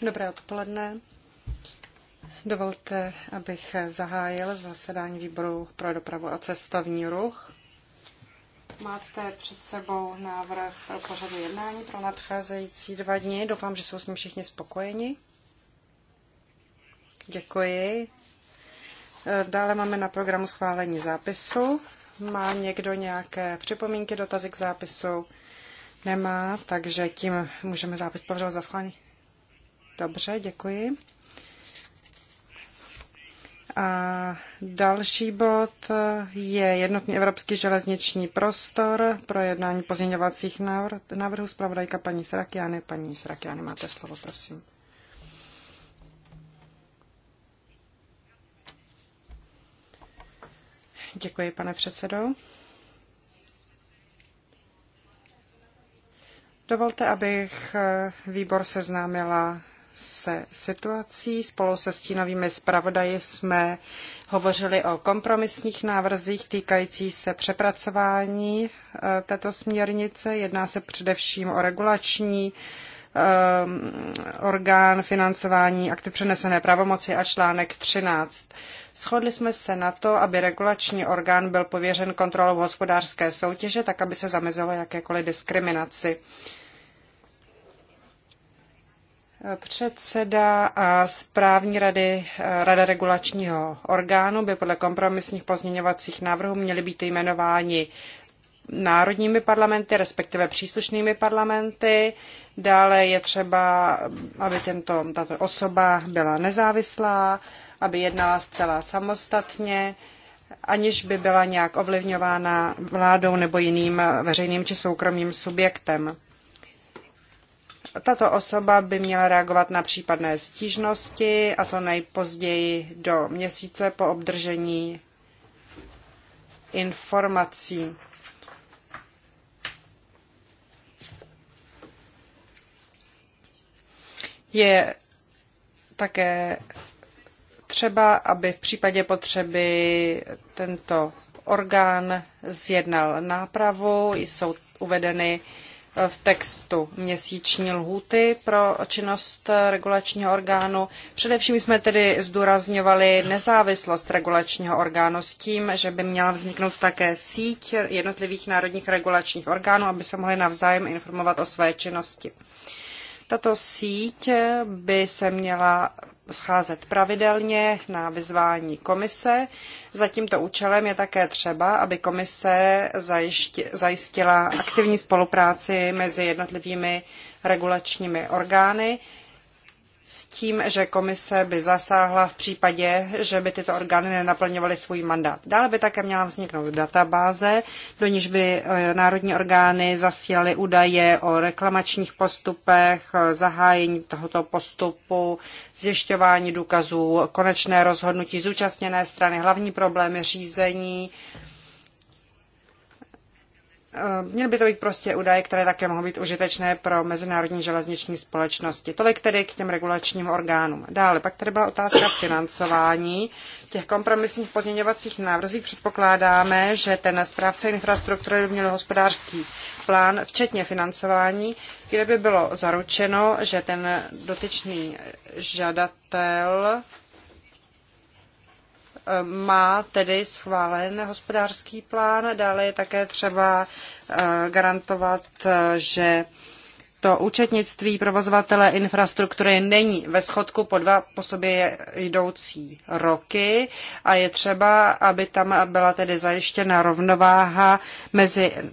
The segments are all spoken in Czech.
Dobré odpoledne. Dovolte, abych zahájil zasedání výboru pro dopravu a cestovní ruch. Máte před sebou návrh pořadu jednání pro nadcházející dva dny. Doufám, že jsou s ním všichni spokojeni. Děkuji. Dále máme na programu schválení zápisu. Má někdo nějaké připomínky, dotazy k zápisu? Nemá, takže tím můžeme zápis považovat za schválení. Dobře, děkuji. A další bod je jednotný evropský železniční prostor pro jednání pozměňovacích návrhů. Zpravodajka paní Srakiany. Paní Srakiany, máte slovo, prosím. Děkuji, pane předsedo. Dovolte, abych eh, výbor seznámila se situací. Spolu se stínovými zpravodaji jsme hovořili o kompromisních návrzích týkající se přepracování eh, této směrnice. Jedná se především o regulační ehm, orgán financování aktiv přenesené pravomoci a článek 13. Shodli jsme se na to, aby regulační orgán byl pověřen kontrolou hospodářské soutěže, tak aby se zamezilo jakékoliv diskriminaci. Předseda a správní rady eh, Rada regulačního orgánu by podle kompromisních pozměňovacích návrhů měly být jmenováni národními parlamenty, respektive příslušnými parlamenty. Dále je třeba, aby tento, tato osoba byla nezávislá, aby jednala zcela samostatně, aniž by byla nějak ovlivňována vládou nebo jiným veřejným či soukromým subjektem. Tato osoba by měla reagovat na případné stížnosti a to nejpozději do měsíce po obdržení informací. Je také třeba, aby v případě potřeby tento orgán zjednal nápravu, jsou uvedeny v textu měsíční lhůty pro činnost regulačního orgánu. Především jsme tedy zdůrazňovali nezávislost regulačního orgánu s tím, že by měla vzniknout také síť jednotlivých národních regulačních orgánů, aby se mohly navzájem informovat o své činnosti. Tato síť by se měla scházet pravidelně na vyzvání komise. Za tímto účelem je také třeba, aby komise zajistila aktivní spolupráci mezi jednotlivými regulačními orgány s tím, že komise by zasáhla v případě, že by tyto orgány nenaplňovaly svůj mandát. Dále by také měla vzniknout databáze, do níž by eh, národní orgány zasílaly údaje o reklamačních postupech, zahájení tohoto postupu, zjišťování důkazů, konečné rozhodnutí zúčastněné strany, hlavní problémy řízení, Eh, měly by to být prostě údaje, které také mohou být užitečné pro mezinárodní železniční společnosti. Tolik tedy k těm regulačním orgánům. Dále pak tady byla otázka financování. V těch kompromisních pozměňovacích návrzích předpokládáme, že ten správce infrastruktury by měl hospodářský plán, včetně financování, kde by bylo zaručeno, že ten dotyčný žadatel má tedy schválen hospodářský plán. Dále je také třeba eh, garantovat, eh, že to účetnictví provozovatele infrastruktury není ve schodku po dva po sobě jdoucí roky a je třeba, aby tam byla tedy zajištěna rovnováha mezi eh,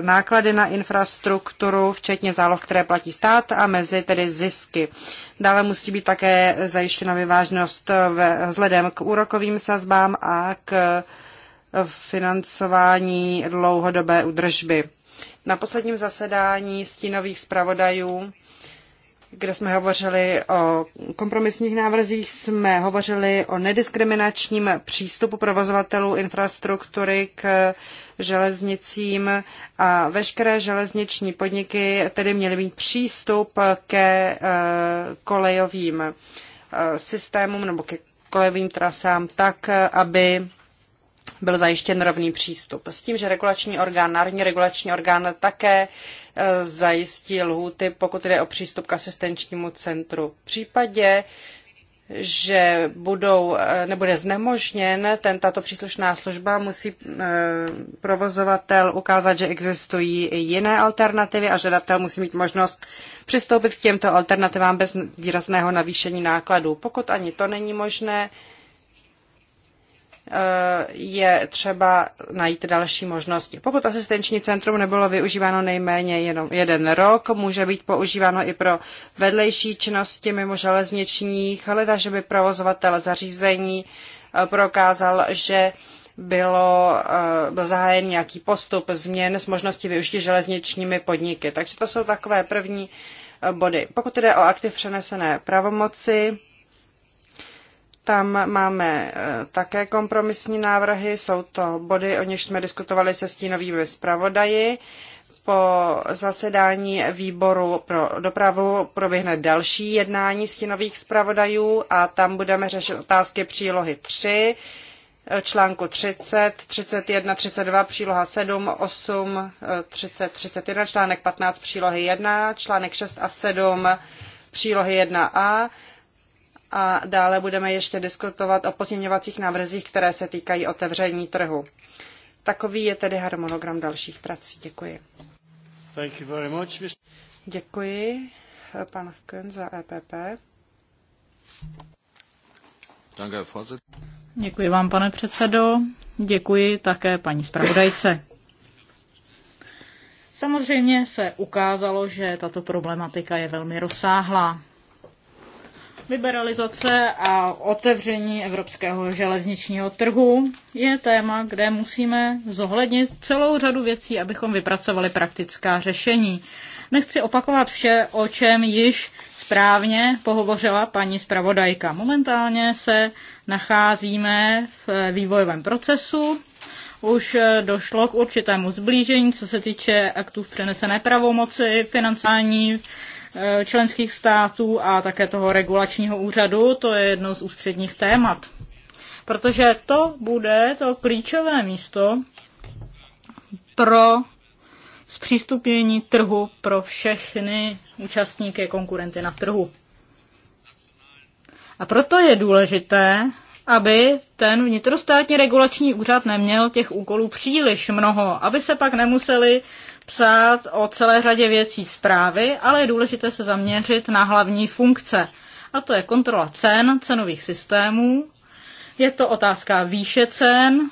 náklady na infrastrukturu, včetně záloh, které platí stát, a mezi tedy zisky. Dále musí být také zajištěna vyvážnost vzhledem k úrokovým sazbám a k financování dlouhodobé udržby na posledním zasedání stínových zpravodajů, kde jsme hovořili o kompromisních návrzích, jsme hovořili o nediskriminačním přístupu provozovatelů infrastruktury k železnicím a veškeré železniční podniky tedy měly mít přístup ke eh, kolejovým eh, systémům nebo ke kolejovým trasám tak, aby byl zajištěn rovný přístup. S tím, že regulační orgán, národní regulační orgán také e, zajistí lhůty, pokud jde o přístup k asistenčnímu centru. V případě, že budou, e, nebude znemožněn ten, tato příslušná služba, musí e, provozovatel ukázat, že existují i jiné alternativy a žadatel musí mít možnost přistoupit k těmto alternativám bez výrazného navýšení nákladů. Pokud ani to není možné, Eh, je třeba najít další možnosti. Pokud asistenční centrum nebylo využíváno nejméně jenom jeden rok, může být používáno i pro vedlejší činnosti mimo železniční. hleda, že by provozovatel zařízení eh, prokázal, že bylo, eh, byl zahájen nějaký postup změn s možností využití železničními podniky. Takže to jsou takové první body. Pokud jde o aktiv přenesené pravomoci, tam máme e, také kompromisní návrhy, jsou to body, o nichž jsme diskutovali se stínovými zpravodaji. Po zasedání výboru pro dopravu proběhne další jednání stínových zpravodajů a tam budeme řešit otázky přílohy 3, e, článku 30, 31, 32, příloha 7, 8, 30, 31, článek 15, přílohy 1, článek 6 a 7, přílohy 1a a dále budeme ještě diskutovat o pozměňovacích návrzích, které se týkají otevření trhu. Takový je tedy harmonogram dalších prací. Děkuji. Thank you very much, Mr. Děkuji, pan Kön za EPP. Děkuji vám, pane předsedo. Děkuji také paní zpravodajce. Samozřejmě se ukázalo, že tato problematika je velmi rozsáhlá. Liberalizace a otevření evropského železničního trhu je téma, kde musíme zohlednit celou řadu věcí, abychom vypracovali praktická řešení. Nechci opakovat vše, o čem již správně pohovořila paní zpravodajka. Momentálně se nacházíme v vývojovém procesu. Už došlo k určitému zblížení, co se týče aktů v přenesené pravomoci, financování Eh, členských států a také toho regulačního úřadu, to je jedno z ústředních témat. Protože to bude to klíčové místo pro zpřístupnění trhu pro všechny účastníky konkurenty na trhu. A proto je důležité, aby ten vnitrostátní regulační úřad neměl těch úkolů příliš mnoho, aby se pak nemuseli psát o celé řadě věcí zprávy, ale je důležité se zaměřit na hlavní funkce. A to je kontrola cen, cenových systémů, je to otázka výše cen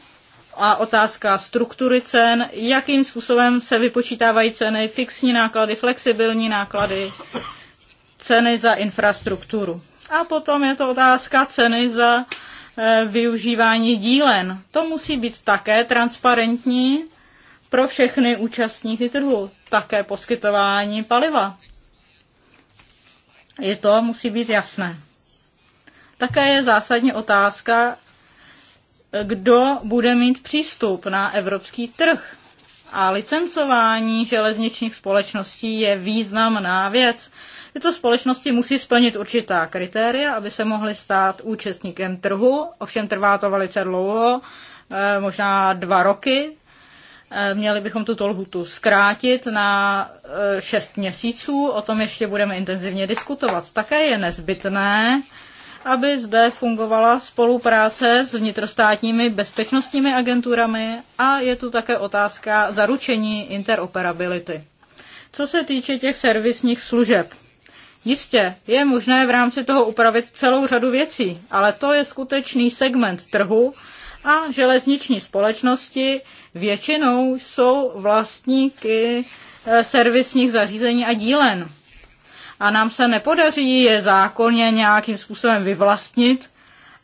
a otázka struktury cen, jakým způsobem se vypočítávají ceny, fixní náklady, flexibilní náklady, ceny za infrastrukturu. A potom je to otázka ceny za eh, využívání dílen. To musí být také transparentní, pro všechny účastníky trhu, také poskytování paliva. Je to musí být jasné. Také je zásadně otázka, kdo bude mít přístup na evropský trh. A licencování železničních společností je významná věc. Tyto společnosti musí splnit určitá kritéria, aby se mohly stát účastníkem trhu, ovšem trvá to velice dlouho, eh, možná dva roky, Eh, měli bychom tuto lhutu zkrátit na 6 eh, měsíců, o tom ještě budeme intenzivně diskutovat. Také je nezbytné, aby zde fungovala spolupráce s vnitrostátními bezpečnostními agenturami a je tu také otázka zaručení interoperability. Co se týče těch servisních služeb, Jistě, je možné v rámci toho upravit celou řadu věcí, ale to je skutečný segment trhu, a železniční společnosti většinou jsou vlastníky eh, servisních zařízení a dílen. A nám se nepodaří je zákonně nějakým způsobem vyvlastnit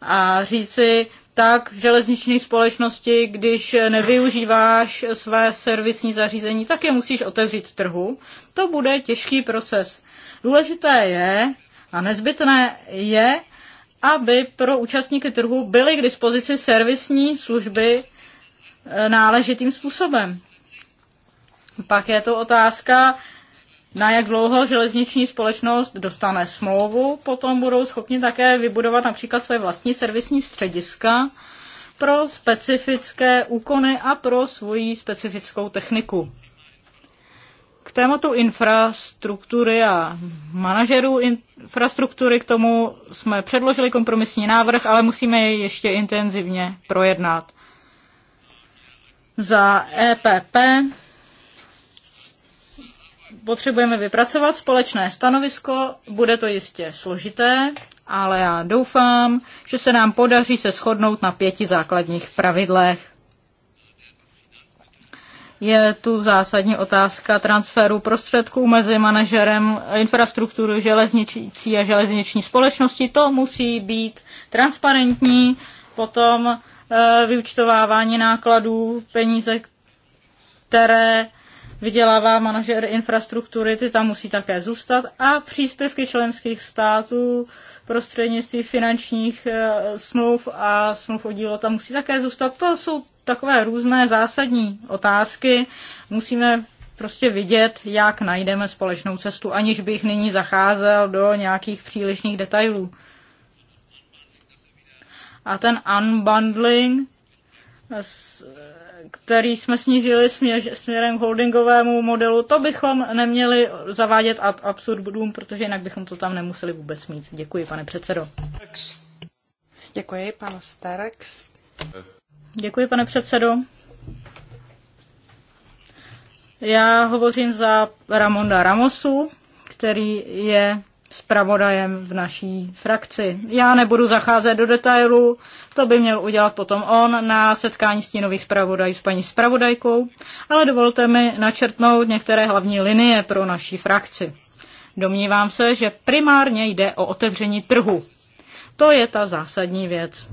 a říci, tak v železniční společnosti, když nevyužíváš své servisní zařízení, tak je musíš otevřít trhu. To bude těžký proces. Důležité je a nezbytné je, aby pro účastníky trhu byly k dispozici servisní služby e, náležitým způsobem. Pak je to otázka, na jak dlouho železniční společnost dostane smlouvu, potom budou schopni také vybudovat například své vlastní servisní střediska pro specifické úkony a pro svoji specifickou techniku. K tématu infrastruktury a manažerů infrastruktury k tomu jsme předložili kompromisní návrh, ale musíme jej ještě intenzivně projednat. Za EPP potřebujeme vypracovat společné stanovisko, bude to jistě složité, ale já doufám, že se nám podaří se shodnout na pěti základních pravidlech je tu zásadní otázka transferu prostředků mezi manažerem infrastruktury železničící a železniční společnosti. To musí být transparentní, potom eh, vyučtovávání nákladů, peníze, které vydělává manažer infrastruktury, ty tam musí také zůstat a příspěvky členských států prostřednictví finančních eh, smluv a smluv o dílo tam musí také zůstat. To jsou takové různé zásadní otázky musíme prostě vidět, jak najdeme společnou cestu, aniž bych nyní zacházel do nějakých přílišných detailů. A ten unbundling, který jsme snížili směrem k holdingovému modelu, to bychom neměli zavádět ad absurdum, protože jinak bychom to tam nemuseli vůbec mít. Děkuji, pane předsedo. Děkuji, pan Starex. Děkuji, pane předsedo. Já hovořím za Ramonda Ramosu, který je zpravodajem v naší frakci. Já nebudu zacházet do detailů. to by měl udělat potom on na setkání stínových zpravodajů s paní zpravodajkou, ale dovolte mi načrtnout některé hlavní linie pro naší frakci. Domnívám se, že primárně jde o otevření trhu. To je ta zásadní věc.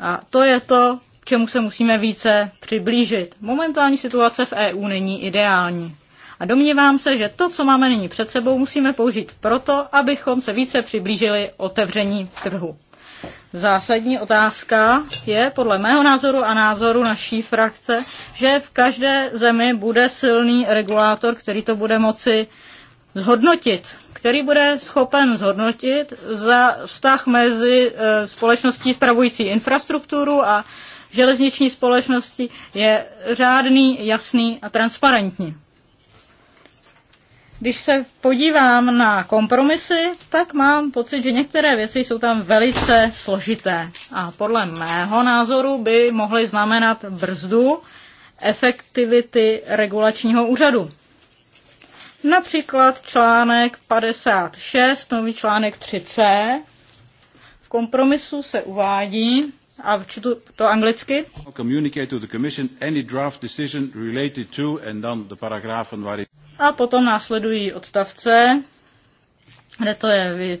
A to je to, k čemu se musíme více přiblížit. Momentální situace v EU není ideální. A domnívám se, že to, co máme nyní před sebou, musíme použít proto, abychom se více přiblížili otevření trhu. Zásadní otázka je podle mého názoru a názoru naší frakce, že v každé zemi bude silný regulátor, který to bude moci zhodnotit který bude schopen zhodnotit za vztah mezi eh, společností spravující infrastrukturu a železniční společností je řádný, jasný a transparentní. Když se podívám na kompromisy, tak mám pocit, že některé věci jsou tam velice složité a podle mého názoru by mohly znamenat brzdu efektivity regulačního úřadu. Například článek 56, nový článek 3c. V kompromisu se uvádí, a čtu to anglicky. Communicate to the commission any draft decision related to, and then the paragrafen waar it... A potom následují odstavce, kde to je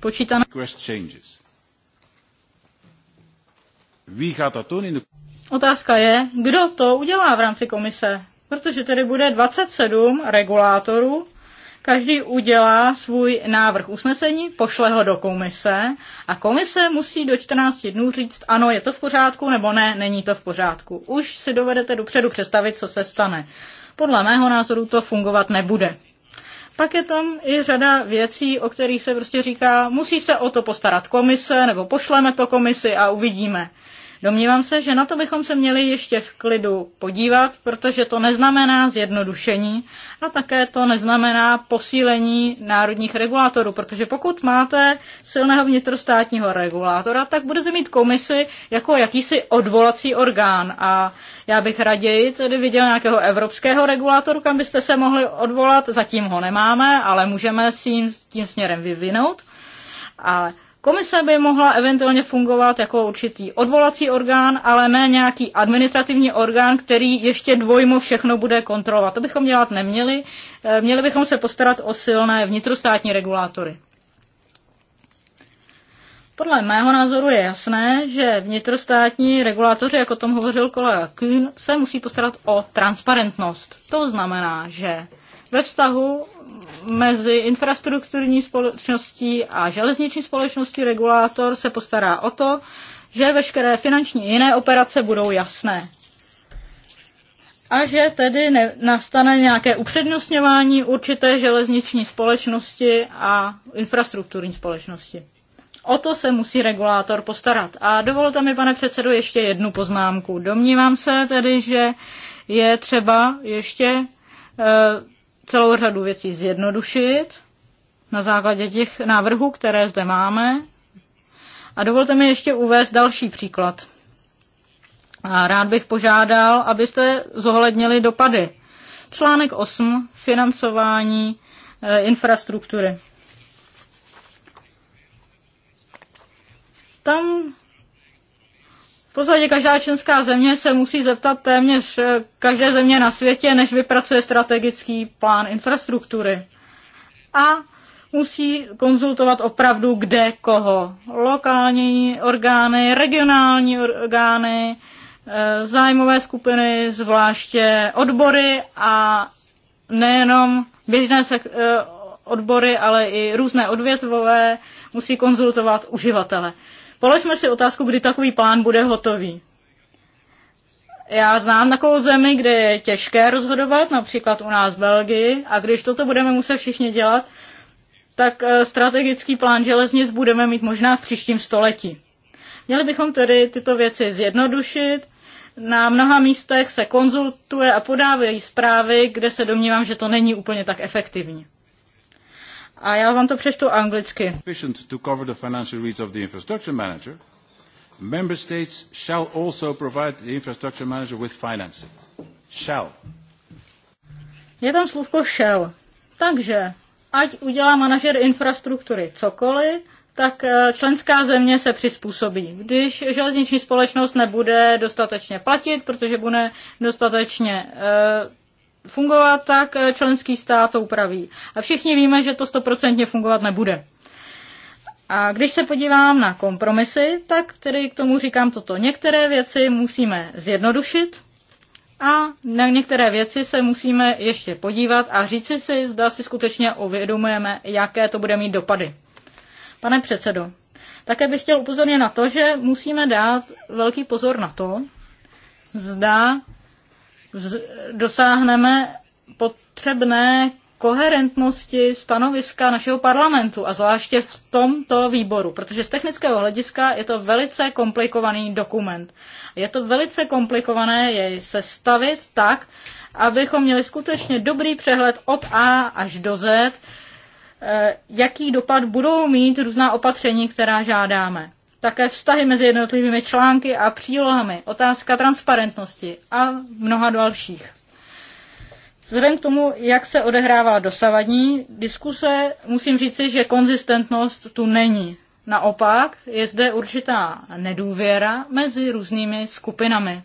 počítané. Request changes. Otázka je, kdo to udělá v rámci komise protože tedy bude 27 regulátorů, každý udělá svůj návrh usnesení, pošle ho do komise a komise musí do 14 dnů říct, ano, je to v pořádku, nebo ne, není to v pořádku. Už si dovedete dopředu představit, co se stane. Podle mého názoru to fungovat nebude. Pak je tam i řada věcí, o kterých se prostě říká, musí se o to postarat komise, nebo pošleme to komisi a uvidíme. Domnívám se, že na to bychom se měli ještě v klidu podívat, protože to neznamená zjednodušení a také to neznamená posílení národních regulátorů, protože pokud máte silného vnitrostátního regulátora, tak budete mít komisi jako jakýsi odvolací orgán a já bych raději tedy viděl nějakého evropského regulátoru, kam byste se mohli odvolat, zatím ho nemáme, ale můžeme si tím směrem vyvinout. Ale Komise by mohla eventuálně fungovat jako určitý odvolací orgán, ale ne nějaký administrativní orgán, který ještě dvojmo všechno bude kontrolovat. To bychom dělat neměli. Eh, měli bychom se postarat o silné vnitrostátní regulátory. Podle mého názoru je jasné, že vnitrostátní regulátoři, jako o tom hovořil kolega Kuhn, se musí postarat o transparentnost. To znamená, že ve vztahu mezi infrastrukturní společností a železniční společností regulátor se postará o to, že veškeré finanční i jiné operace budou jasné. A že tedy ne, nastane nějaké upřednostňování určité železniční společnosti a infrastrukturní společnosti. O to se musí regulátor postarat. A dovolte mi, pane předsedo, ještě jednu poznámku. Domnívám se tedy, že je třeba ještě e, celou řadu věcí zjednodušit na základě těch návrhů, které zde máme. A dovolte mi ještě uvést další příklad. A rád bych požádal, abyste zohlednili dopady. Článek 8. Financování e, infrastruktury. Tam podstatě každá členská země se musí zeptat téměř eh, každé země na světě, než vypracuje strategický plán infrastruktury. A musí konzultovat opravdu kde koho. Lokální orgány, regionální orgány, eh, zájmové skupiny, zvláště odbory a nejenom běžné eh, odbory, ale i různé odvětvové musí konzultovat uživatele. Položme si otázku, kdy takový plán bude hotový. Já znám takovou zemi, kde je těžké rozhodovat, například u nás v Belgii, a když toto budeme muset všichni dělat, tak eh, strategický plán železnic budeme mít možná v příštím století. Měli bychom tedy tyto věci zjednodušit. Na mnoha místech se konzultuje a podávají zprávy, kde se domnívám, že to není úplně tak efektivní. A já vám to přečtu anglicky. to cover the financial needs of the infrastructure manager, member states shall also provide the infrastructure manager with financing. Shall. Je tam slůvko shall. Takže, ať udělá manažer infrastruktury cokoliv, tak eh, členská země se přizpůsobí. Když železniční společnost nebude dostatečně platit, protože bude dostatečně eh, fungovat, tak eh, členský stát to upraví. A všichni víme, že to stoprocentně fungovat nebude. A když se podívám na kompromisy, tak tedy k tomu říkám toto. Některé věci musíme zjednodušit a na některé věci se musíme ještě podívat a říci si, zda si skutečně uvědomujeme, jaké to bude mít dopady. Pane předsedo, také bych chtěl upozornit na to, že musíme dát velký pozor na to, zda dosáhneme potřebné koherentnosti stanoviska našeho parlamentu a zvláště v tomto výboru, protože z technického hlediska je to velice komplikovaný dokument. Je to velice komplikované jej sestavit tak, abychom měli skutečně dobrý přehled od A až do Z, eh, jaký dopad budou mít různá opatření, která žádáme také vztahy mezi jednotlivými články a přílohami, otázka transparentnosti a mnoha dalších. Vzhledem k tomu, jak se odehrává dosavadní diskuse, musím říci, že konzistentnost tu není. Naopak je zde určitá nedůvěra mezi různými skupinami.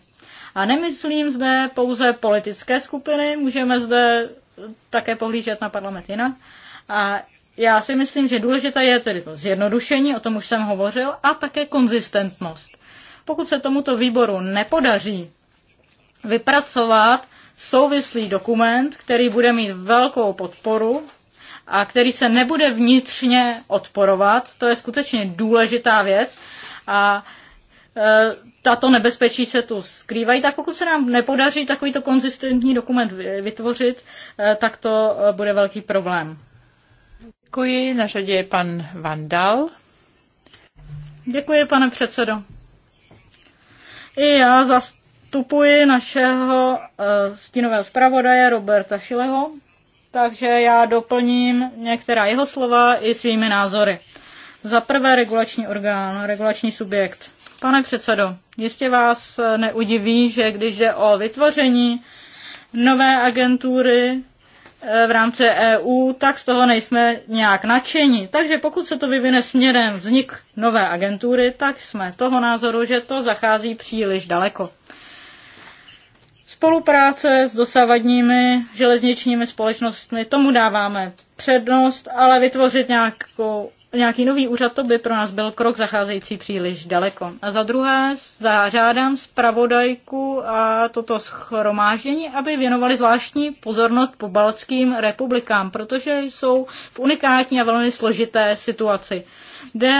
A nemyslím zde pouze politické skupiny, můžeme zde také pohlížet na parlament jinak. A já si myslím, že důležité je tedy to zjednodušení, o tom už jsem hovořil, a také konzistentnost. Pokud se tomuto výboru nepodaří vypracovat souvislý dokument, který bude mít velkou podporu a který se nebude vnitřně odporovat, to je skutečně důležitá věc a e, tato nebezpečí se tu skrývají, tak pokud se nám nepodaří takovýto konzistentní dokument vytvořit, e, tak to e, bude velký problém. Děkuji. Na řadě je pan Vandal. Děkuji, pane předsedo. I já zastupuji našeho eh, stínového zpravodaje Roberta Šileho, takže já doplním některá jeho slova i svými názory. Za prvé regulační orgán, regulační subjekt. Pane předsedo, jistě vás eh, neudiví, že když jde o vytvoření nové agentury v rámci EU, tak z toho nejsme nějak nadšení. Takže pokud se to vyvine směrem vznik nové agentury, tak jsme toho názoru, že to zachází příliš daleko. Spolupráce s dosavadními železničními společnostmi, tomu dáváme přednost, ale vytvořit nějakou nějaký nový úřad, to by pro nás byl krok zacházející příliš daleko. A za druhé zažádám zpravodajku a toto schromáždění, aby věnovali zvláštní pozornost po baltským republikám, protože jsou v unikátní a velmi složité situaci. Jde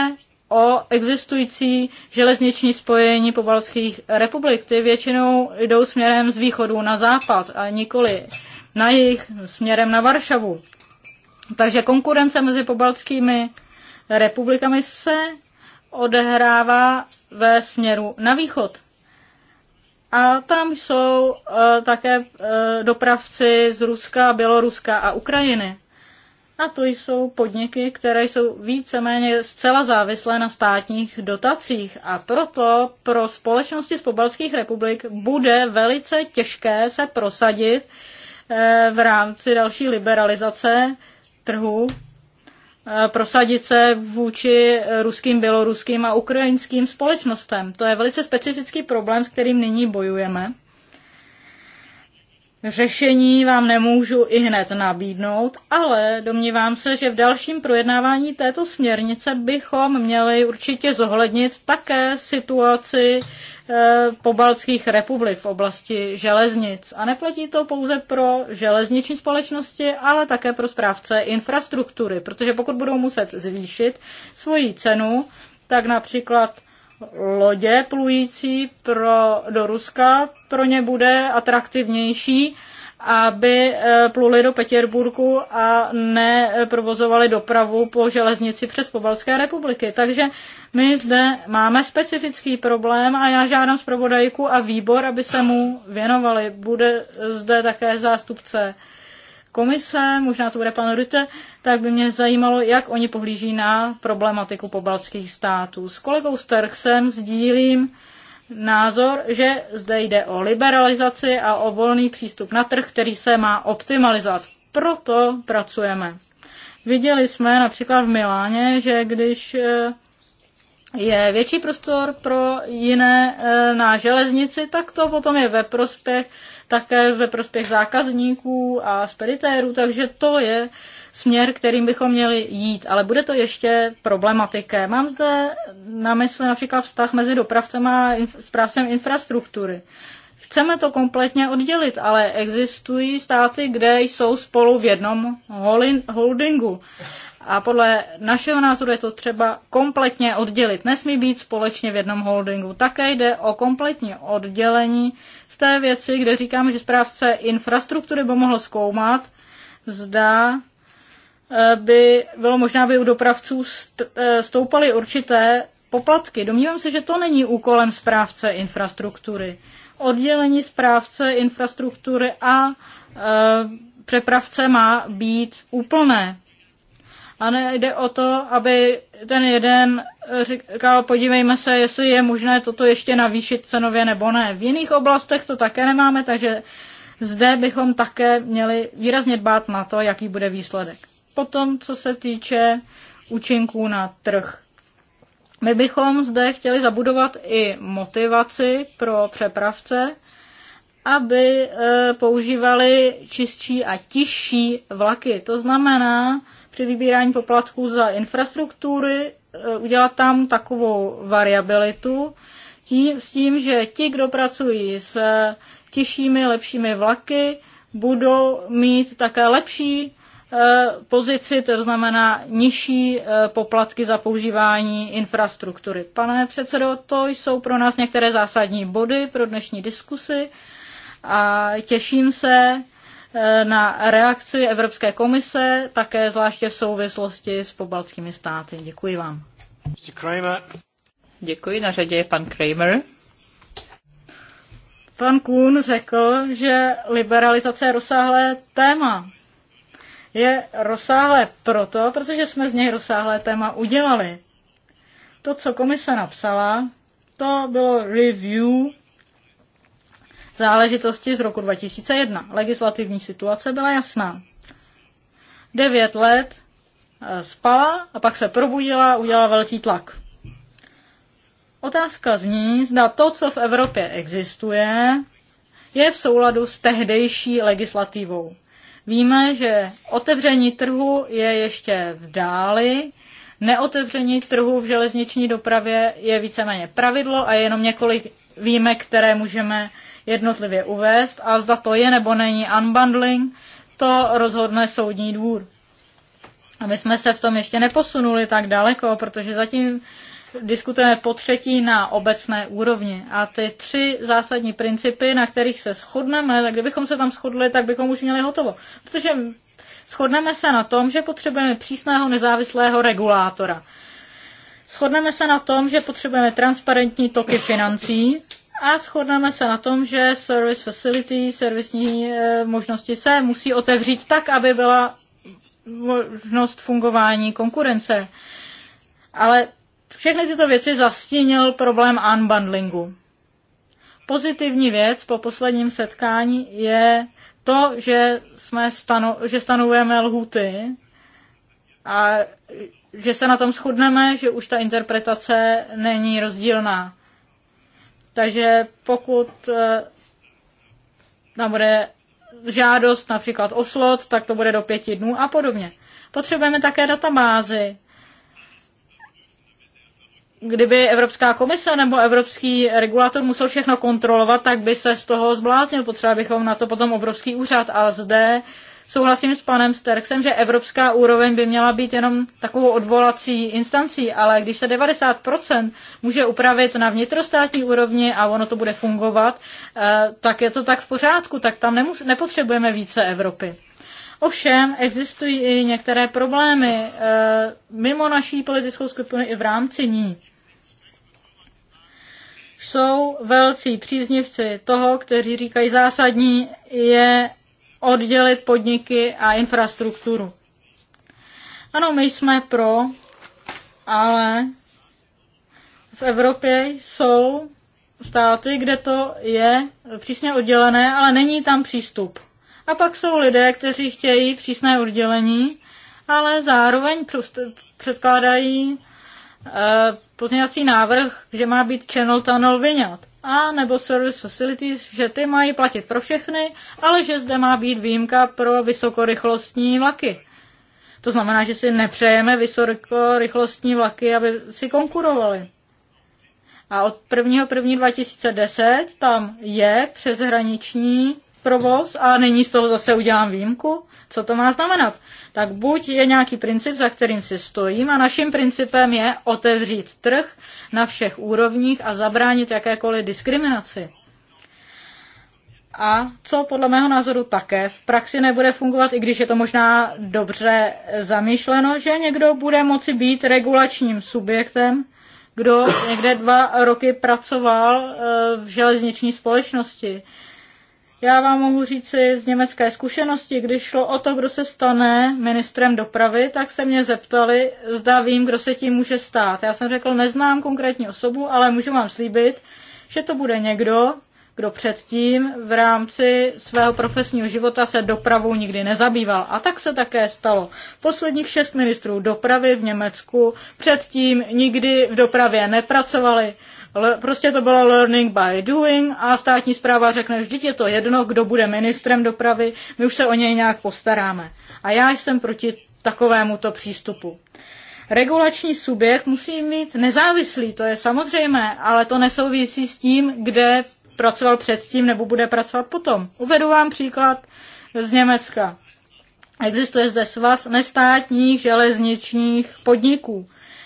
o existující železniční spojení po pobaltských republik. Ty většinou jdou směrem z východu na západ a nikoli na jich směrem na Varšavu. Takže konkurence mezi pobaltskými republikami se odehrává ve směru na východ. A tam jsou uh, také uh, dopravci z Ruska, Běloruska a Ukrajiny. A to jsou podniky, které jsou víceméně zcela závislé na státních dotacích a proto pro společnosti z pobalských republik bude velice těžké se prosadit e, v rámci další liberalizace trhu Eh, prosadit se vůči ruským, běloruským a ukrajinským společnostem. To je velice specifický problém, s kterým nyní bojujeme. Řešení vám nemůžu i hned nabídnout, ale domnívám se, že v dalším projednávání této směrnice bychom měli určitě zohlednit také situaci Eh, pobaltských republik v oblasti železnic. A neplatí to pouze pro železniční společnosti, ale také pro správce infrastruktury, protože pokud budou muset zvýšit svoji cenu, tak například lodě plující pro, do Ruska pro ně bude atraktivnější aby eh, pluli do Petěrburku a neprovozovali eh, dopravu po železnici přes Pobalské republiky. Takže my zde máme specifický problém a já žádám zpravodajku a výbor, aby se mu věnovali. Bude zde také zástupce komise, možná to bude pan Rute, tak by mě zajímalo, jak oni pohlíží na problematiku pobaltských států. S kolegou Sterksem sdílím názor, že zde jde o liberalizaci a o volný přístup na trh, který se má optimalizovat. Proto pracujeme. Viděli jsme například v Miláně, že když eh, je větší prostor pro jiné eh, na železnici, tak to potom je ve prospěch také ve prospěch zákazníků a speditérů, takže to je směr, kterým bychom měli jít, ale bude to ještě problematiké. Mám zde na mysli například vztah mezi dopravcem a správcem infrastruktury. Chceme to kompletně oddělit, ale existují státy, kde jsou spolu v jednom holdingu. A podle našeho názoru je to třeba kompletně oddělit. Nesmí být společně v jednom holdingu. Také jde o kompletní oddělení v té věci, kde říkáme, že správce infrastruktury by mohl zkoumat, zda eh, by bylo možná, by u dopravců eh, stoupaly určité poplatky. Domnívám se, že to není úkolem správce infrastruktury. Oddělení správce infrastruktury a e, přepravce má být úplné. A nejde o to, aby ten jeden eh, říkal, podívejme se, jestli je možné toto ještě navýšit cenově nebo ne. V jiných oblastech to také nemáme, takže zde bychom také měli výrazně dbát na to, jaký bude výsledek. Potom, co se týče účinků na trh. My bychom zde chtěli zabudovat i motivaci pro přepravce, aby eh, používali čistší a tižší vlaky. To znamená, při vybírání poplatků za infrastruktury e, udělat tam takovou variabilitu, tím, s tím, že ti, kdo pracují s těžšími, lepšími vlaky, budou mít také lepší e, pozici, to znamená nižší e, poplatky za používání infrastruktury. Pane předsedo, to jsou pro nás některé zásadní body pro dnešní diskusy a těším se Eh, na reakci Evropské komise, také zvláště v souvislosti s pobaltskými státy. Děkuji vám. Děkuji, na řadě je pan Kramer. Pan Kuhn řekl, že liberalizace je rozsáhlé téma. Je rozsáhlé proto, protože jsme z něj rozsáhlé téma udělali. To, co komise napsala, to bylo review záležitosti z roku 2001. Legislativní situace byla jasná. Devět let eh, spala a pak se probudila, udělala velký tlak. Otázka zní, zda to, co v Evropě existuje, je v souladu s tehdejší legislativou. Víme, že otevření trhu je ještě v dáli, neotevření trhu v železniční dopravě je víceméně pravidlo a je jenom několik výjimek, které můžeme jednotlivě uvést a zda to je nebo není unbundling, to rozhodne soudní dvůr. A my jsme se v tom ještě neposunuli tak daleko, protože zatím diskutujeme po třetí na obecné úrovni. A ty tři zásadní principy, na kterých se shodneme, tak kdybychom se tam shodli, tak bychom už měli hotovo. Protože shodneme se na tom, že potřebujeme přísného nezávislého regulátora. Shodneme se na tom, že potřebujeme transparentní toky financí, a shodneme se na tom, že service facility, servisní eh, možnosti se musí otevřít tak, aby byla možnost fungování konkurence. Ale všechny tyto věci zastínil problém unbundlingu. Pozitivní věc po posledním setkání je to, že, jsme stano, že stanovujeme lhuty a že se na tom shodneme, že už ta interpretace není rozdílná. Takže pokud tam eh, bude žádost například o slot, tak to bude do pěti dnů a podobně. Potřebujeme také databázy. Kdyby Evropská komise nebo Evropský regulátor musel všechno kontrolovat, tak by se z toho zbláznil. Potřeba bychom na to potom obrovský úřad. A zde souhlasím s panem Sterksem, že evropská úroveň by měla být jenom takovou odvolací instancí, ale když se 90% může upravit na vnitrostátní úrovni a ono to bude fungovat, eh, tak je to tak v pořádku, tak tam nemus- nepotřebujeme více Evropy. Ovšem existují i některé problémy eh, mimo naší politickou skupinu i v rámci ní jsou velcí příznivci toho, kteří říkají zásadní je oddělit podniky a infrastrukturu. Ano, my jsme pro, ale v Evropě jsou státy, kde to je přísně oddělené, ale není tam přístup. A pak jsou lidé, kteří chtějí přísné oddělení, ale zároveň předkládají eh, pozměňovací návrh, že má být channel tunnel vyňat a nebo service facilities, že ty mají platit pro všechny, ale že zde má být výjimka pro vysokorychlostní vlaky. To znamená, že si nepřejeme vysokorychlostní vlaky, aby si konkurovali. A od 1.1.2010 tam je přeshraniční provoz a není z toho zase udělám výjimku co to má znamenat. Tak buď je nějaký princip, za kterým si stojím a naším principem je otevřít trh na všech úrovních a zabránit jakékoliv diskriminaci. A co podle mého názoru také v praxi nebude fungovat, i když je to možná dobře zamýšleno, že někdo bude moci být regulačním subjektem, kdo někde dva roky pracoval eh, v železniční společnosti já vám mohu říci z německé zkušenosti, když šlo o to, kdo se stane ministrem dopravy, tak se mě zeptali, zda vím, kdo se tím může stát. Já jsem řekl, neznám konkrétní osobu, ale můžu vám slíbit, že to bude někdo, kdo předtím v rámci svého profesního života se dopravou nikdy nezabýval. A tak se také stalo. Posledních šest ministrů dopravy v Německu předtím nikdy v dopravě nepracovali. Prostě to bylo learning by doing a státní zpráva řekne, vždyť je to jedno, kdo bude ministrem dopravy, my už se o něj nějak postaráme. A já jsem proti takovémuto přístupu. Regulační subjekt musí mít nezávislý, to je samozřejmé, ale to nesouvisí s tím, kde pracoval předtím nebo bude pracovat potom. Uvedu vám příklad z Německa. Existuje zde svaz nestátních železničních podniků.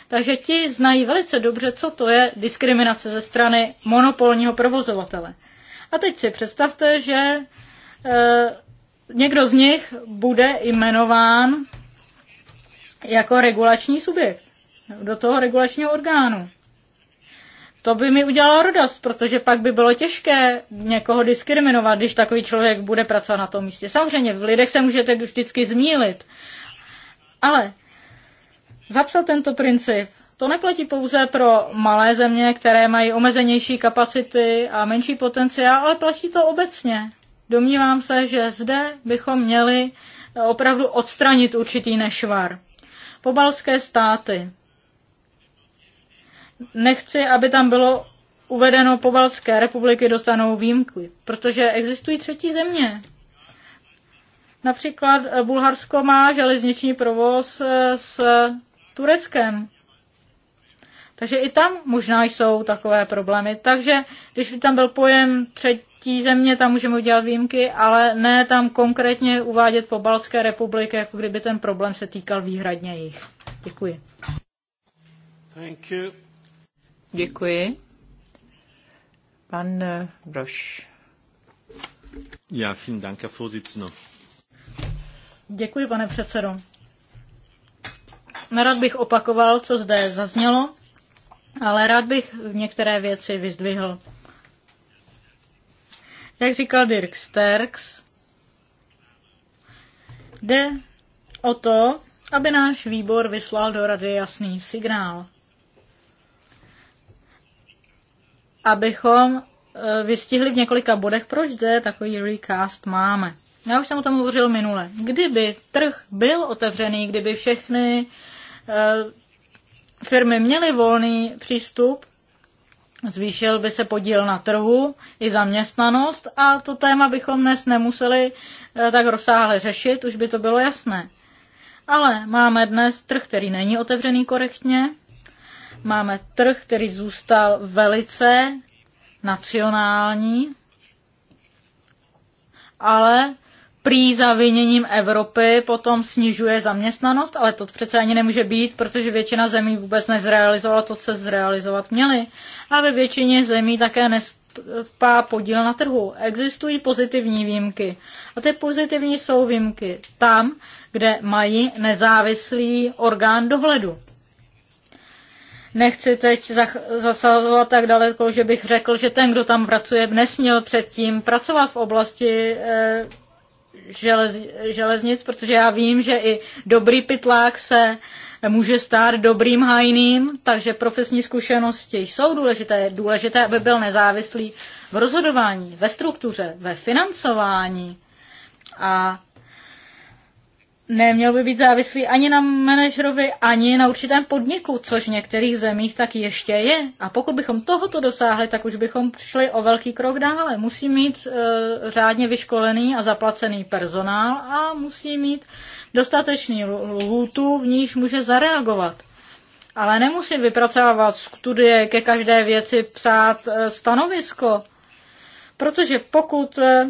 Takže ti znají velice dobře, co to je diskriminace ze strany monopolního provozovatele. A teď si představte, že e, někdo z nich bude jmenován jako regulační subjekt do toho regulačního orgánu. To by mi udělalo radost, protože pak by bylo těžké někoho diskriminovat, když takový člověk bude pracovat na tom místě. Samozřejmě, v lidech se můžete vždycky zmílit. Ale zapsat tento princip. To neplatí pouze pro malé země, které mají omezenější kapacity a menší potenciál, ale platí to obecně. Domnívám se, že zde bychom měli eh, opravdu odstranit určitý nešvar. Pobalské státy. Nechci, aby tam bylo uvedeno pobalské republiky dostanou výjimky, protože existují třetí země. Například eh, Bulharsko má železniční provoz eh, s Tureckem. Takže i tam možná jsou takové problémy. Takže když by tam byl pojem třetí země, tam můžeme udělat výjimky, ale ne tam konkrétně uvádět po Balské republiky, jako kdyby ten problém se týkal výhradně jich. Děkuji. Thank you. Děkuji. Pan eh, Broš. Ja, vielen Dank, Herr Vorsitzender. Děkuji, pane předsedo. Nerad bych opakoval, co zde zaznělo, ale rád bych některé věci vyzdvihl. Jak říkal Dirk Sterks, jde o to, aby náš výbor vyslal do rady jasný signál. Abychom e, vystihli v několika bodech, proč zde takový recast máme. Já už jsem o tom hovořil minule. Kdyby trh byl otevřený, kdyby všechny Eh, firmy měly volný přístup, zvýšil by se podíl na trhu i zaměstnanost a to téma bychom dnes nemuseli eh, tak rozsáhle řešit, už by to bylo jasné. Ale máme dnes trh, který není otevřený korektně, máme trh, který zůstal velice nacionální, ale prý zaviněním Evropy potom snižuje zaměstnanost, ale to přece ani nemůže být, protože většina zemí vůbec nezrealizovala to, co zrealizovat měly. A ve většině zemí také nestupá podíl na trhu. Existují pozitivní výjimky. A ty pozitivní jsou výjimky tam, kde mají nezávislý orgán dohledu. Nechci teď zasazovat tak daleko, že bych řekl, že ten, kdo tam pracuje, nesměl předtím pracovat v oblasti eh, želez, železnic, protože já vím, že i dobrý pytlák se může stát dobrým hajným, takže profesní zkušenosti jsou důležité. Je důležité, aby byl nezávislý v rozhodování, ve struktuře, ve financování. A neměl by být závislý ani na manažerovi, ani na určitém podniku, což v některých zemích tak ještě je. A pokud bychom tohoto dosáhli, tak už bychom šli o velký krok dále. Musí mít e, řádně vyškolený a zaplacený personál a musí mít dostatečný lhůtu, v níž může zareagovat. Ale nemusí vypracovávat studie ke každé věci, psát e, stanovisko, protože pokud e,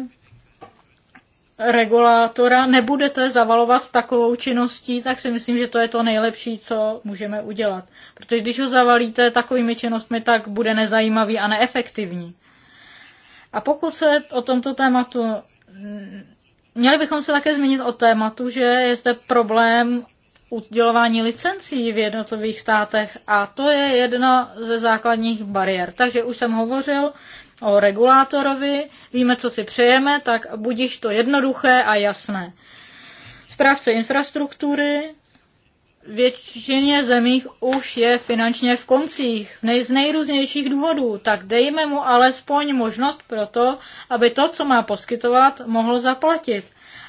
regulátora nebudete zavalovat takovou činností, tak si myslím, že to je to nejlepší, co můžeme udělat. Protože když ho zavalíte takovými činnostmi, tak bude nezajímavý a neefektivní. A pokud se o tomto tématu. Měli bychom se také zmínit o tématu, že je zde problém udělování licencí v jednotlivých státech a to je jedna ze základních bariér. Takže už jsem hovořil o regulátorovi, víme, co si přejeme, tak budíš to jednoduché a jasné. Správce infrastruktury většině zemích už je finančně v koncích, nej, z nejrůznějších důvodů, tak dejme mu alespoň možnost pro to, aby to, co má poskytovat, mohl zaplatit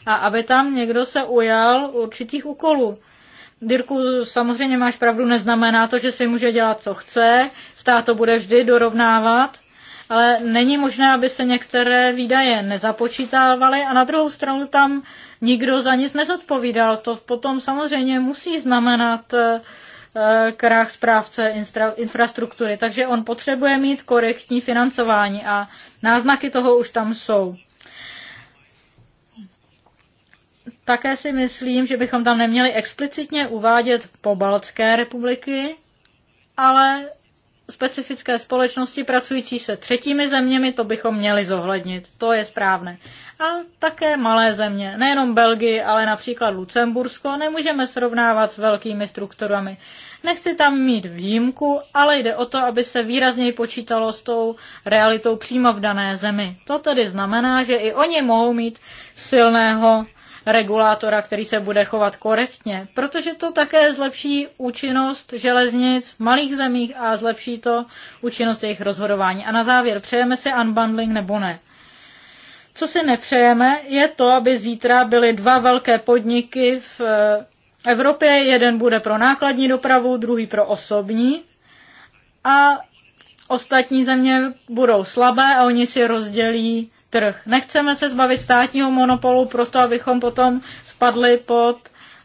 a aby tam někdo se ujal určitých úkolů. Dirku, samozřejmě máš pravdu, neznamená to, že si může dělat, co chce, stát to bude vždy dorovnávat, ale není možné, aby se některé výdaje nezapočítávaly a na druhou stranu tam nikdo za nic nezodpovídal. To potom samozřejmě musí znamenat eh, krách správce infrastruktury. Takže on potřebuje mít korektní financování a náznaky toho už tam jsou. Také si myslím, že bychom tam neměli explicitně uvádět pobaltské republiky, ale specifické společnosti pracující se třetími zeměmi, to bychom měli zohlednit. To je správné. A také malé země, nejenom Belgii, ale například Lucembursko, nemůžeme srovnávat s velkými strukturami. Nechci tam mít výjimku, ale jde o to, aby se výrazněji počítalo s tou realitou přímo v dané zemi. To tedy znamená, že i oni mohou mít silného regulátora, který se bude chovat korektně, protože to také zlepší účinnost železnic v malých zemích a zlepší to účinnost jejich rozhodování. A na závěr, přejeme si unbundling nebo ne? Co si nepřejeme, je to, aby zítra byly dva velké podniky v eh, Evropě. Jeden bude pro nákladní dopravu, druhý pro osobní. A ostatní země budou slabé a oni si rozdělí trh. Nechceme se zbavit státního monopolu proto, abychom potom spadli pod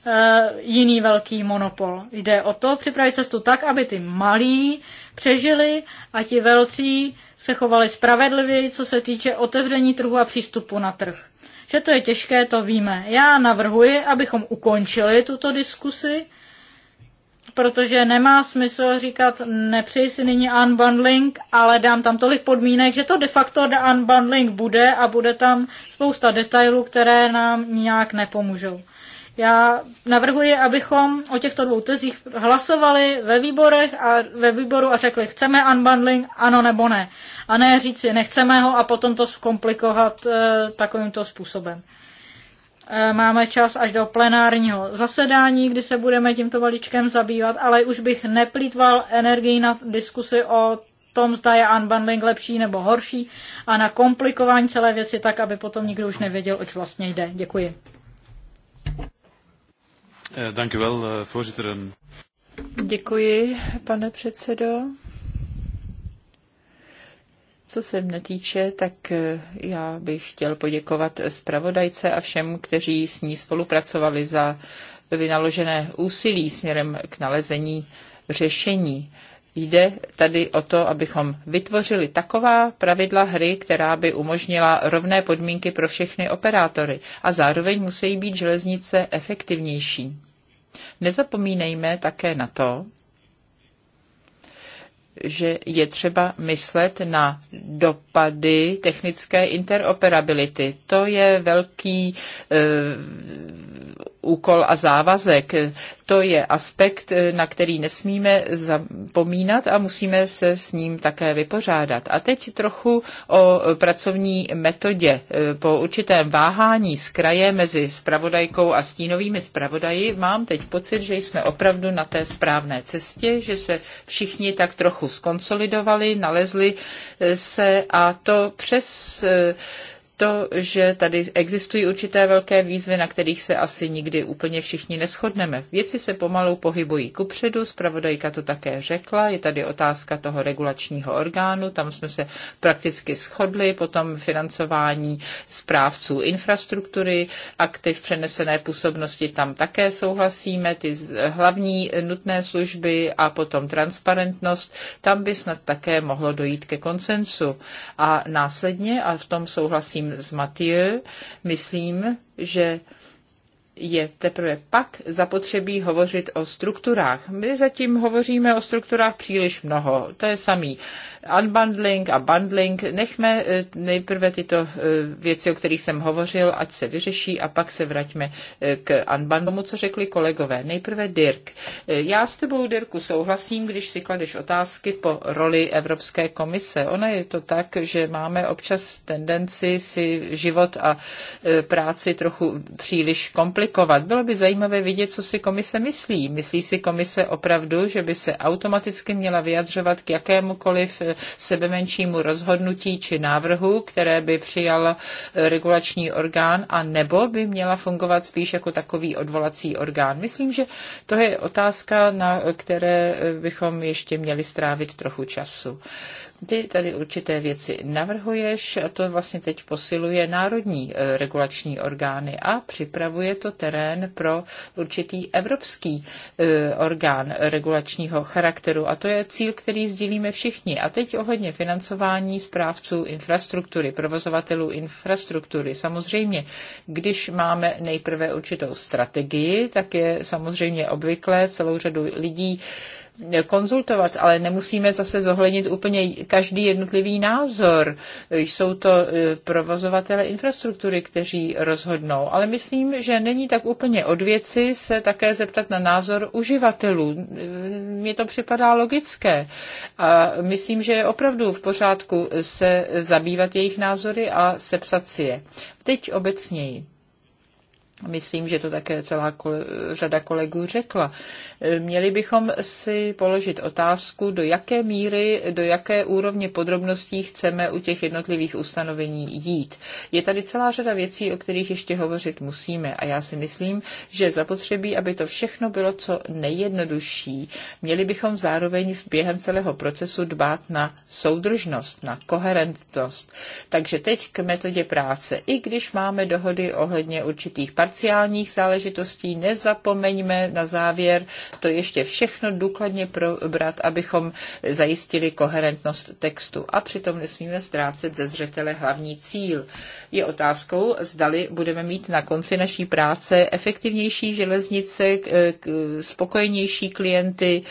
eh, jiný velký monopol. Jde o to připravit cestu tak, aby ty malí přežili a ti velcí se chovali spravedlivě, co se týče otevření trhu a přístupu na trh. Že to je těžké, to víme. Já navrhuji, abychom ukončili tuto diskusi protože nemá smysl říkat, nepřeji si nyní unbundling, ale dám tam tolik podmínek, že to de facto unbundling bude a bude tam spousta detailů, které nám nějak nepomůžou. Já navrhuji, abychom o těchto dvou tezích hlasovali ve výborech a ve výboru a řekli, chceme unbundling, ano nebo ne. A ne říci, nechceme ho a potom to zkomplikovat e, takovýmto způsobem. Eh, máme čas až do plenárního zasedání, kdy se budeme tímto balíčkem zabývat, ale už bych neplýtval energii na diskusy o tom, zda je unbundling lepší nebo horší a na komplikování celé věci tak, aby potom nikdo už nevěděl, oč vlastně jde. Děkuji. Eh, eh, Děkuji, pane předsedo. Co se mne týče, tak eh, já bych chtěl poděkovat zpravodajce a všem, kteří s ní spolupracovali za vynaložené úsilí směrem k nalezení řešení. Jde tady o to, abychom vytvořili taková pravidla hry, která by umožnila rovné podmínky pro všechny operátory a zároveň musí být železnice efektivnější. Nezapomínejme také na to, že je třeba myslet na dopady technické interoperability. To je velký eh, úkol a závazek. To je aspekt, na který nesmíme zapomínat a musíme se s ním také vypořádat. A teď trochu o pracovní metodě. Po určitém váhání z kraje mezi spravodajkou a stínovými spravodaji mám teď pocit, že jsme opravdu na té správné cestě, že se všichni tak trochu skonsolidovali, nalezli se a to přes to, že tady existují určité velké výzvy, na kterých se asi nikdy úplně všichni neschodneme. Věci se pomalu pohybují kupředu, zpravodajka to také řekla, je tady otázka toho regulačního orgánu, tam jsme se prakticky shodli, potom financování zprávců infrastruktury, aktiv přenesené působnosti, tam také souhlasíme, ty hlavní nutné služby a potom transparentnost, tam by snad také mohlo dojít ke konsensu. A následně, a v tom souhlasím souhlasím s Matěj. Myslím, že je teprve pak zapotřebí hovořit o strukturách. My zatím hovoříme o strukturách příliš mnoho. To je samý unbundling a bundling. Nechme eh, nejprve tyto eh, věci, o kterých jsem hovořil, ať se vyřeší a pak se vraťme eh, k unbundlingu, co řekli kolegové. Nejprve Dirk. Já s tebou, Dirku, souhlasím, když si kladeš otázky po roli Evropské komise. Ona je to tak, že máme občas tendenci si život a práci trochu příliš komplikovat aplikovat. Bylo by zajímavé vidět, co si komise myslí. Myslí si komise opravdu, že by se automaticky měla vyjadřovat k jakémukoliv eh, sebemenšímu rozhodnutí či návrhu, které by přijal eh, regulační orgán, a nebo by měla fungovat spíš jako takový odvolací orgán. Myslím, že to je otázka, na které eh, bychom ještě měli strávit trochu času. Ty tady určité věci navrhuješ a to vlastně teď posiluje národní eh, regulační orgány a připravuje to terén pro určitý evropský eh, orgán regulačního charakteru. A to je cíl, který sdílíme všichni. A teď ohledně financování správců infrastruktury, provozovatelů infrastruktury. Samozřejmě, když máme nejprve určitou strategii, tak je samozřejmě obvyklé celou řadu lidí konzultovat, ale nemusíme zase zohlednit úplně každý jednotlivý názor. Jsou to e, provozovatele infrastruktury, kteří rozhodnou. Ale myslím, že není tak úplně od věci se také zeptat na názor uživatelů. E, mně to připadá logické. A myslím, že je opravdu v pořádku se zabývat jejich názory a sepsat si je. Teď obecněji. Myslím, že to také celá kole, řada kolegů řekla. Měli bychom si položit otázku, do jaké míry, do jaké úrovně podrobností chceme u těch jednotlivých ustanovení jít. Je tady celá řada věcí, o kterých ještě hovořit musíme a já si myslím, že zapotřebí, aby to všechno bylo co nejjednodušší. Měli bychom zároveň v během celého procesu dbát na soudržnost, na koherentnost. Takže teď k metodě práce. I když máme dohody ohledně určitých parciálních záležitostí. Nezapomeňme na závěr to ještě všechno důkladně probrat, abychom zajistili koherentnost textu. A přitom nesmíme ztrácet ze zřetele hlavní cíl. Je otázkou, zdali budeme mít na konci naší práce efektivnější železnice, spokojenější klienty,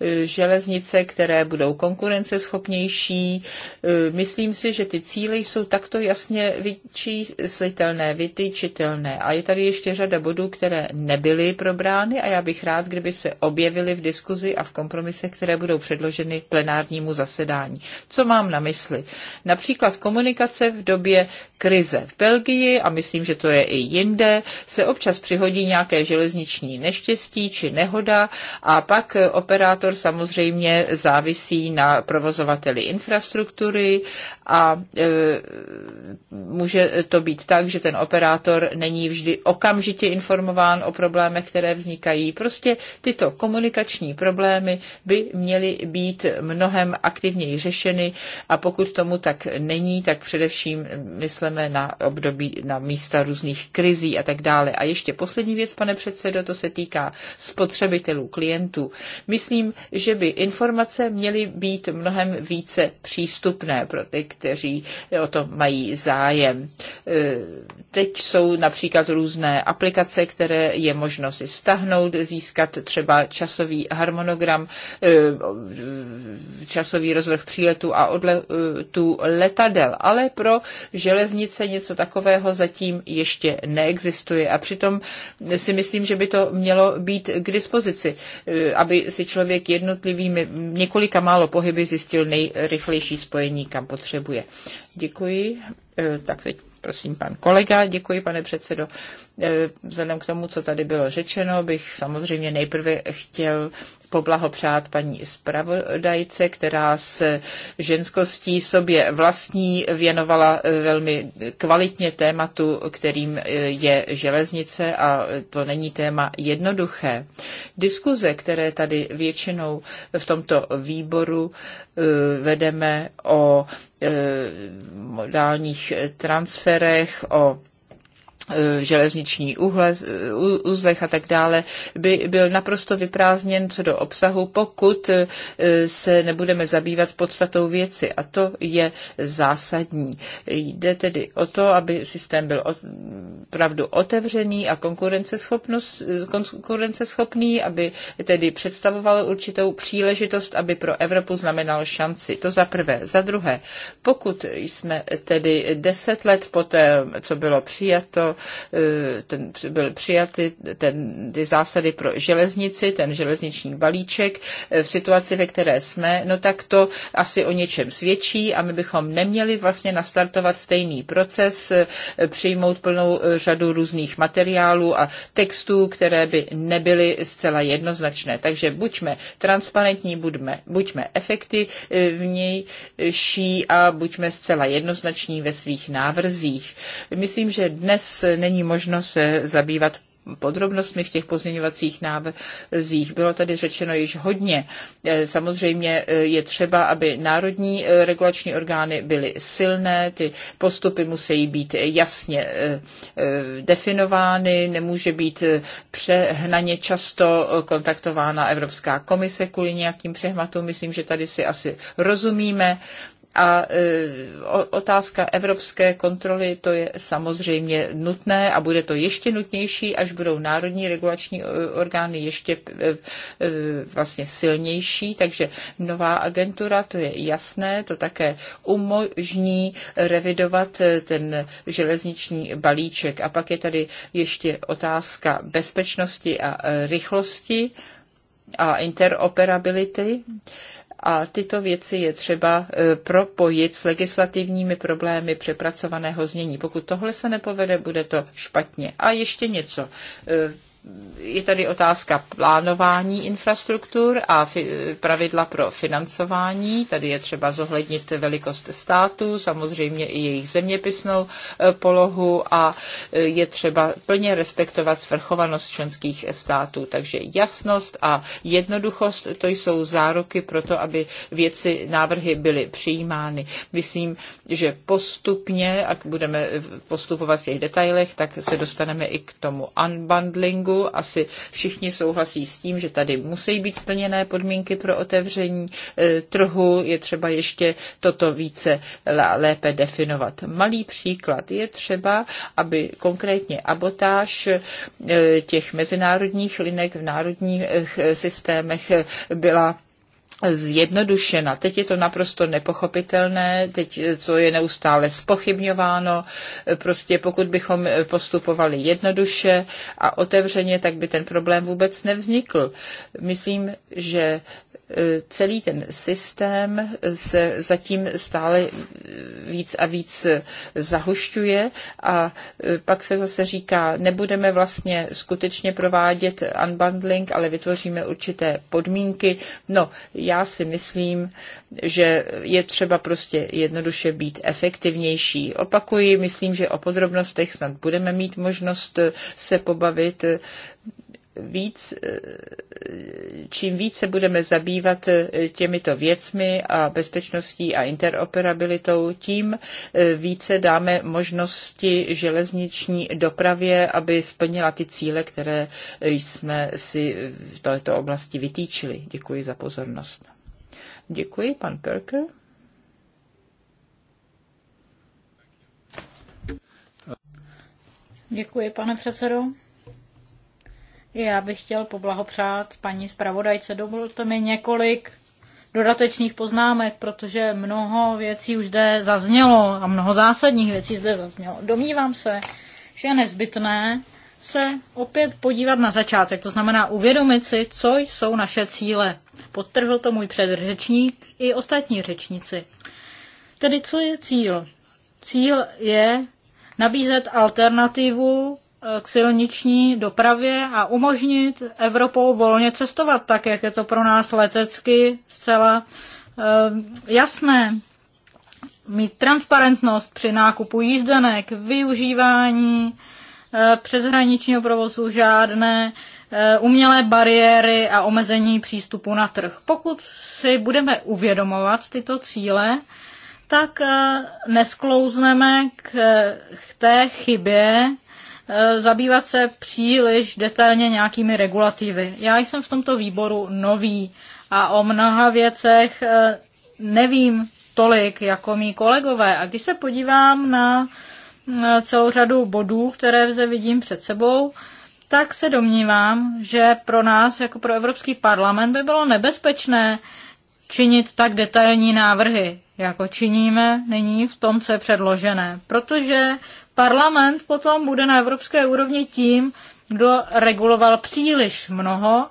e, železnice, které budou konkurenceschopnější. E, myslím si, že ty cíle jsou takto jasně vyčíslitelné, vytyčitelné. A je tady ještě řada bodů, které nebyly probrány a já bych rád, kdyby se objevily v diskuzi a v kompromisech, které budou předloženy plenárnímu zasedání. Co mám na mysli? Například komunikace v době krize v Belgii a myslím, že to je i jinde, se občas přihodí nějaké železniční neštěstí či nehoda a pak operátor samozřejmě závisí na provozovateli infrastruktury a e, může to být tak, že ten operátor není vždy o okamžitě informován o problémech, které vznikají. Prostě tyto komunikační problémy by měly být mnohem aktivněji řešeny a pokud tomu tak není, tak především myslíme na období, na místa různých krizí a tak dále. A ještě poslední věc, pane předsedo, to se týká spotřebitelů, klientů. Myslím, že by informace měly být mnohem více přístupné pro ty, kteří o to mají zájem. E, teď jsou například různé různé aplikace, které je možno si stahnout, získat třeba časový harmonogram, eh, časový rozvrh příletu a odletu letadel. Ale pro železnice něco takového zatím ještě neexistuje a přitom si myslím, že by to mělo být k dispozici, eh, aby si člověk jednotlivými několika málo pohyby zjistil nejrychlejší spojení, kam potřebuje. Děkuji. Eh, tak teď Prosím, pan kolega, děkuji, pane předsedo. E, vzhledem k tomu, co tady bylo řečeno, bych samozřejmě nejprve chtěl poblahopřát paní zpravodajce, která s ženskostí sobě vlastní věnovala eh, velmi kvalitně tématu, kterým eh, je železnice a to není téma jednoduché. Diskuze, které tady většinou v tomto výboru eh, vedeme o modálních transferech, o Eh, železniční uhle, uzlech a tak dále, by byl naprosto vyprázdněn co do obsahu, pokud eh, se nebudeme zabývat podstatou věci. A to je zásadní. Jde tedy o to, aby systém byl opravdu otevřený a konkurenceschopný, aby tedy představoval určitou příležitost, aby pro Evropu znamenal šanci. To za prvé. Za druhé, pokud jsme tedy deset let poté, co bylo přijato, Eh, byl, ten byl přijaty ten, ty zásady pro železnici, ten železniční balíček eh, v situaci, ve které jsme, no tak to asi o něčem svědčí a my bychom neměli vlastně nastartovat stejný proces, eh, přijmout plnou řadu různých materiálů a textů, které by nebyly zcela jednoznačné. Takže buďme transparentní, buďme, buďme efektivnější a buďme zcela jednoznační ve svých návrzích. Myslím, že dnes není možno se zabývat podrobnostmi v těch pozměňovacích návrzích. Bylo tady řečeno již hodně. Eh, samozřejmě eh, je třeba, aby národní eh, regulační orgány byly silné, ty postupy musí být jasně definovány, nemůže být přehnaně často kontaktována Evropská komise kvůli nějakým přehmatům. Myslím, že tady si asi rozumíme. A e, otázka evropské kontroly, to je samozřejmě nutné a bude to ještě nutnější, až budou národní regulační e, orgány ještě e, vlastně silnější. Takže nová agentura, to je jasné, to také umožní revidovat ten železniční balíček. A pak je tady ještě otázka bezpečnosti a rychlosti a interoperability a tyto věci je třeba e, propojit s legislativními problémy přepracovaného znění. Pokud tohle se nepovede, bude to špatně. A ještě něco. E, je tady otázka plánování infrastruktur a pravidla pro financování. Tady je třeba zohlednit velikost státu, samozřejmě i jejich zeměpisnou e, polohu a e, je třeba plně respektovat svrchovanost členských států. Takže jasnost a jednoduchost to jsou záruky pro to, aby věci, návrhy byly přijímány. Myslím, že postupně, ak budeme postupovat v těch detailech, tak se dostaneme i k tomu unbundlingu, trhu. Asi všichni souhlasí s tím, že tady musí být splněné podmínky pro otevření eh, trhu. Je třeba ještě toto více lépe definovat. Malý příklad je třeba, aby konkrétně abotáž eh, těch mezinárodních linek v národních eh, systémech byla zjednodušena. Teď je to naprosto nepochopitelné, teď eh, co je neustále spochybňováno. Eh, prostě pokud bychom eh, postupovali jednoduše a otevřeně, tak by ten problém vůbec nevznikl. Myslím, že celý ten systém se zatím stále víc a víc zahušťuje a pak se zase říká, nebudeme vlastně skutečně provádět unbundling, ale vytvoříme určité podmínky. No, já si myslím, že je třeba prostě jednoduše být efektivnější. Opakuji, myslím, že o podrobnostech snad budeme mít možnost se pobavit víc, čím více budeme zabývat eh, těmito věcmi a bezpečností a interoperabilitou, tím eh, více dáme možnosti železniční dopravě, aby splnila ty cíle, které jsme si v této oblasti vytýčili. Děkuji za pozornost. Děkuji, pan Perker. Děkuji, pane předsedo. Já bych chtěl poblahopřát paní zpravodajce. Dovolte mi několik dodatečných poznámek, protože mnoho věcí už zde zaznělo a mnoho zásadních věcí zde zaznělo. Domnívám se, že je nezbytné se opět podívat na začátek, to znamená uvědomit si, co jsou naše cíle. Podtrhl to můj předřečník i ostatní řečníci. Tedy co je cíl? Cíl je nabízet alternativu Eh, k silniční dopravě a umožnit Evropou volně cestovat, tak jak je to pro nás letecky zcela eh, jasné. Mít transparentnost při nákupu jízdenek, využívání eh, přeshraničního provozu, žádné umělé bariéry a omezení přístupu na trh. Pokud si budeme uvědomovat tyto cíle, tak nesklouzneme k té chybě, Eh, zabývat se příliš detailně nějakými regulativy. Já jsem v tomto výboru nový a o mnoha věcech eh, nevím tolik jako mý kolegové. A když se podívám na eh, celou řadu bodů, které zde vidím před sebou, tak se domnívám, že pro nás, jako pro Evropský parlament, by bylo nebezpečné činit tak detailní návrhy, jako činíme nyní v tom, co je předložené, protože Parlament potom bude na evropské úrovni tím, kdo reguloval příliš mnoho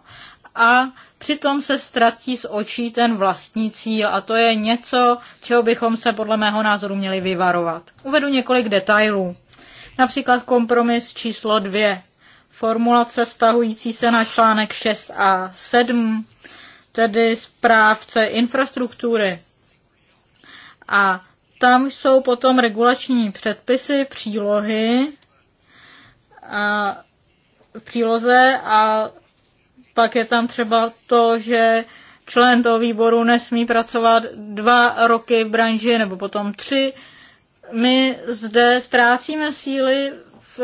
a přitom se ztratí z očí ten vlastní cíl a to je něco, čeho bychom se podle mého názoru měli vyvarovat. Uvedu několik detailů. Například kompromis číslo dvě, Formulace vztahující se na článek 6 a 7, tedy správce infrastruktury. A tam jsou potom regulační předpisy, přílohy a v příloze a pak je tam třeba to, že člen toho výboru nesmí pracovat dva roky v branži nebo potom tři. My zde ztrácíme síly v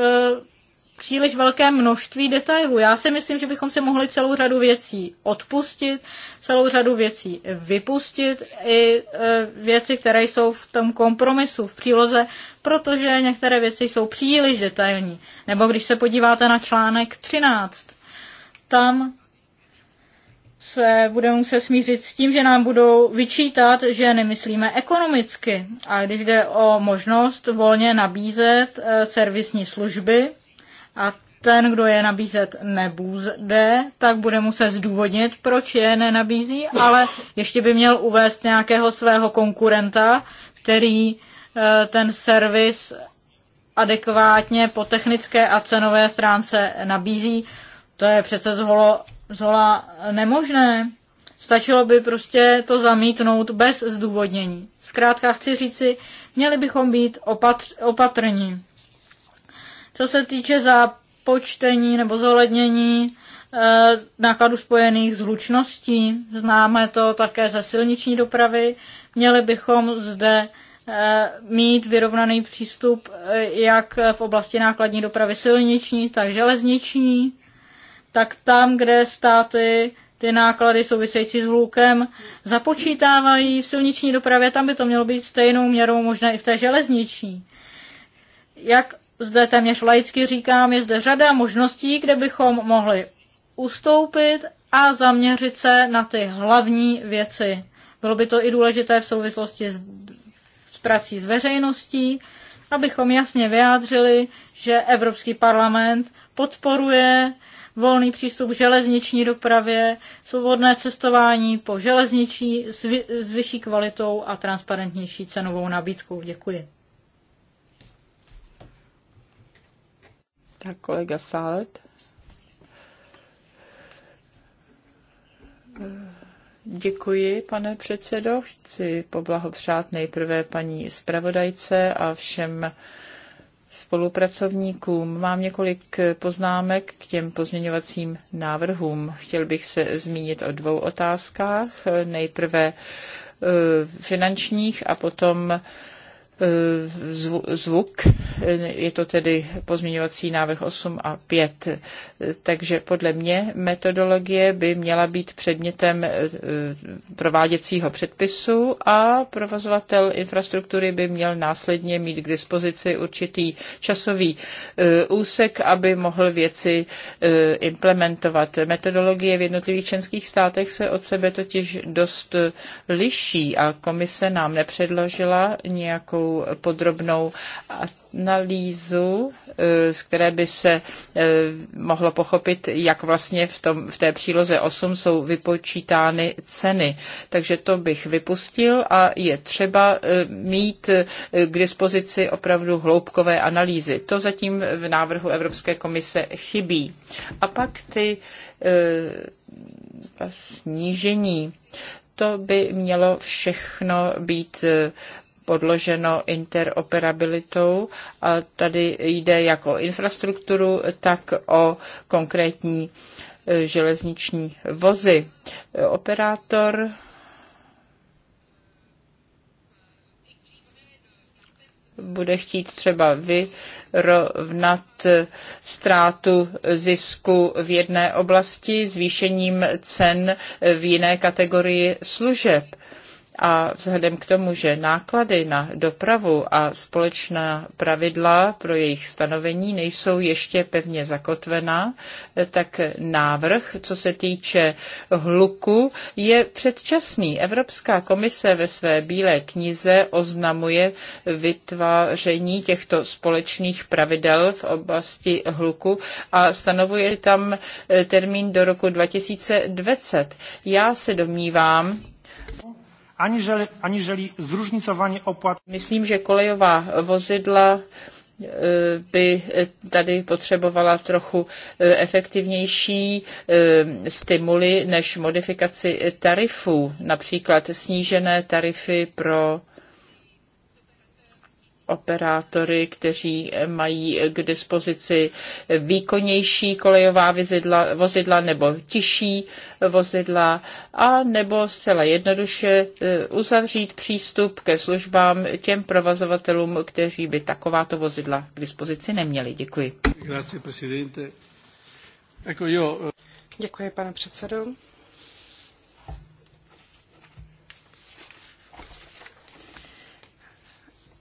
příliš velké množství detailů. Já si myslím, že bychom si mohli celou řadu věcí odpustit, celou řadu věcí vypustit, i e, věci, které jsou v tom kompromisu, v příloze, protože některé věci jsou příliš detailní. Nebo když se podíváte na článek 13, tam se budeme muset smířit s tím, že nám budou vyčítat, že nemyslíme ekonomicky. A když jde o možnost volně nabízet e, servisní služby, a ten, kdo je nabízet nebude, tak bude muset zdůvodnit, proč je nenabízí, ale ještě by měl uvést nějakého svého konkurenta, který eh, ten servis adekvátně po technické a cenové stránce nabízí. To je přece zholo, zhola nemožné. Stačilo by prostě to zamítnout bez zdůvodnění. Zkrátka chci říci, měli bychom být opatr- opatrní. Co se týče započtení nebo zohlednění eh, nákladů spojených s hlučností, známe to také ze silniční dopravy, měli bychom zde eh, mít vyrovnaný přístup eh, jak v oblasti nákladní dopravy silniční, tak železniční, tak tam, kde státy ty náklady související s hlukem započítávají v silniční dopravě, tam by to mělo být stejnou měrou možné i v té železniční. Jak zde téměř laicky říkám, je zde řada možností, kde bychom mohli ustoupit a zaměřit se na ty hlavní věci. Bylo by to i důležité v souvislosti s, s prací s veřejností, abychom jasně vyjádřili, že Evropský parlament podporuje volný přístup k železniční dopravě, svobodné cestování po železniční s, vy, s vyšší kvalitou a transparentnější cenovou nabídkou. Děkuji. Tak kolega Salt. Děkuji, pane předsedo. Chci poblahopřát nejprve paní zpravodajce a všem spolupracovníkům. Mám několik poznámek k těm pozměňovacím návrhům. Chtěl bych se zmínit o dvou otázkách. Nejprve eh, finančních a potom eh, zvuk je to tedy pozměňovací návrh 8 a 5. Takže podle mě metodologie by měla být předmětem e, prováděcího předpisu a provozovatel infrastruktury by měl následně mít k dispozici určitý časový e, úsek, aby mohl věci e, implementovat. Metodologie v jednotlivých členských státech se od sebe totiž dost liší a komise nám nepředložila nějakou podrobnou analýzu, eh, z které by se eh, mohlo pochopit, jak vlastně v, tom, v té příloze 8 jsou vypočítány ceny. Takže to bych vypustil a je třeba eh, mít k dispozici opravdu hloubkové analýzy. To zatím v návrhu Evropské komise chybí. A pak ty ta snížení to by mělo všechno být podloženo interoperabilitou a tady jde jak o infrastrukturu, tak o konkrétní e, železniční vozy. E, operátor bude chtít třeba vyrovnat ztrátu zisku v jedné oblasti zvýšením cen v jiné kategorii služeb. A vzhledem k tomu, že náklady na dopravu a společná pravidla pro jejich stanovení nejsou ještě pevně zakotvená, tak návrh, co se týče hluku, je předčasný. Evropská komise ve své bílé knize oznamuje vytváření těchto společných pravidel v oblasti hluku a stanovuje tam termín do roku 2020. Já se domnívám, aniželi, aniželi zružnicování opłat. Myslím, že kolejová vozidla e, by tady potřebovala trochu e, efektivnější e, stimuly než modifikaci tarifů, například snížené tarify pro operátory, kteří mají k dispozici výkonnější kolejová vozidla, vozidla nebo těžší vozidla a nebo zcela jednoduše eh, uzavřít přístup ke službám těm provozovatelům, kteří by takováto vozidla k dispozici neměli. Děkuji. Eh, Děkuji, pane předsedo.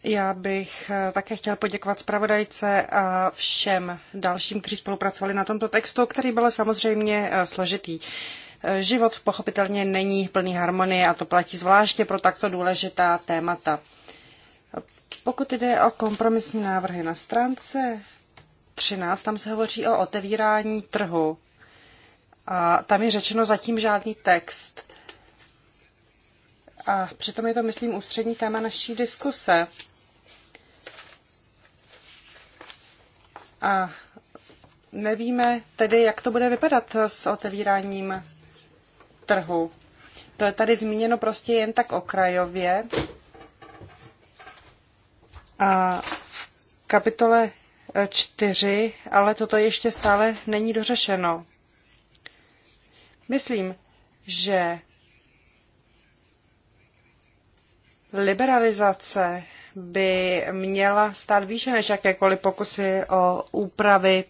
Já bych eh, také chtěla poděkovat zpravodajce a všem dalším, kteří spolupracovali na tomto textu, který byl samozřejmě eh, složitý. Eh, život pochopitelně není plný harmonie a to platí zvláště pro takto důležitá témata. Pokud jde o kompromisní návrhy na stránce 13, tam se hovoří o otevírání trhu. A tam je řečeno zatím žádný text. A přitom je to, myslím, ústřední téma naší diskuse. A nevíme tedy, jak to bude vypadat s otevíráním trhu. To je tady zmíněno prostě jen tak okrajově. A v kapitole 4, eh, ale toto ještě stále není dořešeno. Myslím, že liberalizace by měla stát výše než jakékoliv pokusy o úpravy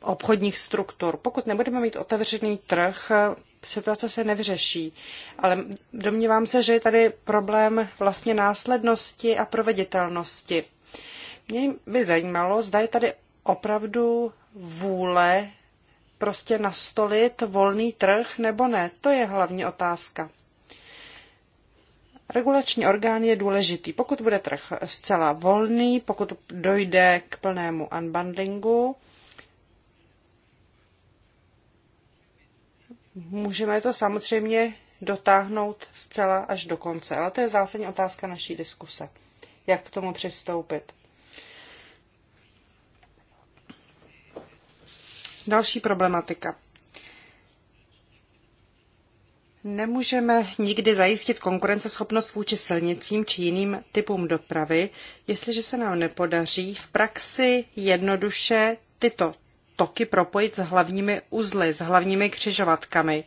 obchodních struktur. Pokud nebudeme mít otevřený trh, situace se nevyřeší. Ale domnívám se, že je tady problém vlastně následnosti a proveditelnosti. Mě by zajímalo, zda je tady opravdu vůle prostě nastolit volný trh nebo ne. To je hlavní otázka. Regulační orgán je důležitý. Pokud bude trh zcela volný, pokud dojde k plnému unbundlingu, můžeme to samozřejmě dotáhnout zcela až do konce. Ale to je zásadní otázka naší diskuse. Jak k tomu přistoupit? Další problematika. Nemůžeme nikdy zajistit konkurenceschopnost vůči silnicím či jiným typům dopravy, jestliže se nám nepodaří v praxi jednoduše tyto toky propojit s hlavními uzly, s hlavními křižovatkami.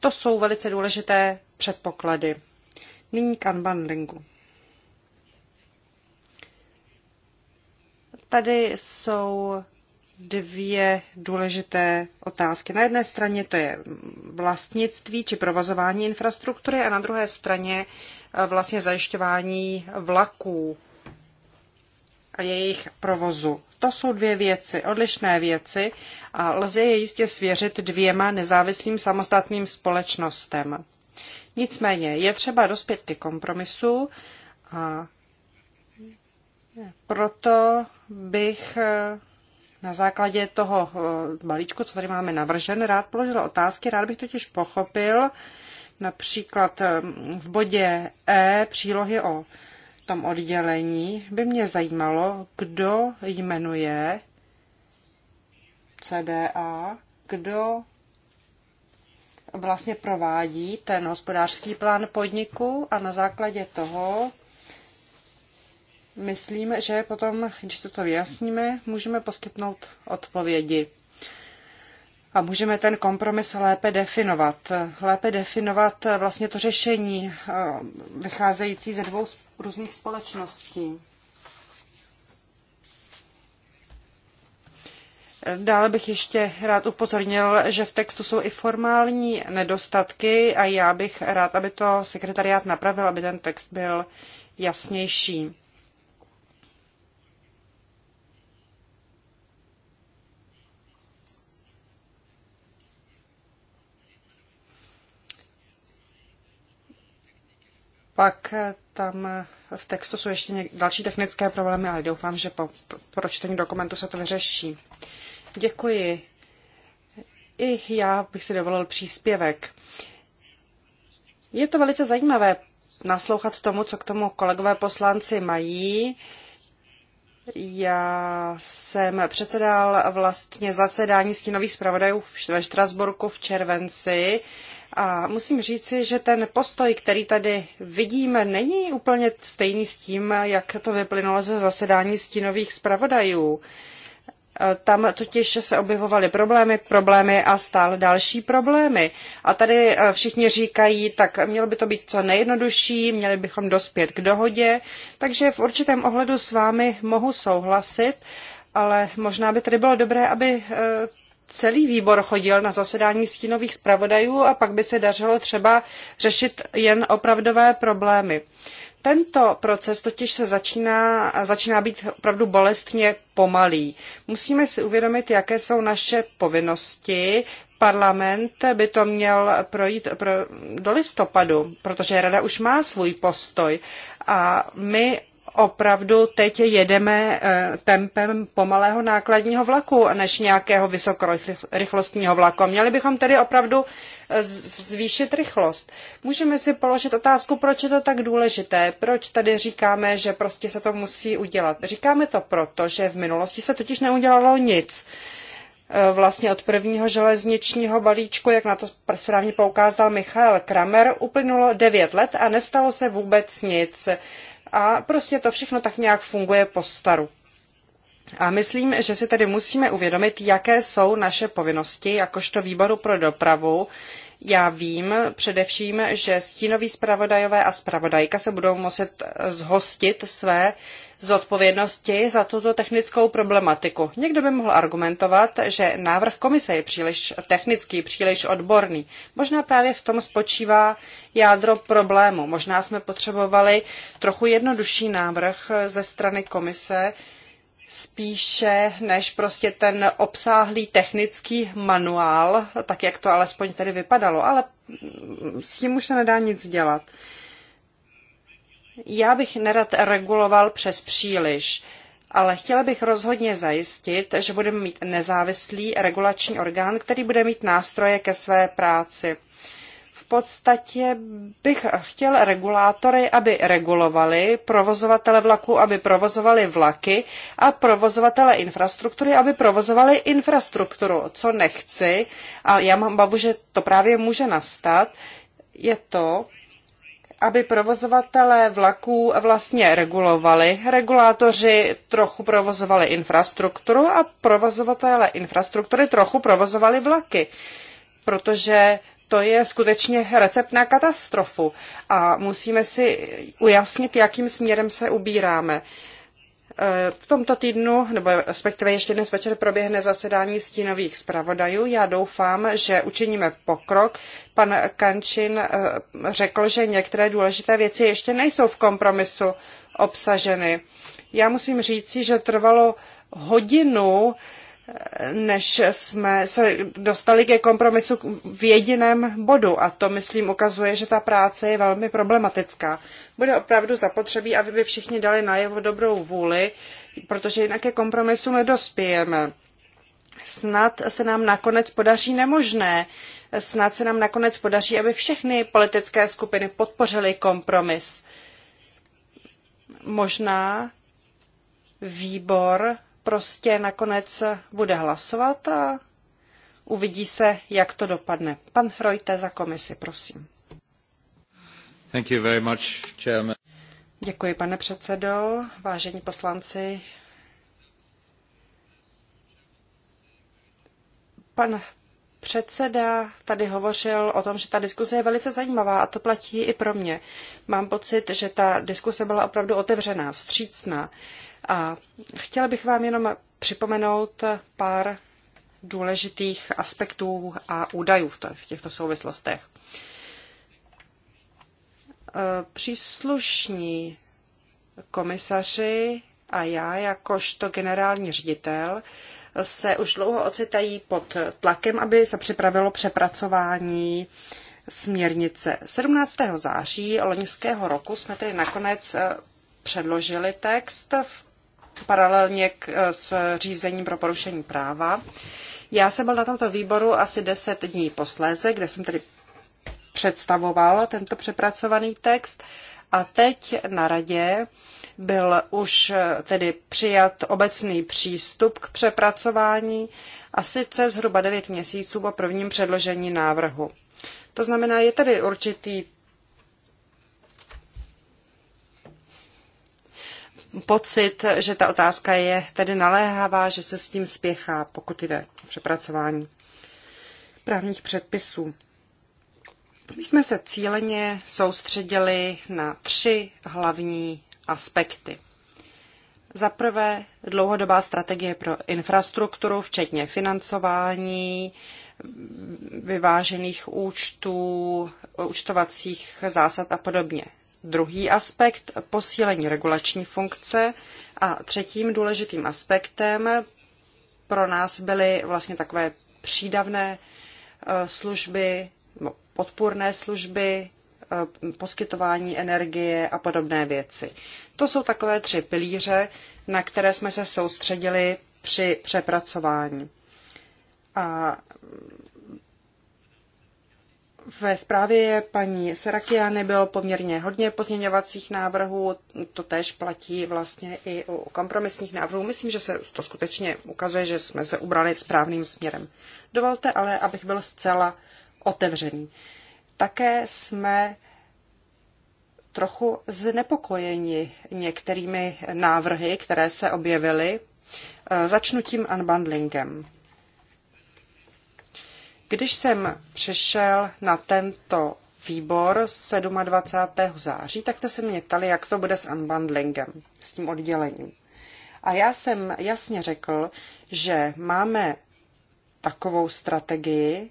To jsou velice důležité předpoklady. Nyní k unbundlingu. Tady jsou dvě důležité otázky. Na jedné straně to je vlastnictví či provozování infrastruktury a na druhé straně eh, vlastně zajišťování vlaků a jejich provozu. To jsou dvě věci, odlišné věci a lze je jistě svěřit dvěma nezávislým samostatným společnostem. Nicméně je třeba dospět ke kompromisu a proto bych eh, na základě toho eh, balíčku, co tady máme navržen, rád položil otázky, rád bych totiž pochopil, například eh, v bodě E přílohy o tom oddělení by mě zajímalo, kdo jmenuje CDA, kdo vlastně provádí ten hospodářský plán podniku a na základě toho myslím, že potom, když toto vyjasníme, můžeme poskytnout odpovědi. A můžeme ten kompromis lépe definovat. Lépe definovat vlastně to řešení eh, vycházející ze dvou různých společností. Dále bych ještě rád upozornil, že v textu jsou i formální nedostatky a já bych rád, aby to sekretariát napravil, aby ten text byl jasnější. Pak eh, tam eh, v textu jsou ještě další technické problémy, ale doufám, že po pročtení dokumentu se to vyřeší. Děkuji. I já bych si dovolil příspěvek. Je to velice zajímavé naslouchat tomu, co k tomu kolegové poslanci mají. Já jsem předsedal vlastně zasedání stínových zpravodajů ve Štrasburku v červenci a musím říci, že ten postoj, který tady vidíme, není úplně stejný s tím, jak to vyplynulo ze zasedání stínových zpravodajů. E, tam totiž se objevovaly problémy, problémy a stále další problémy. A tady e, všichni říkají, tak mělo by to být co nejjednodušší, měli bychom dospět k dohodě. Takže v určitém ohledu s vámi mohu souhlasit, ale možná by tady bylo dobré, aby e, celý výbor chodil na zasedání stínových zpravodajů a pak by se dařilo třeba řešit jen opravdové problémy. Tento proces totiž se začíná, začíná být opravdu bolestně pomalý. Musíme si uvědomit, jaké jsou naše povinnosti. Parlament by to měl projít pro, do listopadu, protože Rada už má svůj postoj a my opravdu teď jedeme eh, tempem pomalého nákladního vlaku než nějakého vysokorychlostního vlaku. Měli bychom tedy opravdu eh, zvýšit rychlost. Můžeme si položit otázku, proč je to tak důležité, proč tady říkáme, že prostě se to musí udělat. Říkáme to proto, že v minulosti se totiž neudělalo nic eh, vlastně od prvního železničního balíčku, jak na to správně poukázal Michal Kramer, uplynulo devět let a nestalo se vůbec nic a prostě to všechno tak nějak funguje po staru. A myslím, že si tedy musíme uvědomit, jaké jsou naše povinnosti jakožto výboru pro dopravu. Já vím především, že stínoví zpravodajové a zpravodajka se budou muset zhostit své uh, zodpovědnosti za tuto technickou problematiku. Někdo by mohl argumentovat, že návrh komise je příliš technický, příliš odborný. Možná právě v tom spočívá jádro problému. Možná jsme potřebovali trochu jednodušší návrh ze strany komise, spíše než prostě ten obsáhlý technický manuál, tak jak to alespoň tedy vypadalo, ale s tím už se nedá nic dělat. Já bych nerad reguloval přes příliš, ale chtěla bych rozhodně zajistit, že budeme mít nezávislý regulační orgán, který bude mít nástroje ke své práci. V podstatě bych chtěl regulátory, aby regulovali, provozovatele vlaků, aby provozovali vlaky a provozovatele infrastruktury, aby provozovali infrastrukturu, co nechci. A já mám bavu, že to právě může nastat, je to, aby provozovatelé vlaků vlastně regulovali. Regulátoři trochu provozovali infrastrukturu a provozovatelé infrastruktury trochu provozovali vlaky, protože to je skutečně recept na katastrofu a musíme si ujasnit, jakým směrem se ubíráme. Eh, v tomto týdnu, nebo respektive ještě dnes večer, proběhne zasedání stínových zpravodajů. Já doufám, že učiníme pokrok. Pan Kančin eh, řekl, že některé důležité věci ještě nejsou v kompromisu obsaženy. Já musím říci, že trvalo hodinu, než jsme se dostali ke kompromisu v jediném bodu a to, myslím, ukazuje, že ta práce je velmi problematická. Bude opravdu zapotřebí, aby by všichni dali najevo dobrou vůli, protože jinak ke kompromisu nedospějeme. Snad se nám nakonec podaří nemožné. Snad se nám nakonec podaří, aby všechny politické skupiny podpořily kompromis. Možná výbor prostě nakonec bude hlasovat a uvidí se, jak to dopadne. Pan Hrojte za komisi, prosím. Thank you very much, chairman. Děkuji, pane předsedo, vážení poslanci. Pan předseda tady hovořil o tom, že ta diskuse je velice zajímavá a to platí i pro mě. Mám pocit, že ta diskuse byla opravdu otevřená, vstřícná. A chtěla bych vám jenom připomenout pár důležitých aspektů a údajů v těchto souvislostech. Eh, příslušní komisaři a já jakožto generální ředitel se už dlouho ocitají pod tlakem, aby se připravilo přepracování směrnice. 17. září loňského roku jsme tedy nakonec eh, předložili text v paralelně k, eh, s řízením pro porušení práva. Já jsem byl na tomto výboru asi 10 dní posléze, kde jsem tedy představoval tento přepracovaný text. A teď na radě byl už eh, tedy přijat obecný přístup k přepracování a sice zhruba 9 měsíců po prvním předložení návrhu. To znamená, je tady určitý pocit, že ta otázka je tedy naléhavá, že se s tím spěchá, pokud jde o přepracování právních předpisů. My jsme se cíleně soustředili na tři hlavní aspekty. Za prvé dlouhodobá strategie pro infrastrukturu, včetně financování, vyvážených účtů, účtovacích zásad a podobně druhý aspekt posílení regulační funkce a třetím důležitým aspektem pro nás byly vlastně takové přídavné e, služby, no, podpůrné služby, e, poskytování energie a podobné věci. To jsou takové tři pilíře, na které jsme se soustředili při přepracování. A ve zprávě paní Serakiany bylo poměrně hodně pozměňovacích návrhů, to též platí vlastně i u kompromisních návrhů. Myslím, že se to skutečně ukazuje, že jsme se ubrali správným směrem. Dovolte ale, abych byl zcela otevřený. Také jsme trochu znepokojeni některými návrhy, které se objevily. Začnu tím unbundlingem. Když jsem přešel na tento výbor 27. září, tak jste se mě ptali, jak to bude s unbundlingem, s tím oddělením. A já jsem jasně řekl, že máme takovou strategii,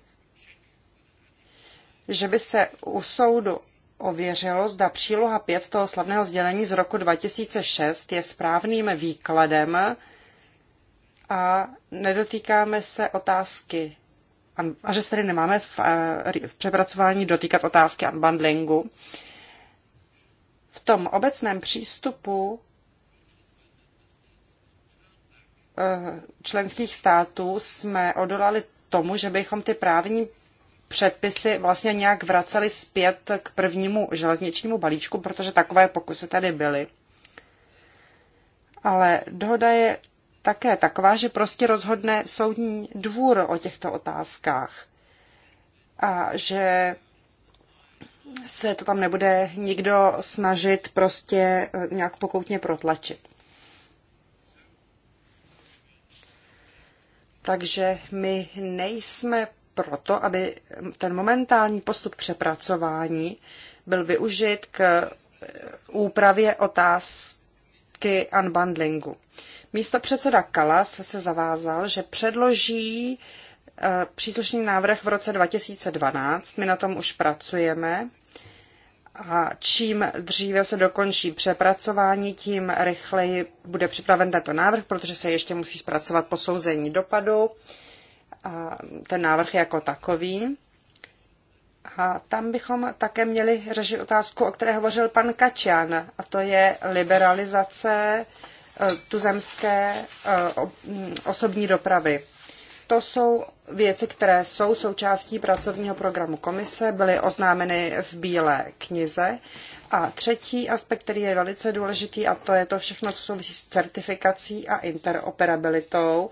že by se u soudu ověřilo, zda příloha 5 toho slavného sdělení z roku 2006 je správným výkladem a nedotýkáme se otázky a že se tady nemáme v, eh, v přepracování dotýkat otázky unbundlingu. V tom obecném přístupu eh, členských států jsme odolali tomu, že bychom ty právní předpisy vlastně nějak vraceli zpět k prvnímu železničnímu balíčku, protože takové pokusy tady byly. Ale dohoda je také taková, že prostě rozhodne soudní dvůr o těchto otázkách a že se to tam nebude nikdo snažit prostě eh, nějak pokoutně protlačit. Takže my nejsme proto, aby ten momentální postup přepracování byl využit k eh, úpravě otázky unbundlingu. Místo předseda Kalas se zavázal, že předloží eh, příslušný návrh v roce 2012. My na tom už pracujeme. A čím dříve se dokončí přepracování, tím rychleji bude připraven tento návrh, protože se ještě musí zpracovat posouzení dopadu a ten návrh jako takový. A tam bychom také měli řešit otázku, o které hovořil pan Kačan, a to je liberalizace Eh, tuzemské eh, mm, osobní dopravy. To jsou věci, které jsou součástí pracovního programu komise, byly oznámeny v Bílé knize. A třetí aspekt, který je velice důležitý, a to je to všechno, co souvisí s certifikací a interoperabilitou,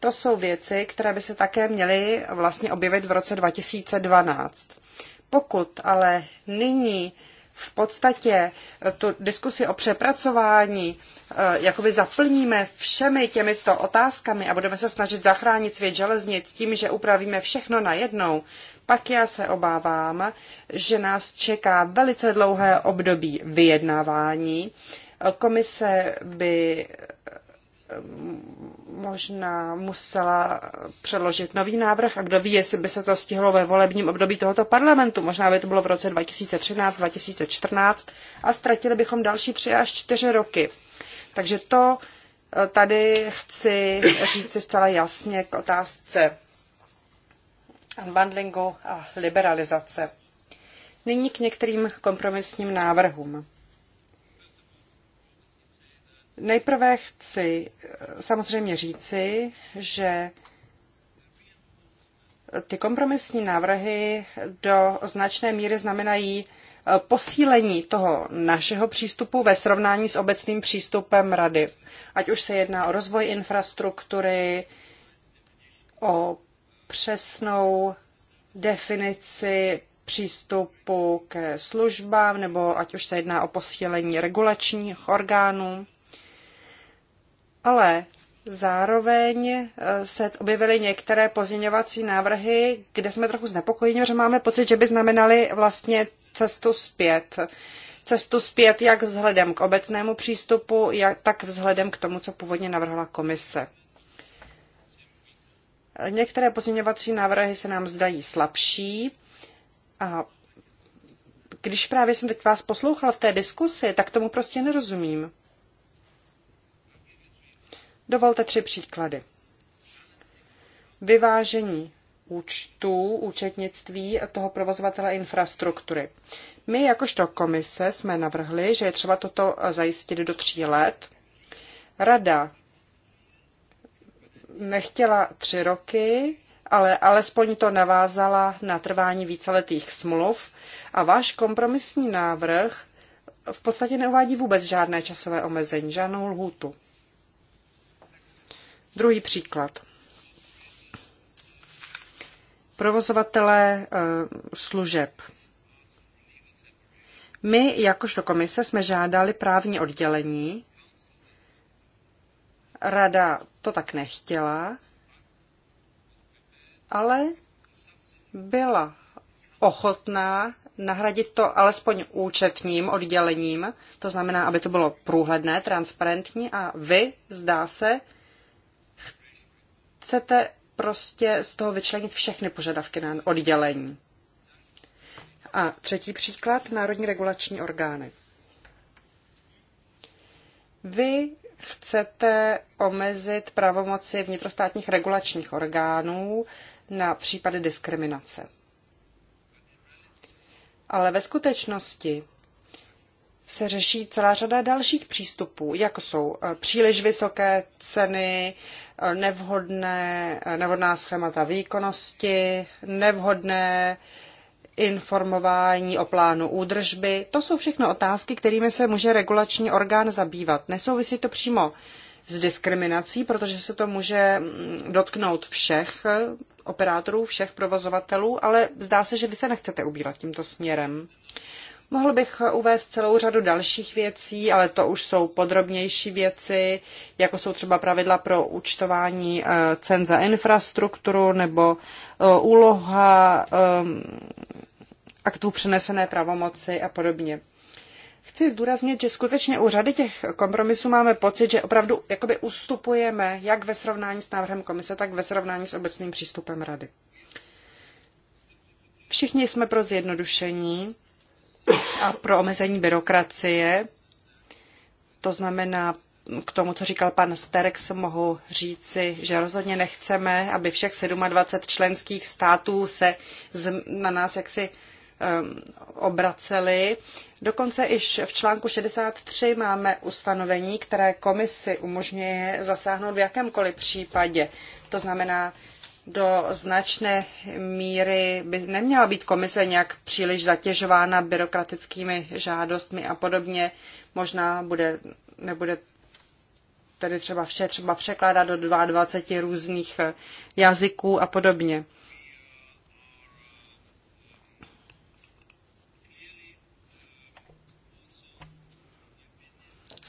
to jsou věci, které by se také měly vlastně objevit v roce 2012. Pokud ale nyní v podstatě tu diskusi o přepracování eh, jakoby zaplníme všemi těmito otázkami a budeme se snažit zachránit svět železnic tím, že upravíme všechno najednou, pak já se obávám, že nás čeká velice dlouhé období vyjednávání. Komise by možná musela předložit nový návrh a kdo ví, jestli by se to stihlo ve volebním období tohoto parlamentu. Možná by to bylo v roce 2013, 2014 a ztratili bychom další tři až čtyři roky. Takže to eh, tady chci říct zcela jasně k otázce unbundlingu a liberalizace. Nyní k některým kompromisním návrhům. Nejprve chci eh, samozřejmě říci, že ty kompromisní návrhy do značné míry znamenají eh, posílení toho našeho přístupu ve srovnání s obecným přístupem Rady. Ať už se jedná o rozvoj infrastruktury, o přesnou definici přístupu ke službám, nebo ať už se jedná o posílení regulačních orgánů ale zároveň eh, se objevily některé pozměňovací návrhy, kde jsme trochu znepokojeni, protože máme pocit, že by znamenaly vlastně cestu zpět. Cestu zpět jak vzhledem k obecnému přístupu, jak, tak vzhledem k tomu, co původně navrhla komise. Některé pozměňovací návrhy se nám zdají slabší a když právě jsem teď vás poslouchala v té diskusi, tak tomu prostě nerozumím. Dovolte tři příklady. Vyvážení účtů, účetnictví toho provozovatele infrastruktury. My jakožto komise jsme navrhli, že je třeba toto zajistit do tří let. Rada nechtěla tři roky, ale alespoň to navázala na trvání víceletých smluv a váš kompromisní návrh v podstatě neuvádí vůbec žádné časové omezení, žádnou lhůtu. Druhý příklad. Provozovatelé eh, služeb. My, jakožto komise, jsme žádali právní oddělení. Rada to tak nechtěla, ale byla ochotná nahradit to alespoň účetním oddělením, to znamená, aby to bylo průhledné, transparentní a vy, zdá se, chcete prostě z toho vyčlenit všechny požadavky na oddělení. A třetí příklad, národní regulační orgány. Vy chcete omezit pravomoci vnitrostátních regulačních orgánů na případy diskriminace. Ale ve skutečnosti se řeší celá řada dalších přístupů, jako jsou eh, příliš vysoké ceny, eh, nevhodné, eh, nevhodná schémata výkonnosti, nevhodné informování o plánu údržby. To jsou všechno otázky, kterými se může regulační orgán zabývat. Nesouvisí to přímo s diskriminací, protože se to může mm, dotknout všech operátorů, všech provozovatelů, ale zdá se, že vy se nechcete ubírat tímto směrem. Mohl bych uvést celou řadu dalších věcí, ale to už jsou podrobnější věci, jako jsou třeba pravidla pro účtování eh, cen za infrastrukturu nebo eh, úloha ehm, aktů přenesené pravomoci a podobně. Chci zdůraznit, že skutečně u řady těch kompromisů máme pocit, že opravdu jakoby ustupujeme jak ve srovnání s návrhem komise, tak ve srovnání s obecným přístupem rady. Všichni jsme pro zjednodušení, a pro omezení byrokracie. To znamená, k tomu, co říkal pan Sterex, mohu říci, že rozhodně nechceme, aby všech 27 členských států se na nás jaksi obraceli. Dokonce již v článku 63 máme ustanovení, které komisi umožňuje zasáhnout v jakémkoliv případě. To znamená, do značné míry by neměla být komise nějak příliš zatěžována byrokratickými žádostmi a podobně. Možná bude, nebude tedy třeba vše třeba překládat do 22 různých jazyků a podobně.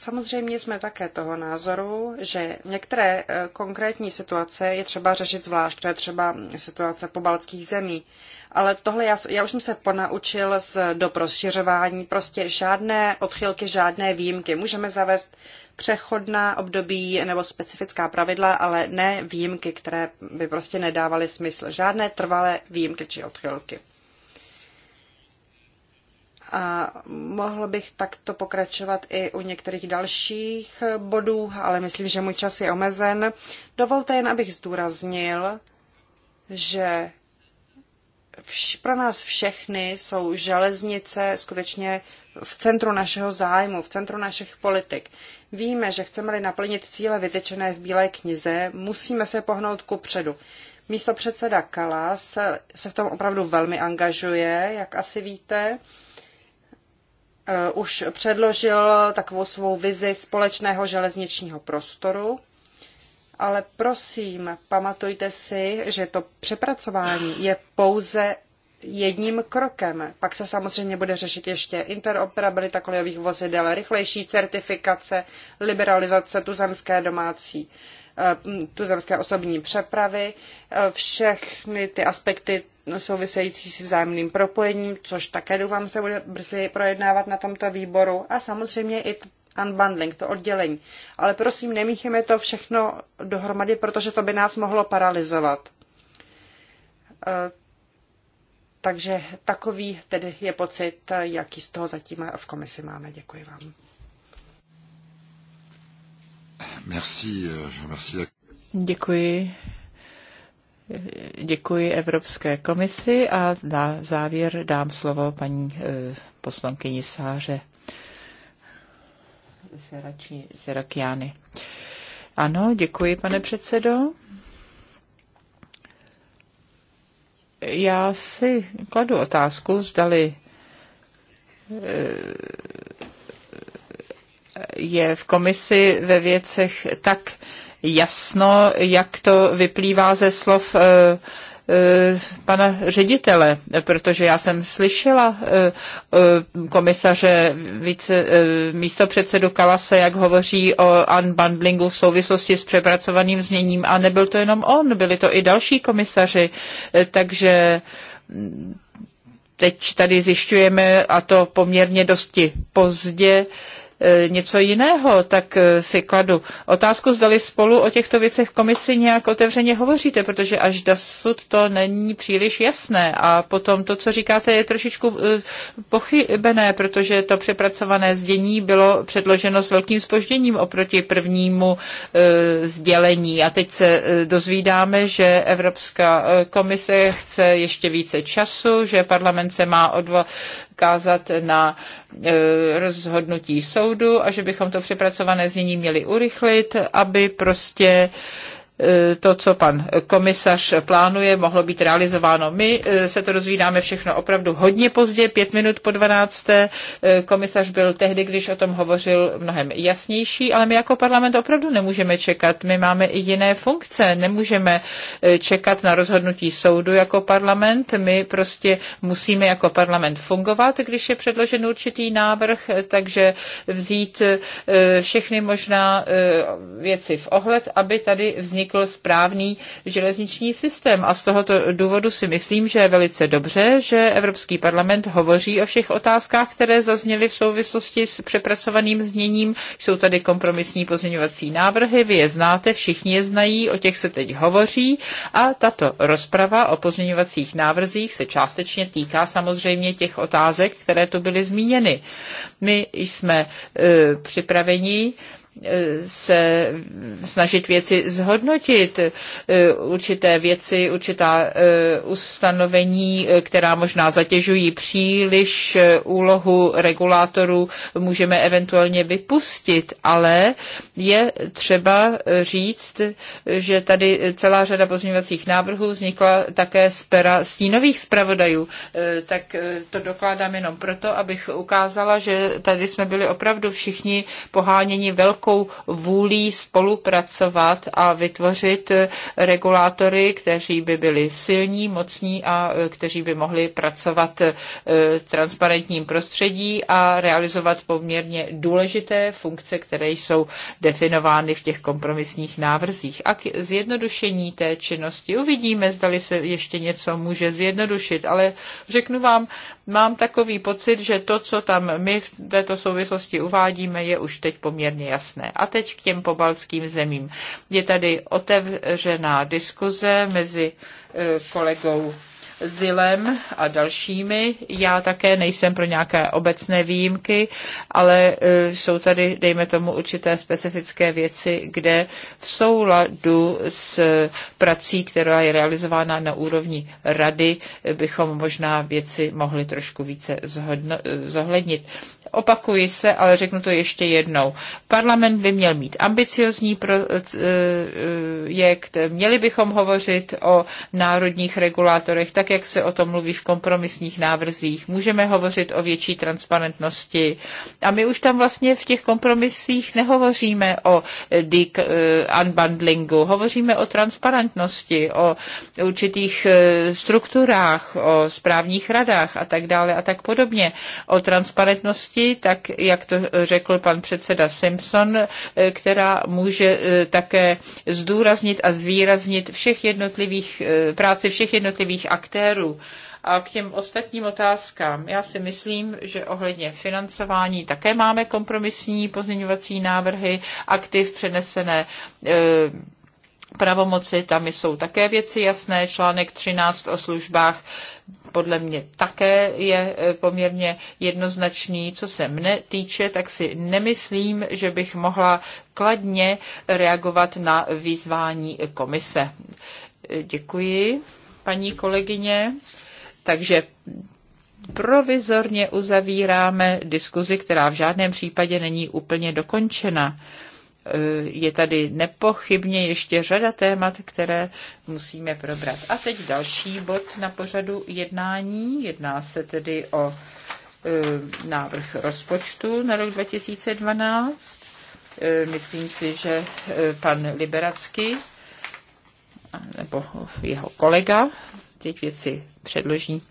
Samozřejmě jsme také toho názoru, že některé eh, konkrétní situace je třeba řešit zvlášť, to je třeba situace pobaltských zemí. Ale tohle já, já už jsem se ponaučil z do rozšiřování, prostě žádné odchylky, žádné výjimky. Můžeme zavést přechodná období nebo specifická pravidla, ale ne výjimky, které by prostě nedávaly smysl. Žádné trvalé výjimky či odchylky. A mohl bych takto pokračovat i u některých dalších bodů, ale myslím, že můj čas je omezen. Dovolte jen, abych zdůraznil, že vš- pro nás všechny jsou železnice skutečně v centru našeho zájmu, v centru našich politik. Víme, že chceme-li naplnit cíle vytečené v Bílé knize, musíme se pohnout ku předu. Místo předseda Kalas se v tom opravdu velmi angažuje, jak asi víte. Eh, už předložil takovou svou vizi společného železničního prostoru, ale prosím, pamatujte si, že to přepracování je pouze jedním krokem. Pak se samozřejmě bude řešit ještě interoperabilita kolejových vozidel, rychlejší certifikace, liberalizace tuzemské domácí eh, tuzemské osobní přepravy. Eh, všechny ty aspekty související s vzájemným propojením, což také doufám se bude brzy projednávat na tomto výboru a samozřejmě i unbundling, to oddělení. Ale prosím, nemíchejme to všechno dohromady, protože to by nás mohlo paralizovat. E, takže takový tedy je pocit, jaký z toho zatím v komisi máme. Děkuji vám. Merci, merci. Děkuji Děkuji Evropské komisi a na závěr dám slovo paní eh, poslankyni Sáře Serakiány. Ano, děkuji, pane předsedo. Já si kladu otázku, zdali eh, je v komisi ve věcech tak jasno, jak to vyplývá ze slov eh, eh, pana ředitele, protože já jsem slyšela eh, komisaře více, místo předsedu Kalase, jak hovoří o unbundlingu v souvislosti s přepracovaným zněním a nebyl to jenom on, byli to i další komisaři, takže mm, teď tady zjišťujeme, a to poměrně dosti pozdě, E, něco jiného, tak e, si kladu otázku, zdali spolu o těchto věcech v komisi nějak otevřeně hovoříte, protože až dosud to není příliš jasné a potom to, co říkáte, je trošičku e, pochybené, protože to přepracované zdění bylo předloženo s velkým spožděním oproti prvnímu sdělení a teď se dozvídáme, že Evropská komise chce ještě více času, že parlament se má o odkázat na e, rozhodnutí soudu a že bychom to přepracované znění měli urychlit, aby prostě E, to, co pan komisař plánuje, mohlo být realizováno. My e, se to dozvídáme všechno opravdu hodně pozdě, pět minut po 12. E, komisař byl tehdy, když o tom hovořil, mnohem jasnější, ale my jako parlament opravdu nemůžeme čekat. My máme i jiné funkce. Nemůžeme čekat na rozhodnutí soudu jako parlament. My prostě musíme jako parlament fungovat, když je předložen určitý návrh, takže vzít všechny možná věci v ohled, aby tady vznikl vznikl správný železniční systém. A z tohoto důvodu si myslím, že je velice dobře, že Evropský parlament hovoří o všech otázkách, které zazněly v souvislosti s přepracovaným zněním. Jsou tady kompromisní pozměňovací návrhy, vy je znáte, všichni je znají, o těch se teď hovoří a tato rozprava o pozměňovacích návrzích se částečně týká samozřejmě těch otázek, které tu byly zmíněny. My jsme e, připraveni se snažit věci zhodnotit, e, určité věci, určitá e, ustanovení, e, která možná zatěžují příliš úlohu regulátorů, můžeme eventuálně vypustit, ale je třeba říct, že tady celá řada pozměňovacích návrhů vznikla také z pera stínových zpravodajů, tak to dokládám jenom proto, abych ukázala, že tady jsme byli opravdu všichni poháněni velkou velkou vůlí spolupracovat a vytvořit regulátory, kteří by byli silní, mocní a e, kteří by mohli pracovat e, v transparentním prostředí a realizovat poměrně důležité funkce, které jsou definovány v těch kompromisních návrzích. A k zjednodušení té činnosti uvidíme, zdali se ještě něco může zjednodušit, ale řeknu vám, mám takový pocit, že to, co tam my v této souvislosti uvádíme, je už teď poměrně jasné. A teď k těm pobaltským zemím. Je tady otevřená diskuze mezi eh, kolegou Zilem a dalšími. Já také nejsem pro nějaké obecné výjimky, ale e, jsou tady, dejme tomu, určité specifické věci, kde v souladu s prací, která je realizována na úrovni rady, bychom možná věci mohli trošku více e, zohlednit. Opakuji se, ale řeknu to ještě jednou. Parlament by měl mít ambiciozní eh, projekt, měli bychom hovořit o národních regulátorech, tak jak se o tom mluví v kompromisních návrzích. Můžeme hovořit o větší transparentnosti. A my už tam vlastně v těch kompromisích nehovoříme o eh, unbundlingu, hovoříme o transparentnosti, o určitých eh, strukturách, o správních radách a tak dále a tak podobně, o transparentnosti tak jak to řekl pan předseda Simpson, eh, která může eh, také zdůraznit a zvýraznit všech jednotlivých, eh, práci všech jednotlivých aktérů. A k těm ostatním otázkám. Já si myslím, že ohledně financování také máme kompromisní pozměňovací návrhy, aktiv přenesené pravomoci, tam jsou také věci jasné, článek 13 o službách podle mě také je eh, poměrně jednoznačný. Co se mne týče, tak si nemyslím, že bych mohla kladně reagovat na výzvání komise. Eh, děkuji, paní kolegyně. Takže provizorně uzavíráme diskuzi, která v žádném případě není úplně dokončena. Eh, je tady nepochybně ještě řada témat, které musíme probrat. A teď další bod na pořadu jednání. Jedná se tedy o eh, návrh rozpočtu na rok 2012. Eh, myslím si, že pan Liberacky nebo jeho kolega ty věci předloží.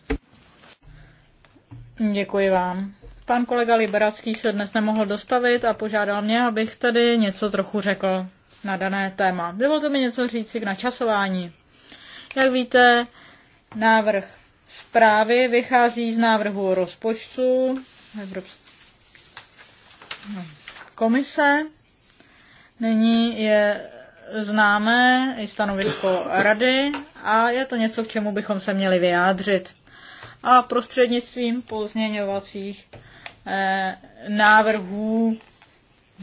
Děkuji vám. Pan kolega Liberacký se dnes nemohl dostavit a požádal mě, abych tady něco trochu řekl na dané téma. Bylo to mi něco říci k načasování. Jak víte, návrh zprávy vychází z návrhu rozpočtu no, komise. Nyní je známé i stanovisko rady a je to něco, k čemu bychom se měli vyjádřit. A prostřednictvím pozměňovacích Eh, návrhů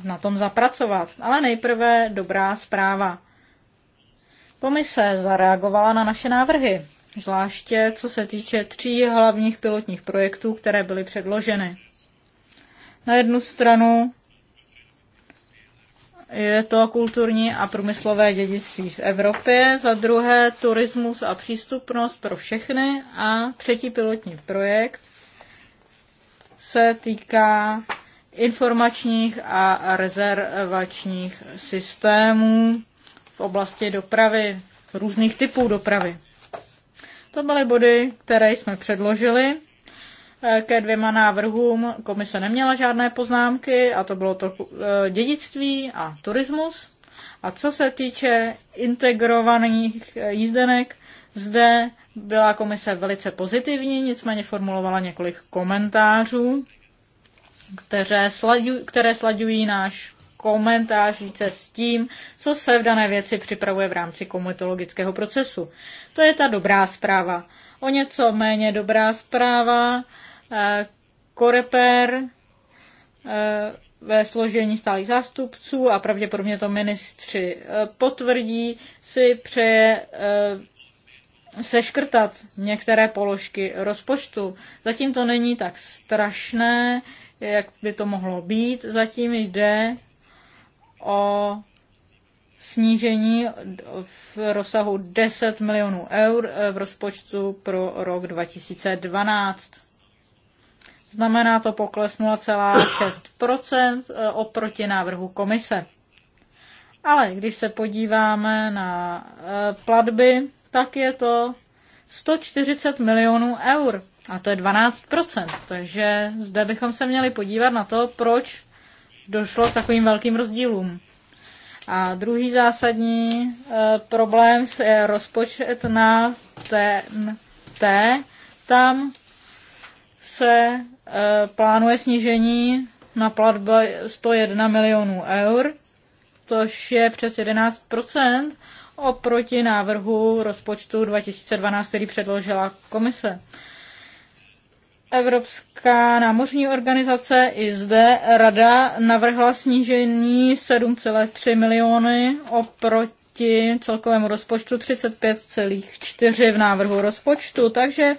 na tom zapracovat. Ale nejprve dobrá zpráva. Komise zareagovala na naše návrhy, zvláště co se týče tří hlavních pilotních projektů, které byly předloženy. Na jednu stranu je to kulturní a průmyslové dědictví v Evropě, za druhé turismus a přístupnost pro všechny a třetí pilotní projekt se týká informačních a rezervačních systémů v oblasti dopravy, různých typů dopravy. To byly body, které jsme předložili. Eh, ke dvěma návrhům komise neměla žádné poznámky a to bylo to eh, dědictví a turismus. A co se týče integrovaných eh, jízdenek, zde byla komise velice pozitivní, nicméně formulovala několik komentářů, které, slaďu, které slaďují náš komentář více s tím, co se v dané věci připravuje v rámci komitologického procesu. To je ta dobrá zpráva. O něco méně dobrá zpráva. Eh, Koreper eh, ve složení stálých zástupců a pravděpodobně to ministři eh, potvrdí, si přeje seškrtat některé položky rozpočtu. Zatím to není tak strašné, jak by to mohlo být. Zatím jde o snížení v rozsahu 10 milionů eur v rozpočtu pro rok 2012. Znamená to pokles 0,6 eh, oproti návrhu komise. Ale když se podíváme na eh, platby, tak je to 140 milionů eur. A to je 12%. Takže zde bychom se měli podívat na to, proč došlo k takovým velkým rozdílům. A druhý zásadní e, problém je rozpočet na TNT. Tam se e, plánuje snížení na platba 101 milionů eur, což je přes 11 oproti návrhu rozpočtu 2012, který předložila komise. Evropská námořní organizace i zde rada navrhla snížení 7,3 miliony oproti celkovému rozpočtu 35,4 v návrhu rozpočtu. Takže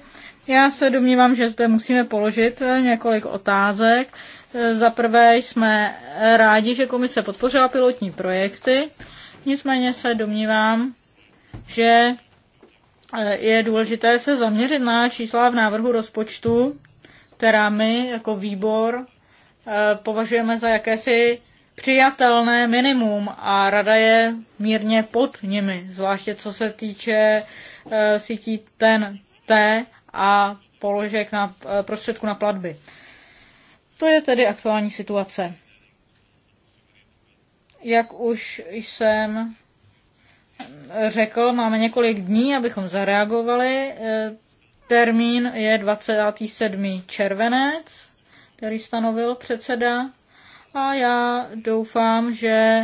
já se domnívám, že zde musíme položit několik otázek. Za prvé jsme rádi, že komise podpořila pilotní projekty. Nicméně se domnívám, že eh, je důležité se zaměřit na čísla v návrhu rozpočtu, která my jako výbor eh, považujeme za jakési přijatelné minimum a rada je mírně pod nimi, zvláště co se týče eh, sítí ten T a položek na prostředku na platby. To je tedy aktuální situace. Jak už jsem řekl, máme několik dní, abychom zareagovali. E, termín je 27. červenec, který stanovil předseda. A já doufám, že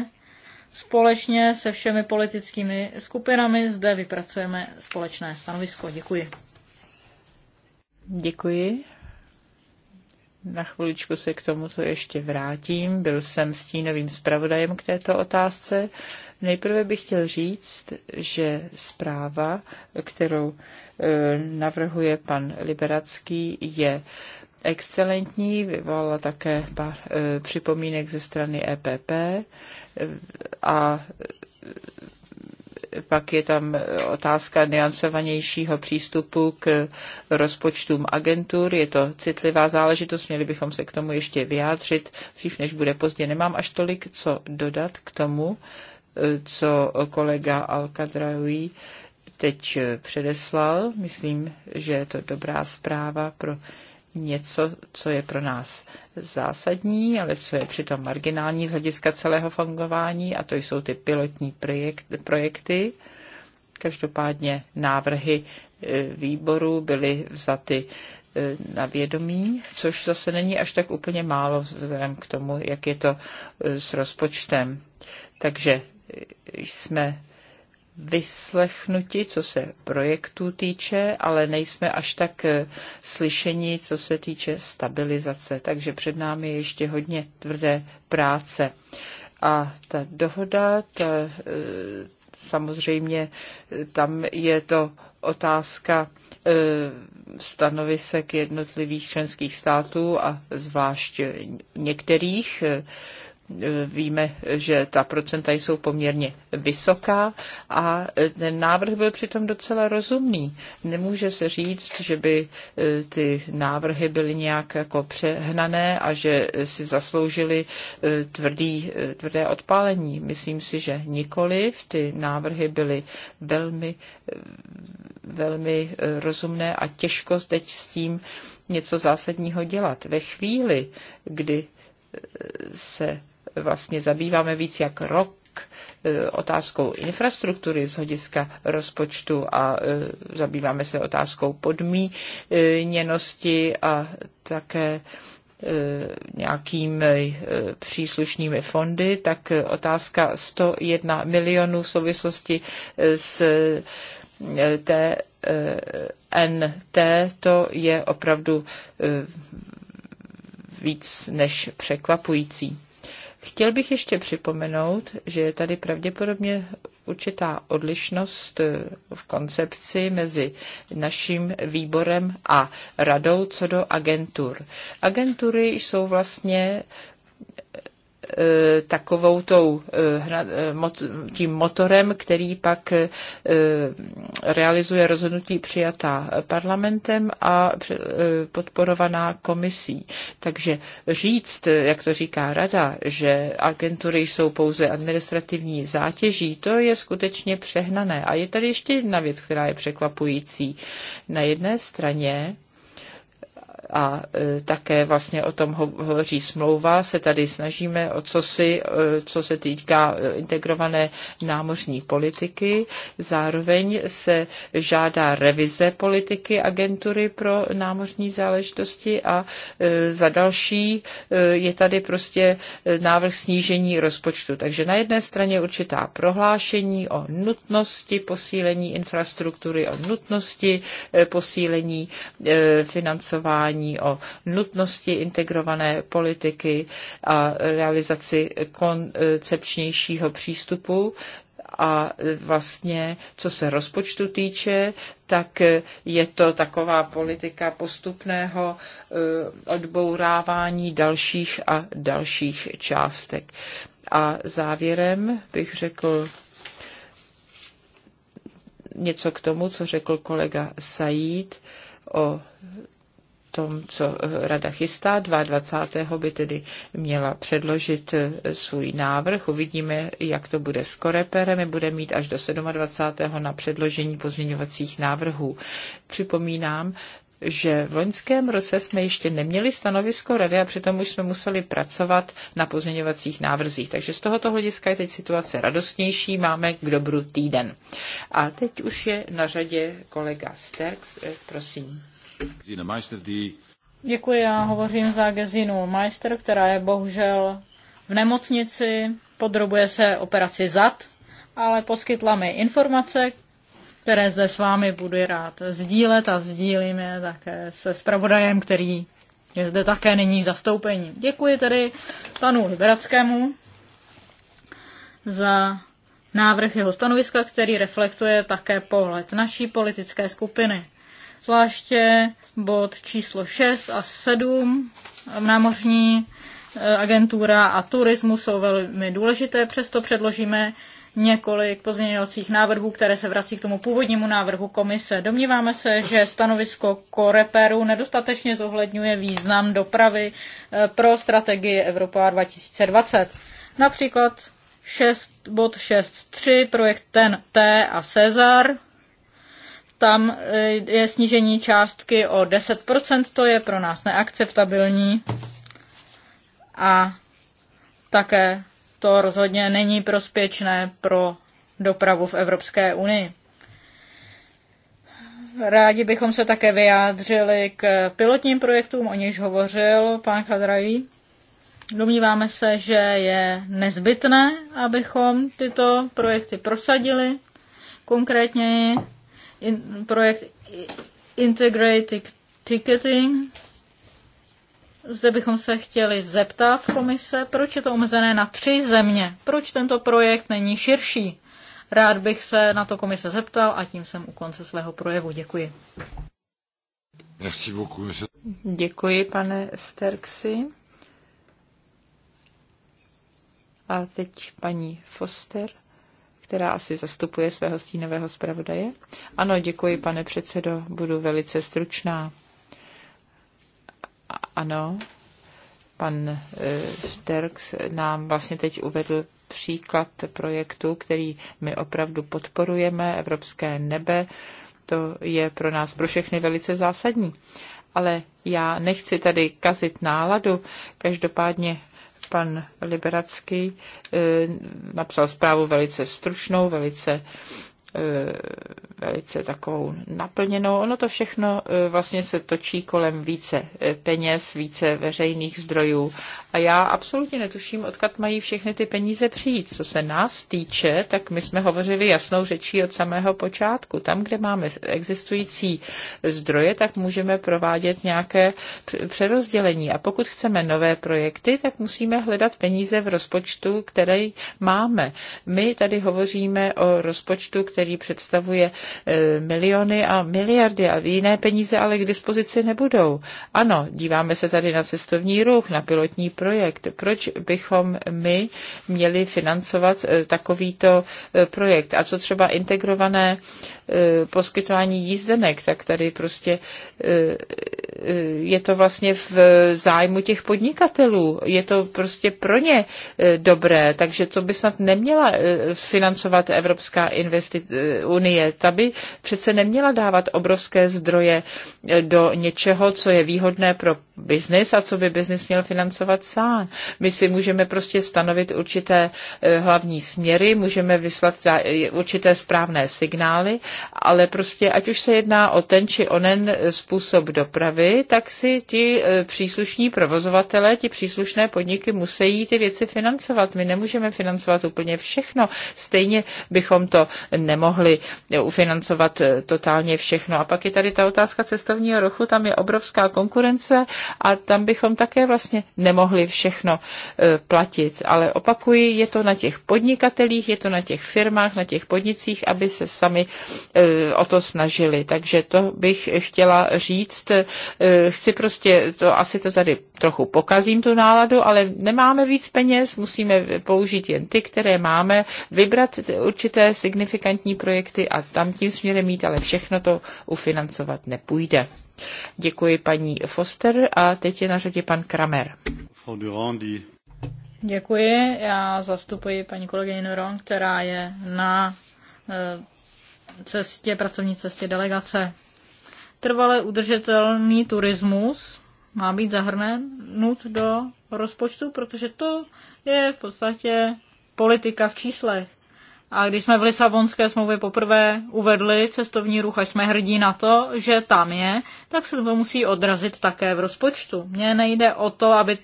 společně se všemi politickými skupinami zde vypracujeme společné stanovisko. Děkuji. Děkuji. Na chviličku se k tomuto ještě vrátím. Byl jsem stínovým zpravodajem k této otázce. Nejprve bych chtěl říct, že zpráva, kterou e, navrhuje pan Liberacký, je excelentní, vyvolala také pár e, připomínek ze strany EPP e, a pak je tam otázka niancovanějšího přístupu k rozpočtům agentur. Je to citlivá záležitost, měli bychom se k tomu ještě vyjádřit, dřív než bude pozdě. Nemám až tolik, co dodat k tomu, co kolega Alcadraui teď předeslal. Myslím, že je to dobrá zpráva pro něco, co je pro nás zásadní, ale co je přitom marginální z hlediska celého fungování, a to jsou ty pilotní projekt, projekty. Každopádně návrhy e, výboru byly vzaty e, na vědomí, což zase není až tak úplně málo vzhledem k tomu, jak je to e, s rozpočtem. Takže jsme vyslechnuti, co se projektů týče, ale nejsme až tak eh, slyšeni, co se týče stabilizace. Takže před námi je ještě hodně tvrdé práce. A ta dohoda, ta, eh, samozřejmě eh, tam je to otázka stanovisek jednotlivých členských států a zvlášť některých Víme, že ta procenta jsou poměrně vysoká a ten návrh byl přitom docela rozumný. Nemůže se říct, že by e, ty návrhy byly nějak jako přehnané a že si zasloužili e, tvrdý, e, tvrdé odpálení. Myslím si, že nikoliv. Ty návrhy byly velmi, velmi rozumné a těžko teď s tím něco zásadního dělat. Ve chvíli, kdy se vlastně zabýváme víc jak rok e, otázkou infrastruktury z hlediska rozpočtu a e, zabýváme se otázkou podmíněnosti a také e, nějakými příslušnými fondy, tak otázka 101 milionů v souvislosti s TNT, to je opravdu víc než překvapující. Chtěl bych ještě připomenout, že je tady pravděpodobně určitá odlišnost eh, v koncepci mezi naším výborem a radou co do agentur. Agentury jsou vlastně E, takovou tou, e, e, tím motorem, který pak realizuje rozhodnutí přijatá parlamentem a podporovaná komisí. Takže říct, jak to říká rada, že agentury jsou pouze administrativní zátěží, to je skutečně přehnané. A je tady ještě jedna věc, která je překvapující. Na jedné straně a e, také vlastně o tom hovoří smlouva, se tady snažíme o co, si, e, co se týká e, integrované námořní politiky. Zároveň se žádá revize politiky agentury pro námořní záležitosti a za další je tady prostě návrh snížení rozpočtu. Takže na jedné straně určitá prohlášení o nutnosti posílení infrastruktury, o nutnosti posílení financování prohlášení o nutnosti integrované politiky a realizaci koncepčnějšího přístupu a vlastně, co se rozpočtu týče, tak je to taková politika postupného eh, odbourávání dalších a dalších částek. A závěrem bych řekl něco k tomu, co řekl kolega Said o tom, co rada chystá. 22. by tedy měla předložit eh, svůj návrh. Uvidíme, jak to bude s koreperem. bude mít až do 27. na předložení pozměňovacích návrhů. Připomínám, že v loňském roce jsme ještě neměli stanovisko rady a přitom už jsme museli pracovat na pozměňovacích návrzích. Takže z tohoto hlediska je teď situace radostnější, máme k dobru týden. A teď už je na řadě kolega Sterks, eh, prosím. Děkuji, já hovořím za Gezinu Meister, která je bohužel v nemocnici, podrobuje se operaci zad, ale poskytla mi informace, které zde s vámi budu rád sdílet a sdílím je také se spravodajem, který je zde také nyní zastoupení. Děkuji tedy panu Liberackému za návrh jeho stanoviska, který reflektuje také pohled naší politické skupiny zvláště bod číslo 6 a 7 námořní eh, agentura a turismus jsou velmi důležité, přesto předložíme několik pozměňovacích návrhů, které se vrací k tomu původnímu návrhu komise. Domníváme se, že stanovisko Koreperu nedostatečně zohledňuje význam dopravy eh, pro strategii Evropa 2020. Například 6, bod 6.3, projekt TEN T a Cezar, tam eh, je snížení částky o 10%, to je pro nás neakceptabilní a také to rozhodně není prospěšné pro dopravu v Evropské unii. Rádi bychom se také vyjádřili k pilotním projektům, o nichž hovořil pán Chadrají. Domníváme se, že je nezbytné, abychom tyto projekty prosadili. Konkrétně in, projekt Integrated Ticketing. Zde bychom se chtěli zeptat komise, proč je to omezené na tři země, proč tento projekt není širší. Rád bych se na to komise zeptal a tím jsem u konce svého projevu. Děkuji. Děkuji, pane Sterksi. A teď paní Foster která asi zastupuje svého stínového zpravodaje. Ano, děkuji, pane předsedo, budu velice stručná. Ano, pan eh, Terks nám vlastně teď uvedl příklad projektu, který my opravdu podporujeme, Evropské nebe. To je pro nás, pro všechny velice zásadní ale já nechci tady kazit náladu. Každopádně pan Liberacký eh, napsal zprávu velice stručnou, velice eh, velice takovou naplněnou. Ono to všechno eh, vlastně se točí kolem více peněz, více veřejných zdrojů a já absolutně netuším, odkud mají všechny ty peníze přijít. Co se nás týče, tak my jsme hovořili jasnou řečí od samého počátku. Tam, kde máme existující zdroje, tak můžeme provádět nějaké přerozdělení. A pokud chceme nové projekty, tak musíme hledat peníze v rozpočtu, který máme. My tady hovoříme o rozpočtu, který představuje e, miliony a miliardy a jiné peníze ale k dispozici nebudou. Ano, díváme se tady na cestovní ruch, na pilotní projekt. Proč bychom my měli financovat eh, takovýto eh, projekt? A co třeba integrované eh, poskytování jízdenek, tak tady prostě je to vlastně v zájmu těch podnikatelů. Je to prostě pro ně eh, dobré, takže to by snad neměla eh, financovat Evropská investi- eh, unie. Ta by přece neměla dávat obrovské zdroje do něčeho, co je výhodné pro biznis a co by biznis měl financovat sám. My si můžeme prostě stanovit určité hlavní směry, můžeme vyslat určité správné signály, ale prostě ať už se jedná o ten či onen způsob dopravy, tak si ti e, příslušní provozovatele, ti příslušné podniky musí ty věci financovat. My nemůžeme financovat úplně všechno. Stejně bychom to nemohli e, ufinancovat e, totálně všechno. A pak je tady ta otázka cestovního ruchu, tam je obrovská konkurence a tam bychom také vlastně nemohli všechno platit. Ale opakuji, je to na těch podnikatelích, je to na těch firmách, na těch podnicích, aby se sami o to snažili. Takže to bych chtěla říct Eh, chci prostě, to asi to tady trochu pokazím tu náladu, ale nemáme víc peněz, musíme použít jen ty, které máme, vybrat určité signifikantní projekty a tam tím směrem mít, ale všechno to ufinancovat nepůjde. Děkuji paní Foster a teď je na řadě pan Kramer. Děkuji, já zastupuji paní kolegyni Noron, která je na eh, cestě, pracovní cestě delegace. Trvale udržitelný turismus má být zahrnut do rozpočtu, protože to je v podstatě politika v číslech. A když jsme v Lisabonské smlouvě poprvé uvedli cestovní ruch a jsme hrdí na to, že tam je, tak se to musí odrazit také v rozpočtu. Mně nejde o to, aby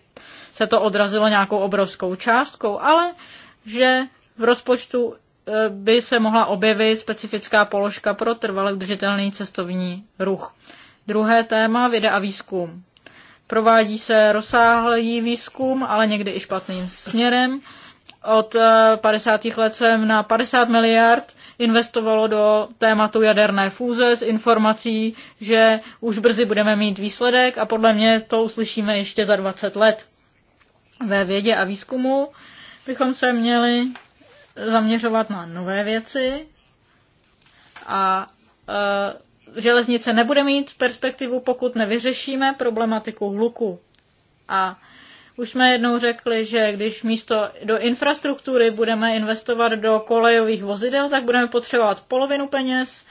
se to odrazilo nějakou obrovskou částkou, ale že v rozpočtu by se mohla objevit specifická položka pro trvale udržitelný cestovní ruch. Druhé téma věda a výzkum. Provádí se rozsáhlý výzkum, ale někdy i špatným směrem. Od 50. Eh, let se na 50 miliard investovalo do tématu jaderné fúze s informací, že už brzy budeme mít výsledek a podle mě to uslyšíme ještě za 20 let. Ve vědě a výzkumu bychom se měli zaměřovat na nové věci a e, železnice nebude mít perspektivu, pokud nevyřešíme problematiku hluku. A už jsme jednou řekli, že když místo do infrastruktury budeme investovat do kolejových vozidel, tak budeme potřebovat polovinu peněz,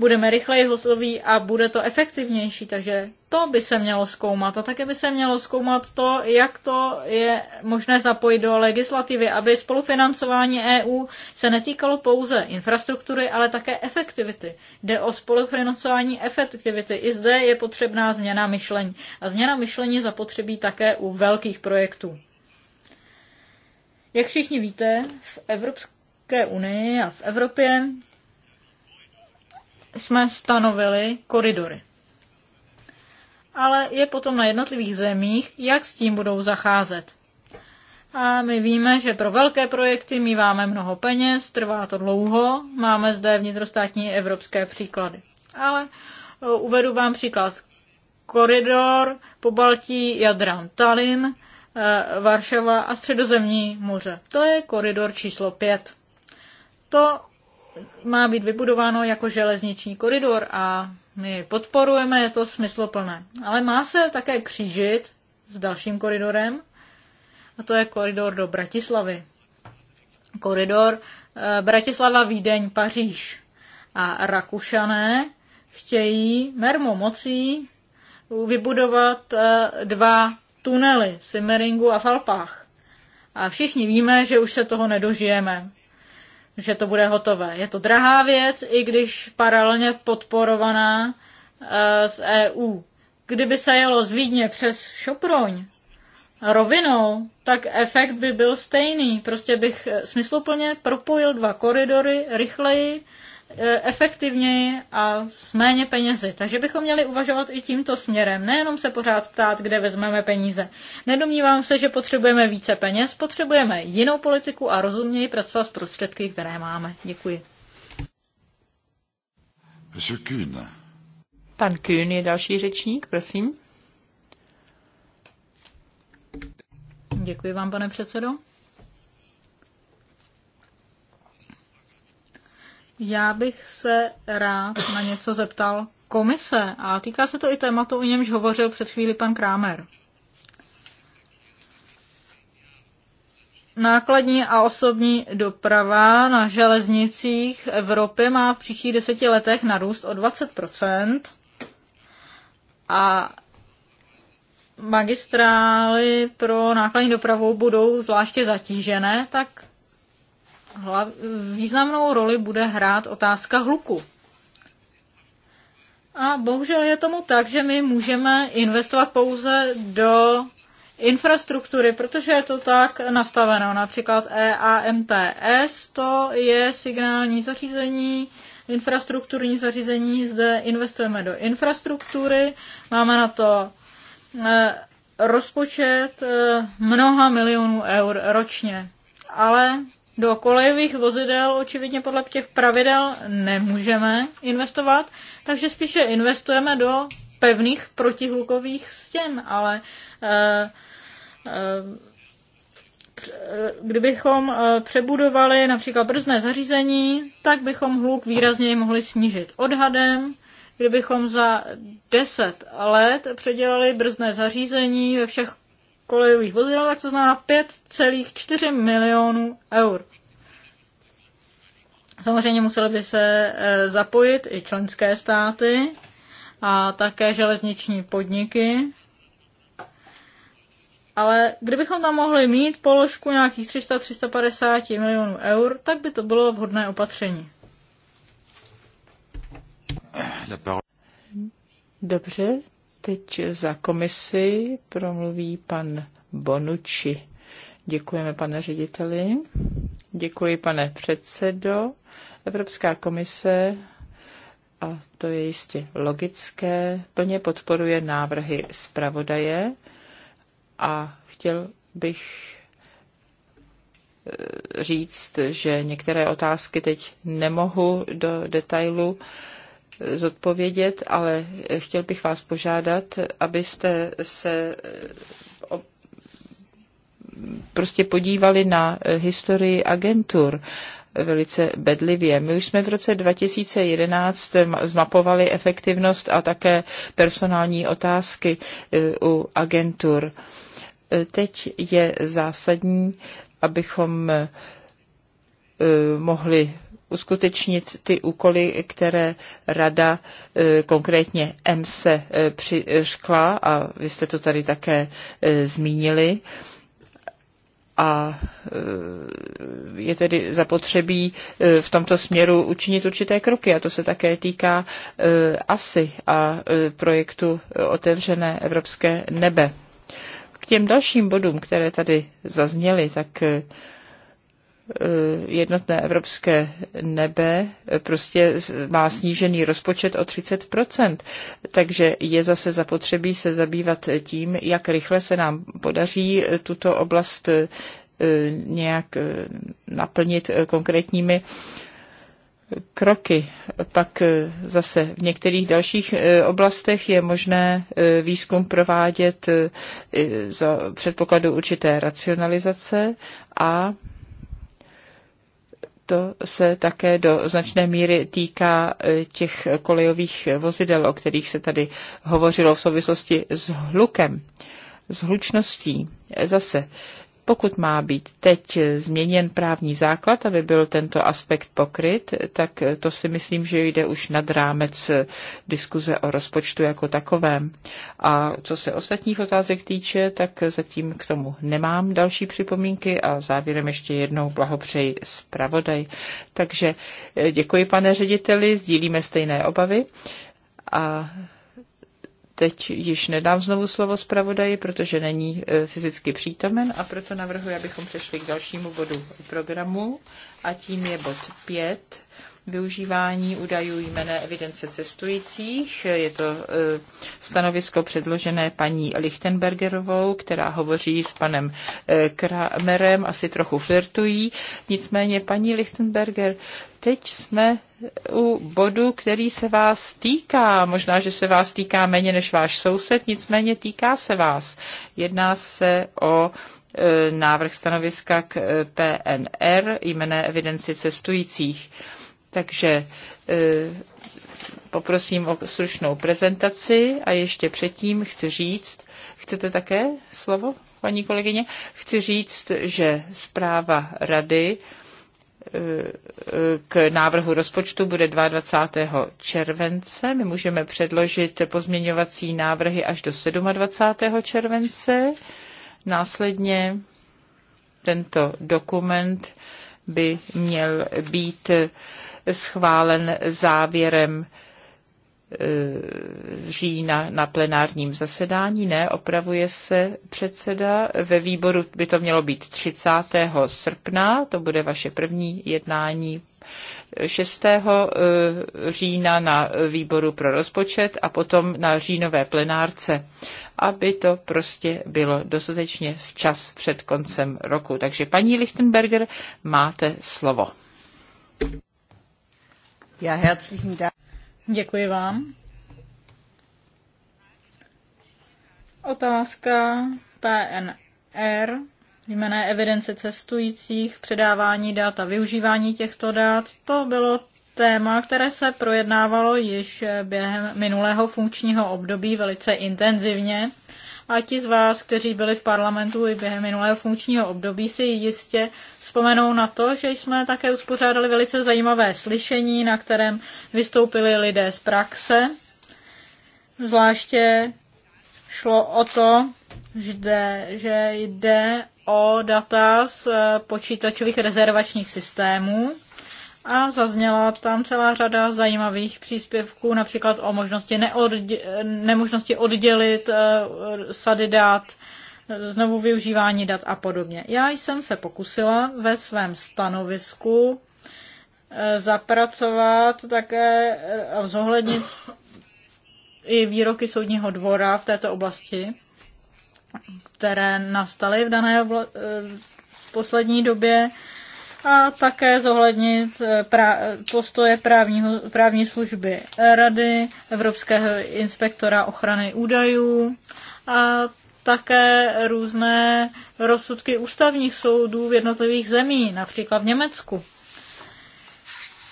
budeme rychleji hotoví a bude to efektivnější. Takže to by se mělo zkoumat. A také by se mělo zkoumat to, jak to je možné zapojit do legislativy, aby spolufinancování EU se netýkalo pouze infrastruktury, ale také efektivity. Jde o spolufinancování efektivity. I zde je potřebná změna myšlení. A změna myšlení zapotřebí také u velkých projektů. Jak všichni víte, v Evropské unii a v Evropě jsme stanovili koridory. Ale je potom na jednotlivých zemích, jak s tím budou zacházet. A my víme, že pro velké projekty míváme mnoho peněz, trvá to dlouho, máme zde vnitrostátní evropské příklady. Ale eh, uvedu vám příklad. Koridor po Baltí, Jadran, Tallinn, eh, Varšava a Středozemní moře. To je koridor číslo 5. To má být vybudováno jako železniční koridor a my podporujeme, je to smysloplné. Ale má se také křížit s dalším koridorem, a to je koridor do Bratislavy. Koridor eh, Bratislava, Vídeň, Paříž. A Rakušané chtějí mermo mocí vybudovat eh, dva tunely v Simmeringu a v Alpách. A všichni víme, že už se toho nedožijeme že to bude hotové. Je to drahá věc, i když paralelně podporovaná eh, z EU. Kdyby se jelo z Vídně přes Šoproň rovinou, tak efekt by byl stejný. Prostě bych eh, smysluplně propojil dva koridory rychleji E, efektivněji a s méně penězi. Takže bychom měli uvažovat i tímto směrem, nejenom se pořád ptát, kde vezmeme peníze. Nedomnívám se, že potřebujeme více peněz, potřebujeme jinou politiku a rozuměji pracovat s prostředky, které máme. Děkuji. Pan Kühn je další řečník, prosím. Děkuji vám, pane předsedo. Já bych se rád na něco zeptal komise a týká se to i tématu, o němž hovořil před chvíli pan Krámer. Nákladní a osobní doprava na železnicích v Evropě má v příštích deseti letech narůst o 20 a magistrály pro nákladní dopravu budou zvláště zatížené, tak Hlav, významnou roli bude hrát otázka hluku. A bohužel je tomu tak, že my můžeme investovat pouze do infrastruktury, protože je to tak nastaveno. Například EAMTS, to je signální zařízení, infrastrukturní zařízení, zde investujeme do infrastruktury, máme na to e, rozpočet e, mnoha milionů eur ročně. Ale do kolejových vozidel očividně podle těch pravidel nemůžeme investovat, takže spíše investujeme do pevných protihlukových stěn, ale eh, eh, kdybychom eh, přebudovali například brzné zařízení, tak bychom hluk výrazně mohli snížit odhadem. Kdybychom za 10 let předělali brzné zařízení ve všech kolejových vozidlech, tak to znamená 5,4 milionů eur. Samozřejmě museli by se e, zapojit i členské státy a také železniční podniky. Ale kdybychom tam mohli mít položku nějakých 300-350 milionů eur, tak by to bylo vhodné opatření. Dobře, teď za komisi promluví pan Bonucci. Děkujeme, pane řediteli. Děkuji, pane předsedo. Evropská komise a to je jistě logické, plně podporuje návrhy zpravodaje a chtěl bych eh, říct, že některé otázky teď nemohu do detailu eh, zodpovědět, ale chtěl bych vás požádat, abyste se eh, prostě podívali na historii agentur velice bedlivě. My už jsme v roce 2011 zmapovali efektivnost a také personální otázky eh, u agentur. Eh, teď je zásadní, abychom eh, mohli uskutečnit ty úkoly, které rada, konkrétně EMSE, přiřkla a vy jste to tady také zmínili a e, je tedy zapotřebí e, v tomto směru učinit určité kroky a to se také týká e, ASI a projektu Otevřené evropské nebe. K těm dalším bodům, které tady zazněly, tak Eh, jednotné evropské nebe eh, prostě má snížený rozpočet o 30%. Takže je zase zapotřebí se zabývat tím, jak rychle se nám podaří eh, tuto oblast nějak naplnit konkrétními kroky. Pak zase v některých dalších oblastech je možné výzkum provádět za předpokladu určité racionalizace a to se také do značné míry týká e, těch kolejových vozidel, o kterých se tady hovořilo v souvislosti s hlukem, s hlučností. E, zase pokud má být teď změněn právní základ, aby byl tento aspekt pokryt, tak to si myslím, že jde už nad rámec diskuze o rozpočtu jako takovém. A co se ostatních otázek týče, tak zatím k tomu nemám další připomínky a závěrem ještě jednou blahopřeji zpravodaj. Takže děkuji, pane řediteli, sdílíme stejné obavy. A Teď již nedám znovu slovo zpravodaji, protože není e, fyzicky přítomen a proto navrhuji, abychom přešli k dalšímu bodu programu a tím je bod 5 využívání údajů jméne evidence cestujících. Je to e, stanovisko předložené paní Lichtenbergerovou, která hovoří s panem e, Kramerem, asi trochu flirtují. Nicméně paní Lichtenberger teď jsme u bodu, který se vás týká. Možná, že se vás týká méně než váš soused, nicméně týká se vás. Jedná se o e, návrh stanoviska k e, PNR, jmené evidenci cestujících. Takže e, poprosím o slušnou prezentaci a ještě předtím chci říct, chcete také slovo, paní kolegyně? Chci říct, že zpráva rady k návrhu rozpočtu bude 22. července. My můžeme předložit pozměňovací návrhy až do 27. července. Následně tento dokument by měl být schválen závěrem E, žijí na plenárním zasedání. Ne, opravuje se předseda. Ve výboru by to mělo být 30. srpna, to bude vaše první jednání 6. E, října na výboru pro rozpočet a potom na říjnové plenárce, aby to prostě bylo dostatečně včas před koncem roku. Takže paní Lichtenberger, máte slovo. Ja, herzlichen Dank. Děkuji vám. Otázka PNR, jmené evidence cestujících, předávání dat a využívání těchto dat, to bylo téma, které se projednávalo již během minulého funkčního období velice intenzivně a ti z vás, kteří byli v parlamentu i během minulého funkčního období, si jistě vzpomenou na to, že jsme také uspořádali velice zajímavé slyšení, na kterém vystoupili lidé z praxe. Zvláště šlo o to, že, že jde o data z počítačových rezervačních systémů a zazněla tam celá řada zajímavých příspěvků, například o možnosti neodděl, nemožnosti oddělit eh, sady dat, znovu využívání dat a podobně. Já jsem se pokusila ve svém stanovisku eh, zapracovat také eh, a zohlednit i výroky soudního dvora v této oblasti, které nastaly v dané v poslední době a také zohlednit eh, postoje právního, právní služby Rady, Evropského inspektora ochrany údajů a také různé rozsudky ústavních soudů v jednotlivých zemí, například v Německu.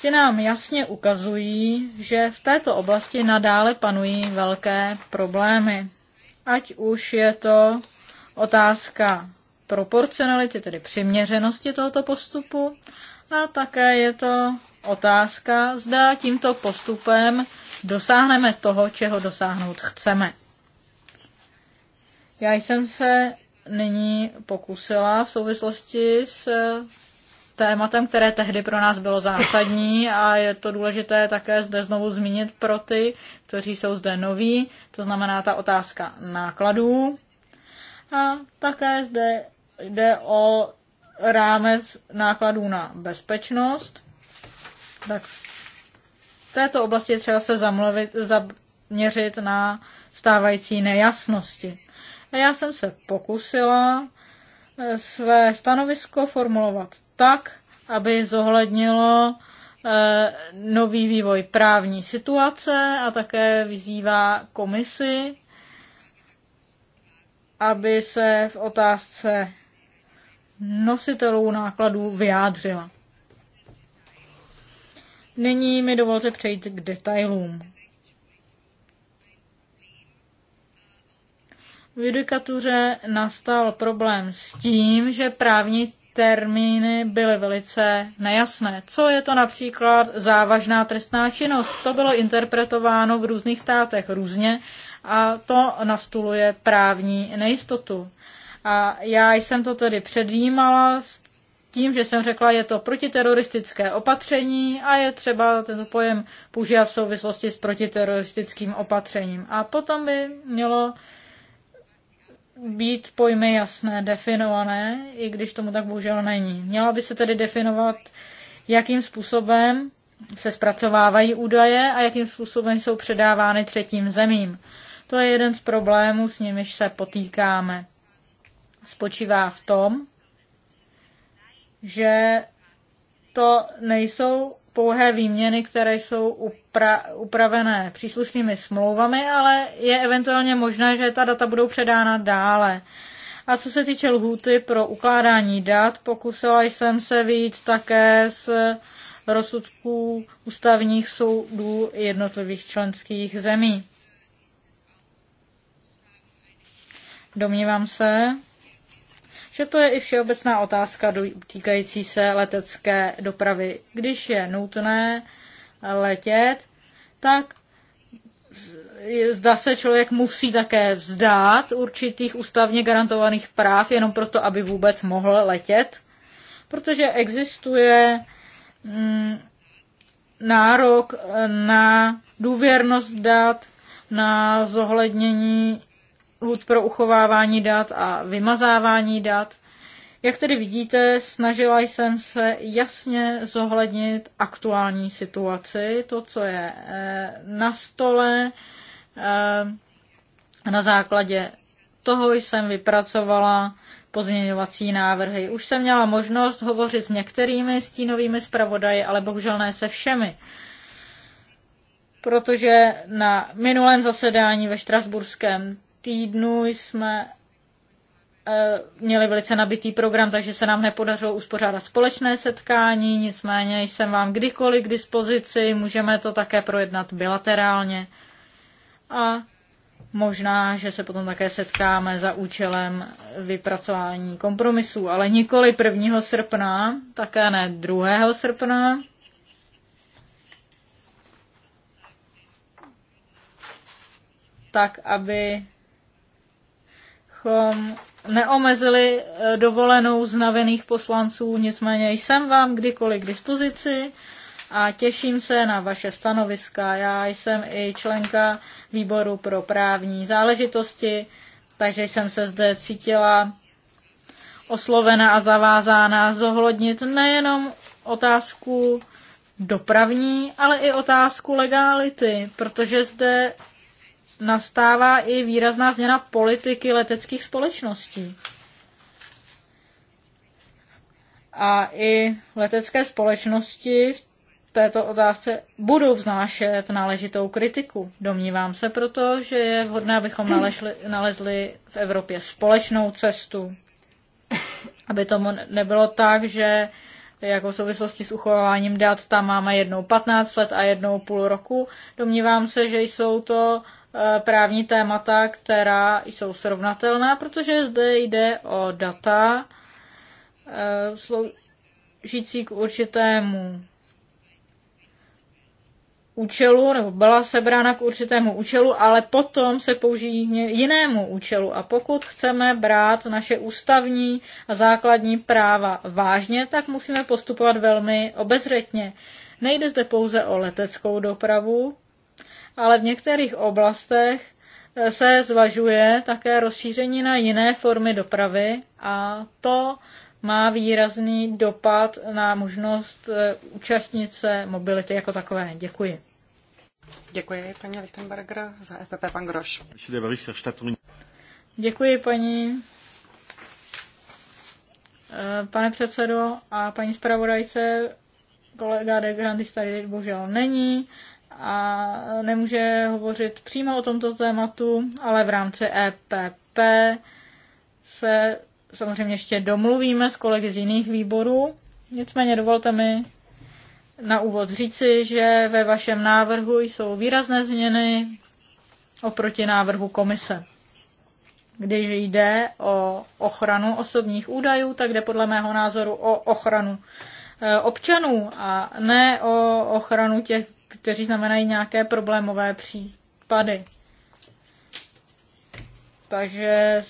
Ty nám jasně ukazují, že v této oblasti nadále panují velké problémy. Ať už je to otázka proporcionalitě, tedy přiměřenosti tohoto postupu. A také je to otázka, zda tímto postupem dosáhneme toho, čeho dosáhnout chceme. Já jsem se nyní pokusila v souvislosti s eh, tématem, které tehdy pro nás bylo zásadní a je to důležité také zde znovu zmínit pro ty, kteří jsou zde noví, to znamená ta otázka nákladů. A také zde jde o rámec nákladů na bezpečnost, tak v této oblasti je třeba se zamluvit, zaměřit na stávající nejasnosti. A já jsem se pokusila eh, své stanovisko formulovat tak, aby zohlednilo eh, nový vývoj právní situace a také vyzývá komisi, aby se v otázce nositelů nákladů vyjádřila. Nyní mi dovolte přejít k detailům. V judikatuře nastal problém s tím, že právní termíny byly velice nejasné. Co je to například závažná trestná činnost? To bylo interpretováno v různých státech různě a to nastuluje právní nejistotu. A já jsem to tedy předjímala s tím, že jsem řekla, je to protiteroristické opatření a je třeba tento pojem používat v souvislosti s protiteroristickým opatřením. A potom by mělo být pojmy jasné, definované, i když tomu tak bohužel není. Měla by se tedy definovat, jakým způsobem se zpracovávají údaje a jakým způsobem jsou předávány třetím zemím. To je jeden z problémů, s nimiž se potýkáme spočívá v tom, že to nejsou pouhé výměny, které jsou upra- upravené příslušnými smlouvami, ale je eventuálně možné, že ta data budou předána dále. A co se týče lhůty pro ukládání dat, pokusila jsem se víc také z rozsudků ústavních soudů jednotlivých členských zemí. Domnívám se, že to je i všeobecná otázka týkající se letecké dopravy. Když je nutné letět, tak zda se člověk musí také vzdát určitých ústavně garantovaných práv jenom proto, aby vůbec mohl letět, protože existuje mm, nárok na důvěrnost dat, na zohlednění lhůt pro uchovávání dat a vymazávání dat. Jak tedy vidíte, snažila jsem se jasně zohlednit aktuální situaci, to, co je eh, na stole. Eh, na základě toho jsem vypracovala pozměňovací návrhy. Už jsem měla možnost hovořit s některými stínovými zpravodaji, ale bohužel ne se všemi. Protože na minulém zasedání ve Štrasburském týdnu jsme eh, měli velice nabitý program, takže se nám nepodařilo uspořádat společné setkání, nicméně jsem vám kdykoliv k dispozici, můžeme to také projednat bilaterálně a možná, že se potom také setkáme za účelem vypracování kompromisů, ale nikoli 1. srpna, také ne 2. srpna. Tak, aby abychom um, neomezili eh, dovolenou znavených poslanců, nicméně jsem vám kdykoliv k dispozici a těším se na vaše stanoviska. Já jsem i členka výboru pro právní záležitosti, takže jsem se zde cítila oslovena a zavázána zohlednit nejenom otázku dopravní, ale i otázku legality, protože zde nastává i výrazná změna politiky leteckých společností. A i letecké společnosti v této otázce budou vznášet náležitou kritiku. Domnívám se proto, že je vhodné, abychom nalezli, nalezli v Evropě společnou cestu, aby tomu nebylo tak, že jako v souvislosti s uchováním dat tam máme jednou 15 let a jednou půl roku. Domnívám se, že jsou to Eh, právní témata, která jsou srovnatelná, protože zde jde o data eh, sloužící k určitému účelu, nebo byla sebrána k určitému účelu, ale potom se použijí jinému účelu. A pokud chceme brát naše ústavní a základní práva vážně, tak musíme postupovat velmi obezřetně. Nejde zde pouze o leteckou dopravu, ale v některých oblastech eh, se zvažuje také rozšíření na jiné formy dopravy a to má výrazný dopad na možnost eh, účastnit se mobility jako takové. Děkuji. Děkuji, paní Lichtenberger, za EPP pan Groš. Děkuji, paní eh, pane předsedo a paní zpravodajce, kolega de Grandis tady bohužel není a nemůže hovořit přímo o tomto tématu, ale v rámci EPP se samozřejmě ještě domluvíme s kolegy z jiných výborů. Nicméně dovolte mi na úvod říci, že ve vašem návrhu jsou výrazné změny oproti návrhu komise. Když jde o ochranu osobních údajů, tak jde podle mého názoru o ochranu eh, občanů a ne o ochranu těch, kteří znamenají nějaké problémové případy. Takže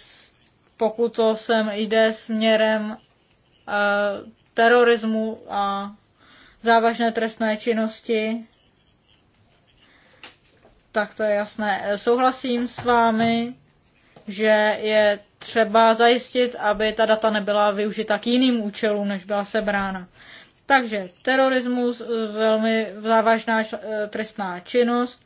pokud to sem jde směrem eh, terorismu a závažné trestné činnosti, tak to je jasné. Souhlasím s vámi, že je třeba zajistit, aby ta data nebyla využita k jiným účelům, než byla sebrána. Takže terorismus, eh, velmi závažná eh, trestná činnost.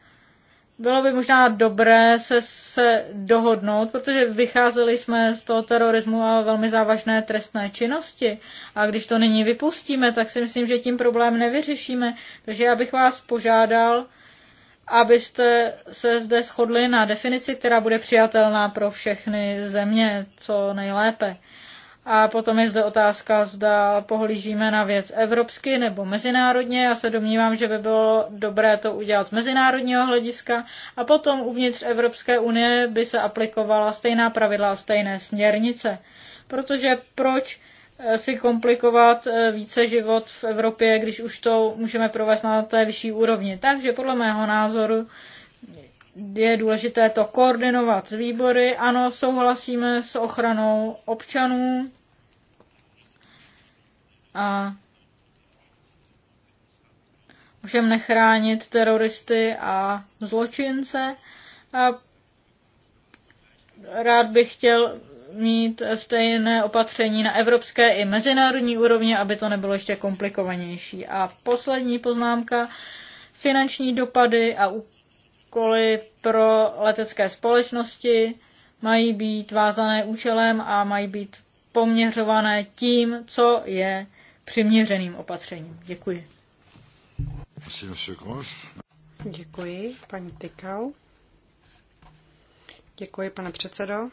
Bylo by možná dobré se, se dohodnout, protože vycházeli jsme z toho terorismu a velmi závažné trestné činnosti. A když to nyní vypustíme, tak si myslím, že tím problém nevyřešíme. Takže já bych vás požádal, abyste se zde shodli na definici, která bude přijatelná pro všechny země co nejlépe. A potom je zde otázka, zda pohlížíme na věc evropsky nebo mezinárodně. Já se domnívám, že by bylo dobré to udělat z mezinárodního hlediska. A potom uvnitř Evropské unie by se aplikovala stejná pravidla a stejné směrnice. Protože proč eh, si komplikovat eh, více život v Evropě, když už to můžeme provést na té vyšší úrovni. Takže podle mého názoru je důležité to koordinovat s výbory. Ano, souhlasíme s ochranou občanů. A můžeme nechránit teroristy a zločince. A rád bych chtěl mít stejné opatření na evropské i mezinárodní úrovni, aby to nebylo ještě komplikovanější. A poslední poznámka, finanční dopady a úkoly pro letecké společnosti, mají být vázané účelem a mají být poměřované tím, co je přiměřeným opatřením. Děkuji. Děkuji, paní Tykau. Děkuji, pane předsedo.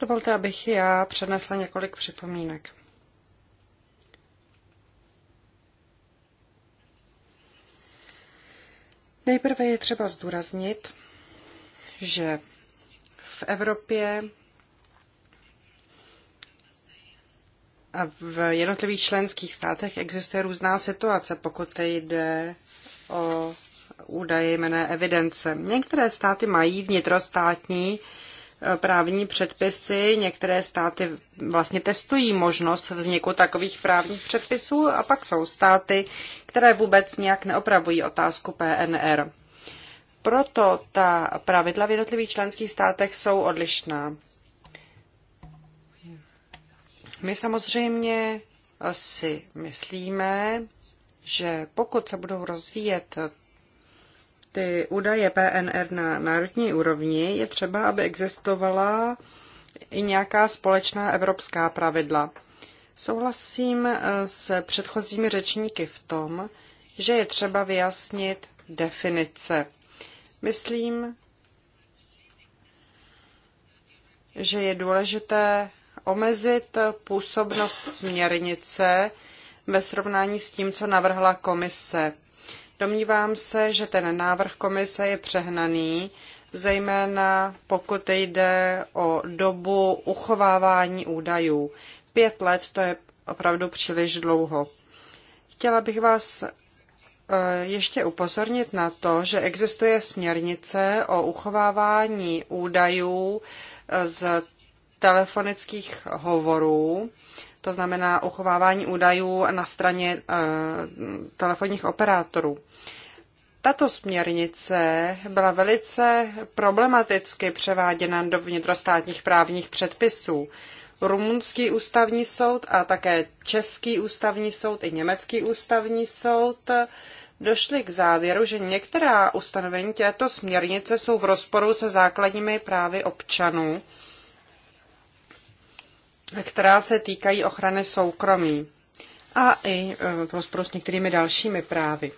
Dovolte, abych já přednesla několik připomínek. Nejprve je třeba zdůraznit, že v Evropě a v jednotlivých členských státech existuje různá situace, pokud jde o údaje jmené evidence. Některé státy mají vnitrostátní právní předpisy. Některé státy vlastně testují možnost vzniku takových právních předpisů a pak jsou státy, které vůbec nějak neopravují otázku PNR. Proto ta pravidla v jednotlivých členských státech jsou odlišná. My samozřejmě si myslíme, že pokud se budou rozvíjet ty údaje PNR na národní úrovni, je třeba, aby existovala i nějaká společná evropská pravidla. Souhlasím eh, s předchozími řečníky v tom, že je třeba vyjasnit definice. Myslím, že je důležité omezit působnost směrnice ve srovnání s tím, co navrhla komise. Domnívám se, že ten návrh komise je přehnaný, zejména pokud jde o dobu uchovávání údajů. Pět let to je opravdu příliš dlouho. Chtěla bych vás eh, ještě upozornit na to, že existuje směrnice o uchovávání údajů eh, z telefonických hovorů to znamená uchovávání údajů na straně eh, telefonních operátorů. Tato směrnice byla velice problematicky převáděna do vnitrostátních právních předpisů. Rumunský ústavní soud a také Český ústavní soud i Německý ústavní soud došli k závěru, že některá ustanovení této směrnice jsou v rozporu se základními právy občanů která se týkají ochrany soukromí a i e, v rozporu s některými dalšími právy.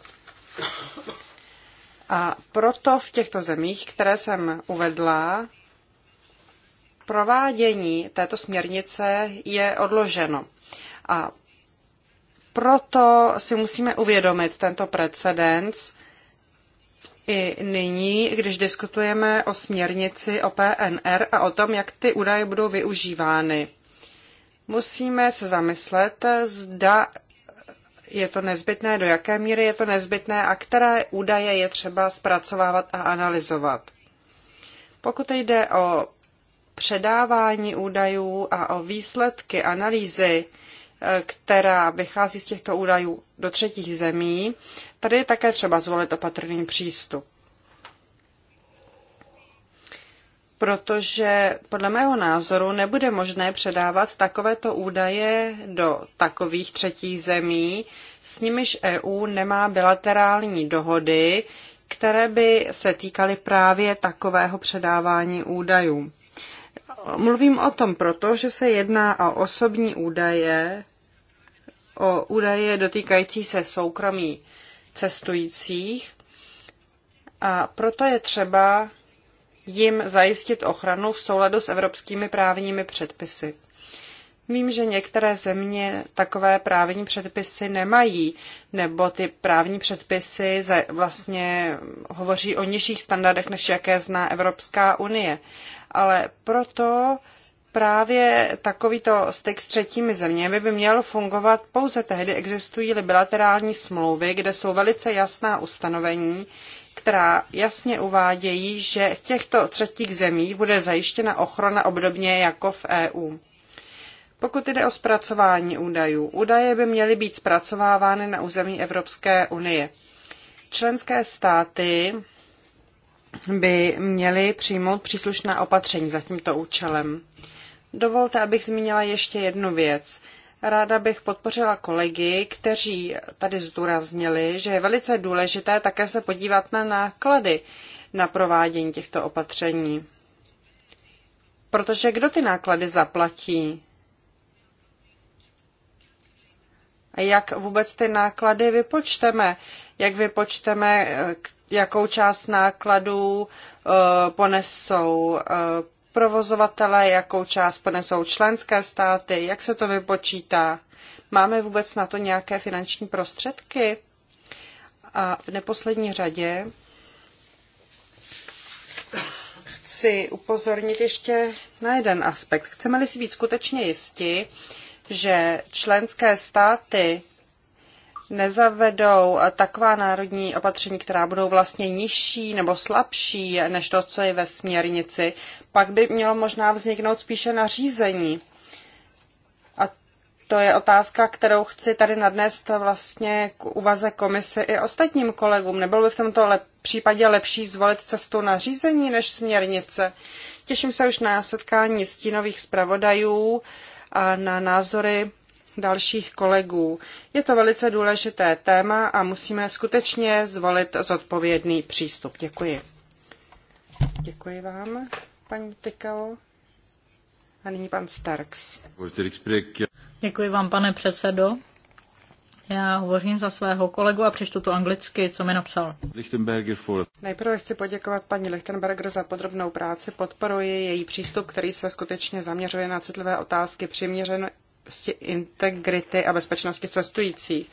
A proto v těchto zemích, které jsem uvedla, provádění této směrnice je odloženo. A proto si musíme uvědomit tento precedens i nyní, když diskutujeme o směrnici, o PNR a o tom, jak ty údaje budou využívány musíme se zamyslet, zda je to nezbytné, do jaké míry je to nezbytné a které údaje je třeba zpracovávat a analyzovat. Pokud jde o předávání údajů a o výsledky analýzy, která vychází z těchto údajů do třetích zemí, tady je také třeba zvolit opatrný přístup. protože podle mého názoru nebude možné předávat takovéto údaje do takových třetích zemí, s nimiž EU nemá bilaterální dohody, které by se týkaly právě takového předávání údajů. Mluvím o tom proto, že se jedná o osobní údaje, o údaje dotýkající se soukromí cestujících a proto je třeba jim zajistit ochranu v souladu s evropskými právními předpisy. Vím, že některé země takové právní předpisy nemají, nebo ty právní předpisy vlastně hovoří o nižších standardech, než jaké zná Evropská unie. Ale proto právě takovýto styk s třetími zeměmi by měl fungovat pouze tehdy, existují-li bilaterální smlouvy, kde jsou velice jasná ustanovení, která jasně uvádějí, že v těchto třetích zemích bude zajištěna ochrana obdobně jako v EU. Pokud jde o zpracování údajů, údaje by měly být zpracovávány na území Evropské unie. Členské státy by měly přijmout příslušná opatření za tímto účelem. Dovolte, abych zmínila ještě jednu věc. Ráda bych podpořila kolegy, kteří tady zdůraznili, že je velice důležité také se podívat na náklady na provádění těchto opatření. Protože kdo ty náklady zaplatí? A jak vůbec ty náklady vypočteme? Jak vypočteme, jakou část nákladů eh, ponesou eh, provozovatele, jakou část ponesou členské státy, jak se to vypočítá. Máme vůbec na to nějaké finanční prostředky? A v neposlední řadě chci upozornit ještě na jeden aspekt. Chceme-li si být skutečně jisti, že členské státy nezavedou eh, taková národní opatření, která budou vlastně nižší nebo slabší než to, co je ve směrnici, pak by mělo možná vzniknout spíše nařízení. A to je otázka, kterou chci tady nadnést vlastně k uvaze komise i ostatním kolegům. Nebylo by v tomto lep- případě lepší zvolit cestu nařízení než směrnice? Těším se už na setkání stínových zpravodajů a na názory dalších kolegů. Je to velice důležité téma a musíme skutečně zvolit zodpovědný přístup. Děkuji. Děkuji vám, paní Tykao. A nyní pan Starks. Děkuji vám, pane předsedo. Já hovořím za svého kolegu a přečtu to anglicky, co mi napsal. for... Nejprve chci poděkovat paní Lichtenberger za podrobnou práci. Podporuji její přístup, který se skutečně zaměřuje na citlivé otázky přiměřen, Prostě integrity a bezpečnosti cestujících.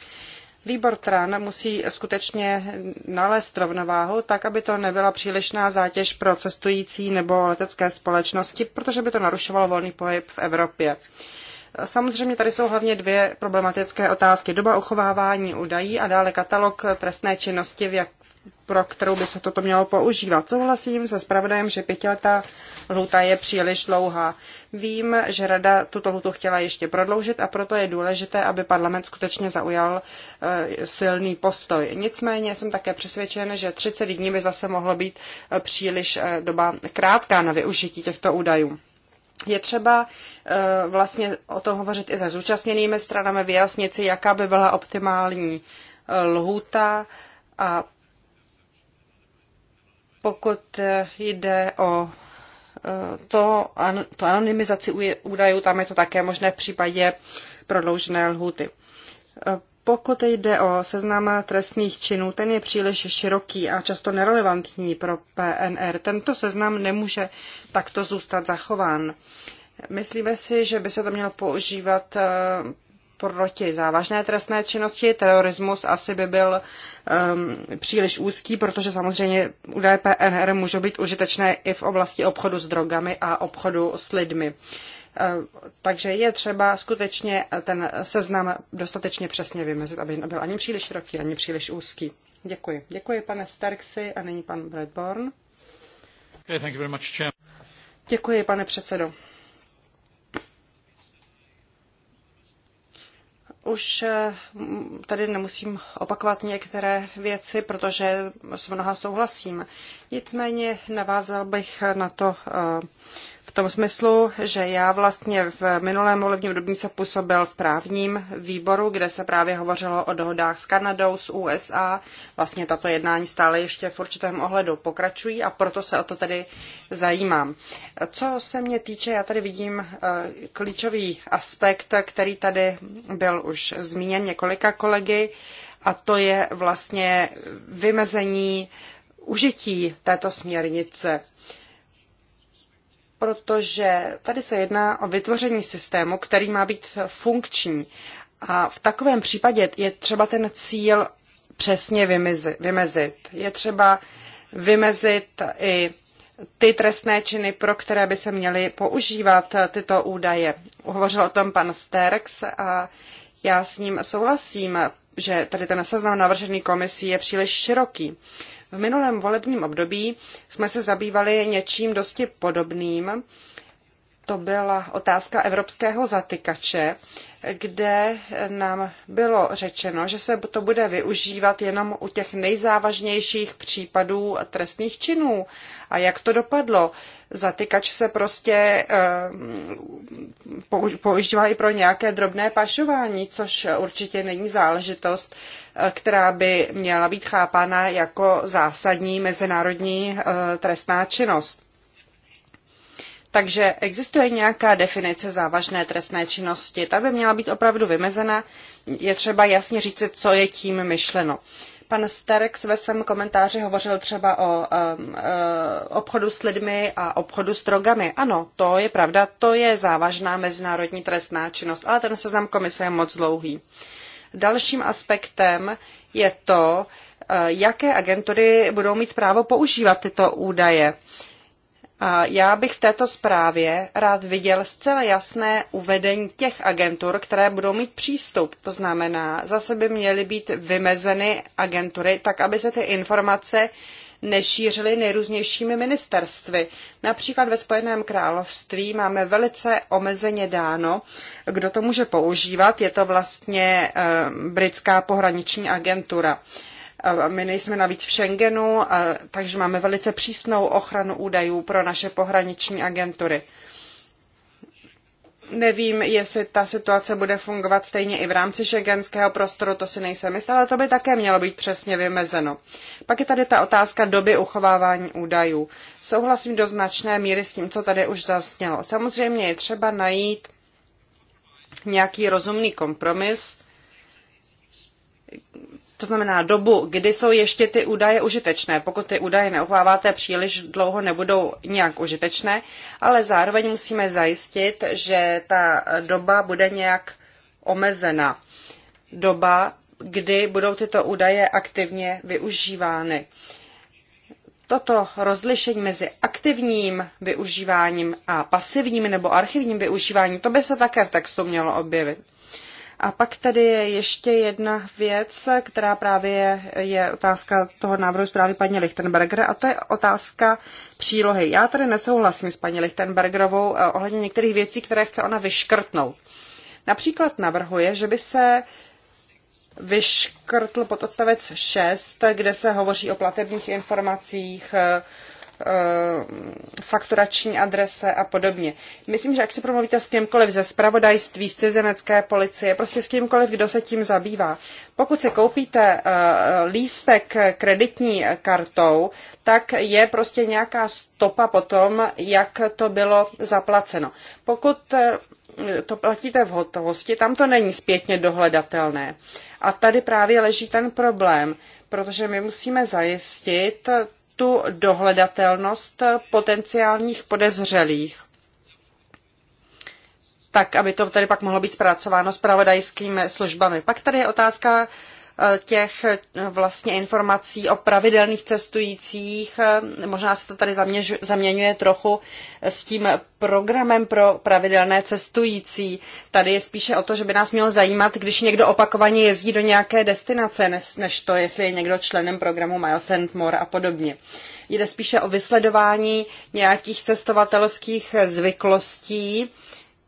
Výbor TRAN musí skutečně nalézt rovnováhu, tak aby to nebyla přílišná zátěž pro cestující nebo letecké společnosti, protože by to narušovalo volný pohyb v Evropě. Samozřejmě tady jsou hlavně dvě problematické otázky. Doba uchovávání údají a dále katalog trestné činnosti, v, jak, pro kterou by se toto mělo používat. Souhlasím se zpravodajem, že pětiletá lhuta je příliš dlouhá. Vím, že rada tuto lhutu chtěla ještě prodloužit a proto je důležité, aby parlament skutečně zaujal eh, silný postoj. Nicméně jsem také přesvědčen, že 30 dní by zase mohlo být eh, příliš eh, doba krátká na využití těchto údajů. Je třeba vlastně o tom hovořit i se zúčastněnými stranami, vyjasnit si, jaká by byla optimální lhůta a pokud eh, jde o eh, to, to anonymizaci údajů, tam je to také možné v případě prodloužené lhuty. Eh, pokud jde o seznam trestných činů, ten je příliš široký a často nerelevantní pro PNR. Tento seznam nemůže takto zůstat zachován. Myslíme si, že by se to mělo používat proti závažné trestné činnosti. Terorismus asi by byl um, příliš úzký, protože samozřejmě údaje PNR můžou být užitečné i v oblasti obchodu s drogami a obchodu s lidmi. Uh, takže je třeba skutečně ten seznam dostatečně přesně vymezit, aby nebyl ani příliš široký, ani příliš úzký. Děkuji. Děkuji, pane Starksy, a nyní pan Bradborn. Okay, thank you very much, Děkuji, pane předsedo. Už eh, tady nemusím opakovat některé věci, protože s mnoha souhlasím. Nicméně navázal bych na to, eh, v tom smyslu, že já vlastně v minulém volebním období se působil v právním výboru, kde se právě hovořilo o dohodách s Kanadou, s USA. Vlastně tato jednání stále ještě v určitém ohledu pokračují a proto se o to tedy zajímám. Co se mě týče, já tady vidím eh, klíčový aspekt, který tady byl už zmíněn několika kolegy, a to je vlastně vymezení užití této směrnice. Uh, protože tady se jedná o vytvoření systému, který má být funkční. A v takovém případě je třeba ten cíl přesně vymezit. Je třeba vymezit i ty trestné činy, pro které by se měly používat tyto údaje. Hovořil o tom pan Sterks a já s ním souhlasím, že tady ten seznam navržený komisí je příliš široký. V minulém volebním období jsme se zabývali něčím dosti podobným to byla otázka evropského zatykače, kde nám bylo řečeno, že se to bude využívat jenom u těch nejzávažnějších případů trestných činů. A jak to dopadlo? Zatykač se prostě eh, používá i pro nějaké drobné pašování, což určitě není záležitost, eh, která by měla být chápána jako zásadní mezinárodní eh, trestná činnost. Takže existuje nějaká definice závažné trestné činnosti. Ta by měla být opravdu vymezena. Je třeba jasně říct, co je tím myšleno. Pan Sterex ve svém komentáři hovořil třeba o um, uh, obchodu s lidmi a obchodu s drogami. Ano, to je pravda, to je závažná mezinárodní trestná činnost, ale ten seznam komise je moc dlouhý. Dalším aspektem je to, uh, jaké agentury budou mít právo používat tyto údaje. Uh, a já bych v této zprávě rád viděl zcela jasné uvedení těch agentur, které budou mít přístup. To znamená, zase by měly být vymezeny agentury tak, aby se ty informace nešířily nejrůznějšími ministerstvy. Například ve Spojeném království máme velice omezeně dáno, kdo to může používat. Je to vlastně eh, britská pohraniční agentura. My nejsme navíc v Schengenu, takže máme velice přísnou ochranu údajů pro naše pohraniční agentury. Nevím, jestli ta situace bude fungovat stejně i v rámci šengenského prostoru, to si nejsem jistá, ale to by také mělo být přesně vymezeno. Pak je tady ta otázka doby uchovávání údajů. Souhlasím do značné míry s tím, co tady už zaznělo. Samozřejmě je třeba najít nějaký rozumný kompromis, to znamená dobu, kdy jsou ještě ty údaje užitečné. Pokud ty údaje neuchováváte příliš dlouho, nebudou nějak užitečné, ale zároveň musíme zajistit, že ta doba bude nějak omezena. Doba, kdy budou tyto údaje aktivně využívány. Toto rozlišení mezi aktivním využíváním a pasivním nebo archivním využíváním, to by se také v textu mělo objevit. A pak tady je ještě jedna věc, která právě je otázka toho návrhu zprávy paní Lichtenberger a to je otázka přílohy. Já tady nesouhlasím s paní Lichtenbergerovou eh, ohledně některých věcí, které chce ona vyškrtnout. Například navrhuje, že by se vyškrtl pod odstavec 6, kde se hovoří o platebních informacích, eh, Eh, fakturační adrese a podobně. Myslím, že jak si promluvíte s kýmkoliv ze spravodajství, z cizinecké policie, prostě s kýmkoliv, kdo se tím zabývá. Pokud si koupíte eh, lístek kreditní kartou, tak je prostě nějaká stopa po tom, jak to bylo zaplaceno. Pokud eh, to platíte v hotovosti, tam to není zpětně dohledatelné. A tady právě leží ten problém, protože my musíme zajistit tu dohledatelnost potenciálních podezřelých. Tak, aby to tady pak mohlo být zpracováno pravodajskými službami. Pak tady je otázka těch eh, vlastně informací o pravidelných cestujících. Eh, možná se to tady zaměňuje trochu s tím programem pro pravidelné cestující. Tady je spíše o to, že by nás mělo zajímat, když někdo opakovaně jezdí do nějaké destinace, než to, jestli je někdo členem programu Miles and More a podobně. Jde spíše o vysledování nějakých cestovatelských zvyklostí,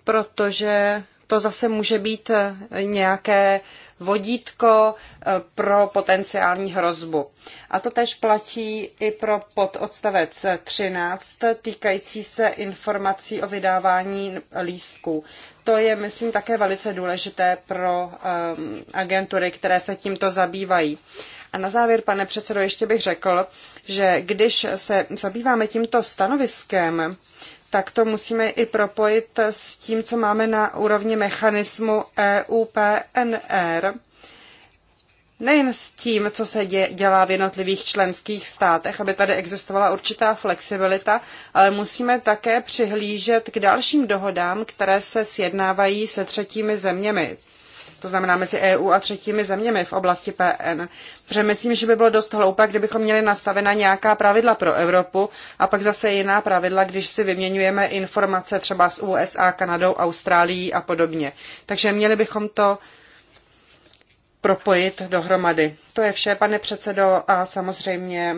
protože to zase může být eh, nějaké uh, vodítko eh, pro potenciální hrozbu. A to tež platí i pro pododstavec 13 týkající se informací o vydávání lístků. To je, myslím, také velice důležité pro um, agentury, které se tímto zabývají. A na závěr, pane předsedo, ještě bych řekl, že když se zabýváme tímto stanoviskem, tak to musíme i propojit s tím, co máme na úrovni mechanismu EU-PNR. Nejen s tím, co se dělá v jednotlivých členských státech, aby tady existovala určitá flexibilita, ale musíme také přihlížet k dalším dohodám, které se sjednávají se třetími zeměmi to znamená mezi EU a třetími zeměmi v oblasti PN. Protože myslím, že by bylo dost hloupé, kdybychom měli nastavena nějaká pravidla pro Evropu a pak zase jiná pravidla, když si vyměňujeme informace třeba s USA, Kanadou, Austrálií a podobně. Takže měli bychom to propojit dohromady. To je vše, pane předsedo, a samozřejmě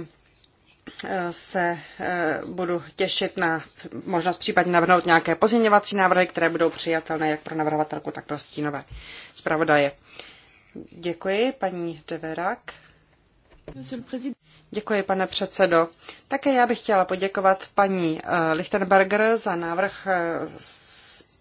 se eh, budu těšit na možnost případně navrhnout nějaké pozměňovací návrhy, které budou přijatelné jak pro navrhovatelku, tak pro stínové zpravodaje. Děkuji, paní Deverak. Děkuji, pane předsedo. Také já bych chtěla poděkovat paní eh, Lichtenberger za návrh eh,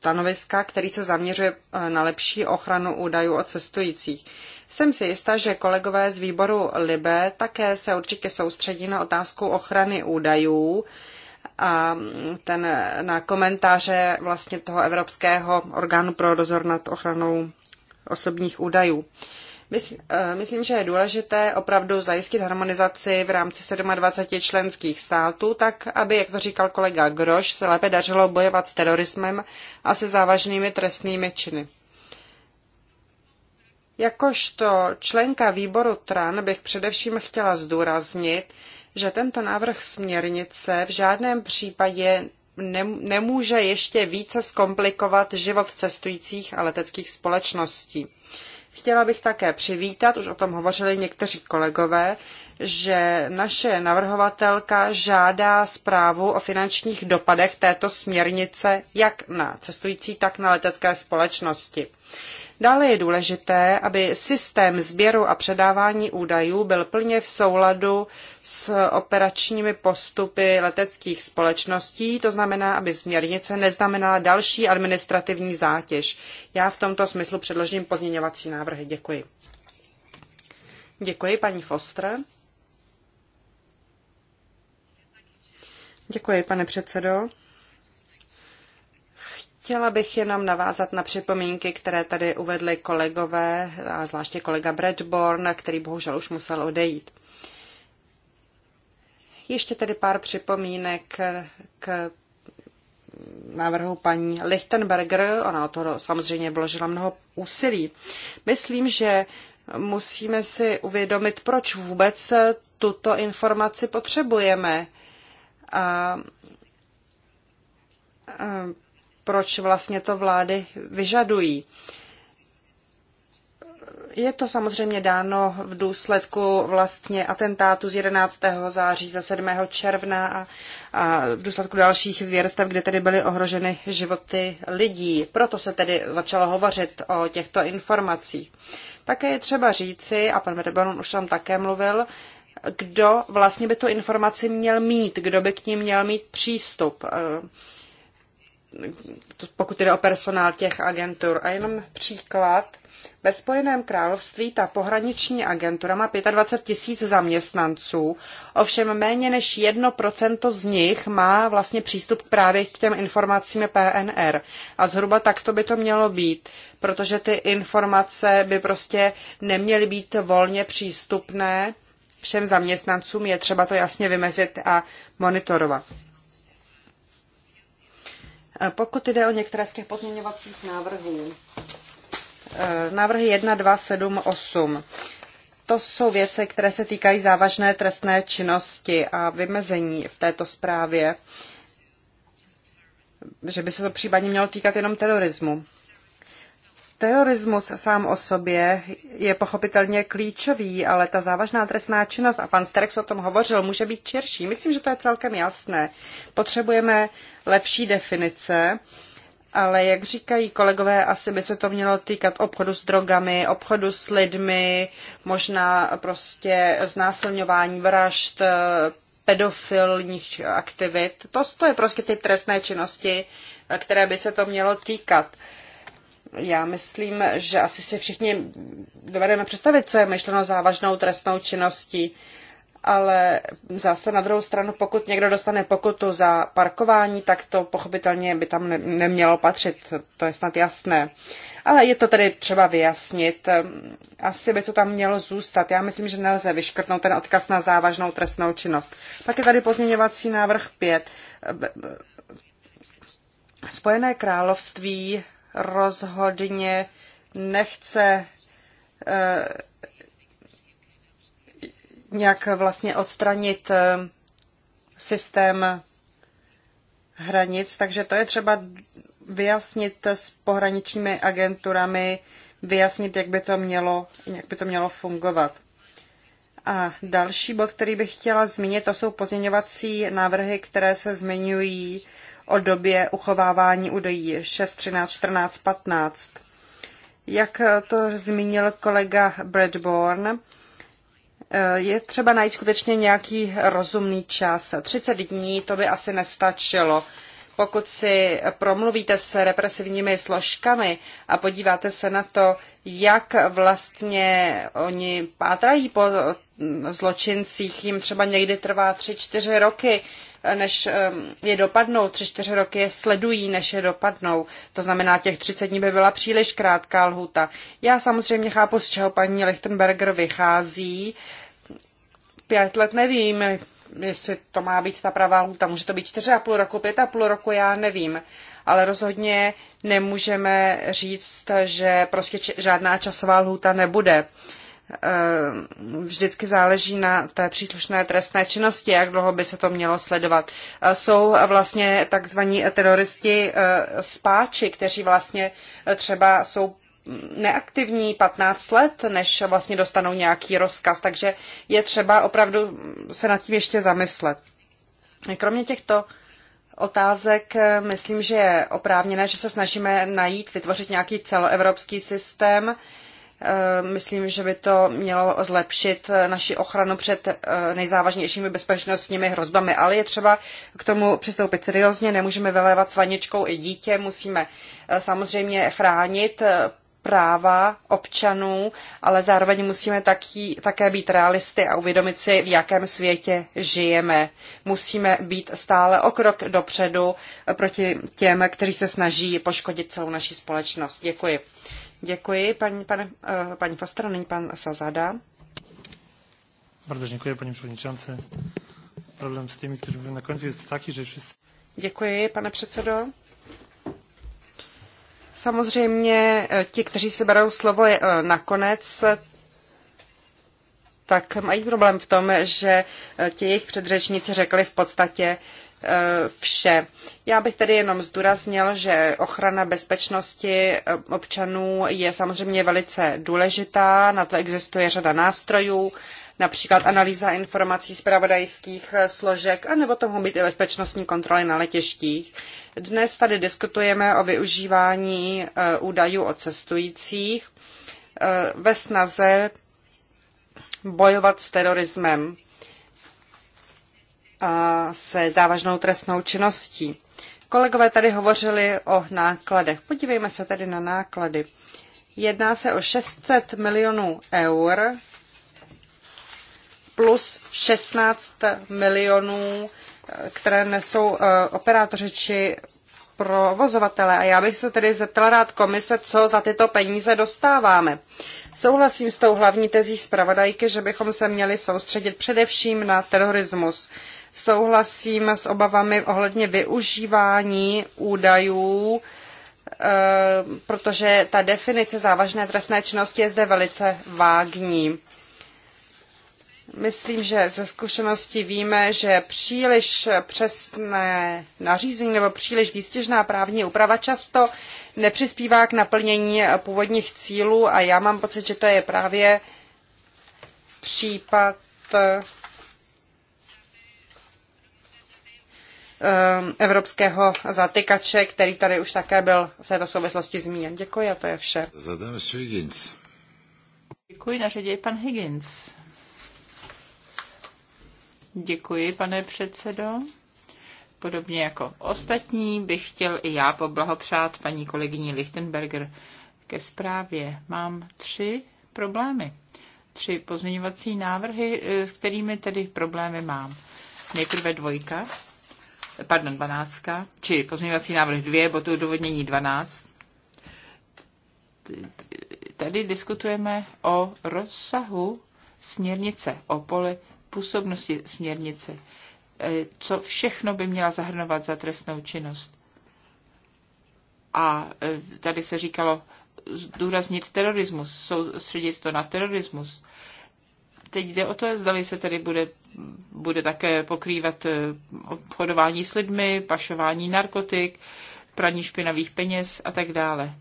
stanoviska, který se zaměřuje eh, na lepší ochranu údajů o cestujících. Jsem si jistá, že kolegové z výboru LIBE také se určitě soustředí na otázku ochrany údajů a ten, eh, na komentáře vlastně toho Evropského orgánu pro dozor nad ochranou osobních údajů. Uh, Eh, myslím, že je důležité opravdu zajistit harmonizaci v rámci 27 členských států, tak aby, jak to říkal kolega Groš, se lépe dařilo bojovat s terorismem a se závažnými trestnými činy. Jakožto členka výboru TRAN bych především chtěla zdůraznit, že tento návrh směrnice v žádném případě nemůže ještě více zkomplikovat život cestujících a leteckých společností. Chtěla bych také přivítat, už o tom hovořili někteří kolegové, že naše navrhovatelka žádá zprávu o finančních dopadech této směrnice jak na cestující, tak na letecké společnosti. Dále je důležité, aby systém sběru a předávání údajů byl plně v souladu s operačními postupy leteckých společností, to znamená, aby směrnice neznamenala další administrativní zátěž. Já v tomto smyslu předložím pozměňovací návrhy. Děkuji. Děkuji, paní Foster. Děkuji, pane předsedo. Chtěla bych jenom navázat na připomínky, které tady uvedli kolegové, a zvláště kolega Bradborn, který bohužel už musel odejít. Ještě tedy pár připomínek k návrhu paní Lichtenberger. Ona o to samozřejmě vložila mnoho úsilí. Myslím, že musíme si uvědomit, proč vůbec tuto informaci potřebujeme. A proč vlastně to vlády vyžadují. Je to samozřejmě dáno v důsledku vlastně atentátu z 11. září za 7. června a, a v důsledku dalších zvěrstev, kde tedy byly ohroženy životy lidí. Proto se tedy začalo hovořit o těchto informacích. Také je třeba říci, a pan Reberon už tam také mluvil, kdo vlastně by tu informaci měl mít, kdo by k ní měl mít přístup pokud jde o personál těch agentur. A jenom příklad. Ve Spojeném království ta pohraniční agentura má 25 tisíc zaměstnanců, ovšem méně než 1% z nich má vlastně přístup právě k těm informacím PNR. A zhruba takto by to mělo být, protože ty informace by prostě neměly být volně přístupné všem zaměstnancům, je třeba to jasně vymezit a monitorovat. Pokud jde o některé z těch pozměňovacích návrhů, eh, návrhy 1, 2, 7, 8. To jsou věci, které se týkají závažné trestné činnosti a vymezení v této zprávě, že by se to případně mělo týkat jenom terorismu. Terorismus sám o sobě je pochopitelně klíčový, ale ta závažná trestná činnost, a pan Sterex o tom hovořil, může být širší. Myslím, že to je celkem jasné. Potřebujeme lepší definice, ale jak říkají kolegové, asi by se to mělo týkat obchodu s drogami, obchodu s lidmi, možná prostě znásilňování vražd, pedofilních aktivit. To, to je prostě ty trestné činnosti, které by se to mělo týkat já myslím, že asi si všichni dovedeme představit, co je myšleno závažnou trestnou činností, ale zase na druhou stranu, pokud někdo dostane pokutu za parkování, tak to pochopitelně by tam nemělo patřit, to je snad jasné. Ale je to tedy třeba vyjasnit. Asi by to tam mělo zůstat. Já myslím, že nelze vyškrtnout ten odkaz na závažnou trestnou činnost. Pak je tady pozměňovací návrh 5. Spojené království rozhodně nechce eh, nějak vlastně odstranit eh, systém hranic, takže to je třeba vyjasnit s pohraničními agenturami, vyjasnit, jak by to mělo, jak by to mělo fungovat. A další bod, který bych chtěla zmínit, to jsou pozměňovací návrhy, které se zmiňují o době uchovávání údají 6, 13, 14, 15. Jak to zmínil kolega Bradborn, eh, je třeba najít skutečně nějaký rozumný čas. 30 dní to by asi nestačilo pokud si promluvíte s represivními složkami a podíváte se na to, jak vlastně oni pátrají po zločincích, jim třeba někdy trvá tři čtyři roky, než je dopadnou, tři čtyři roky je sledují, než je dopadnou. To znamená, těch 30 dní by byla příliš krátká lhuta. Já samozřejmě chápu, z čeho paní Lichtenberger vychází. Pět let nevím, jestli to má být ta pravá lhůta. Může to být 4,5 roku, 5,5 roku, já nevím. Ale rozhodně nemůžeme říct, že prostě žádná časová lhůta nebude. E, vždycky záleží na té příslušné trestné činnosti, jak dlouho by se to mělo sledovat. E, jsou vlastně takzvaní teroristi e, spáči, kteří vlastně třeba jsou neaktivní 15 let, než vlastně dostanou nějaký rozkaz, takže je třeba opravdu se nad tím ještě zamyslet. Kromě těchto otázek eh, myslím, že je oprávněné, že se snažíme najít, vytvořit nějaký celoevropský systém. Eh, myslím, že by to mělo zlepšit eh, naši ochranu před nejzávažnějšími bezpečnostními hrozbami, ale je třeba k tomu přistoupit seriózně, nemůžeme vylévat s vaničkou i dítě, musíme samozřejmě chránit práva občanů, ale zároveň musíme taky, také být realisty a uvědomit si, v jakém světě žijeme. Musíme být stále o krok dopředu proti těm, kteří se snaží poškodit celou naši společnost. Děkuji. Děkuji, paní, pane, eh, paní Foster, není pan Sazada. Bardzo děkuji, paní předsedající. Problem s těmi, kteří byli na konci, je taky, že všichni. Děkuji, pane předsedo. Samozřejmě eh, ti, kteří si berou slovo eh, nakonec, tak mají problém v tom, že eh, ti jejich předřečníci řekli v podstatě vše. Já bych tedy jenom zdůraznil, že ochrana bezpečnosti občanů je samozřejmě velice důležitá, na to existuje řada nástrojů například analýza informací zpravodajských eh, složek, anebo to mohou být i bezpečnostní kontroly na letištích. Dnes tady diskutujeme o využívání eh, údajů o cestujících eh, ve snaze bojovat s terorismem a se závažnou trestnou činností. Kolegové tady hovořili o nákladech. Podívejme se tedy na náklady. Jedná se o 600 milionů eur plus 16 milionů, které nesou eh, operátoři či provozovatele. A já bych se tedy zeptala rád komise, co za tyto peníze dostáváme. Souhlasím s tou hlavní tezí zpravodajky, že bychom se měli soustředit především na terorismus. Souhlasím s obavami ohledně využívání údajů, eh, protože ta definice závažné trestné činnosti je zde velice vágní. Myslím, že ze zkušenosti víme, že příliš přesné nařízení nebo příliš výstěžná právní úprava často nepřispívá k naplnění původních cílů a já mám pocit, že to je právě případ ehm, evropského zatykače, který tady už také byl v této souvislosti zmíněn. Děkuji a to je vše. Zadám Higgins. Děkuji, pan Higgins. Děkuji, pane předsedo. Podobně jako ostatní bych chtěl i já poblahopřát paní kolegyni Lichtenberger ke zprávě. Mám tři problémy. Tři pozměňovací návrhy, eh, s kterými tedy problémy mám. Nejprve dvojka, pardon, dvanáctka, či pozměňovací návrh dvě, bo to udovodnění dvanáct. Tady diskutujeme o rozsahu směrnice o poli působnosti směrnice, e, co všechno by měla zahrnovat za trestnou činnost. A e, tady se říkalo zdůraznit terorismus, soustředit to na terorismus. Teď jde o to, zdali se tedy bude, bude také pokrývat e, obchodování s lidmi, pašování narkotik, praní špinavých peněz a tak dále.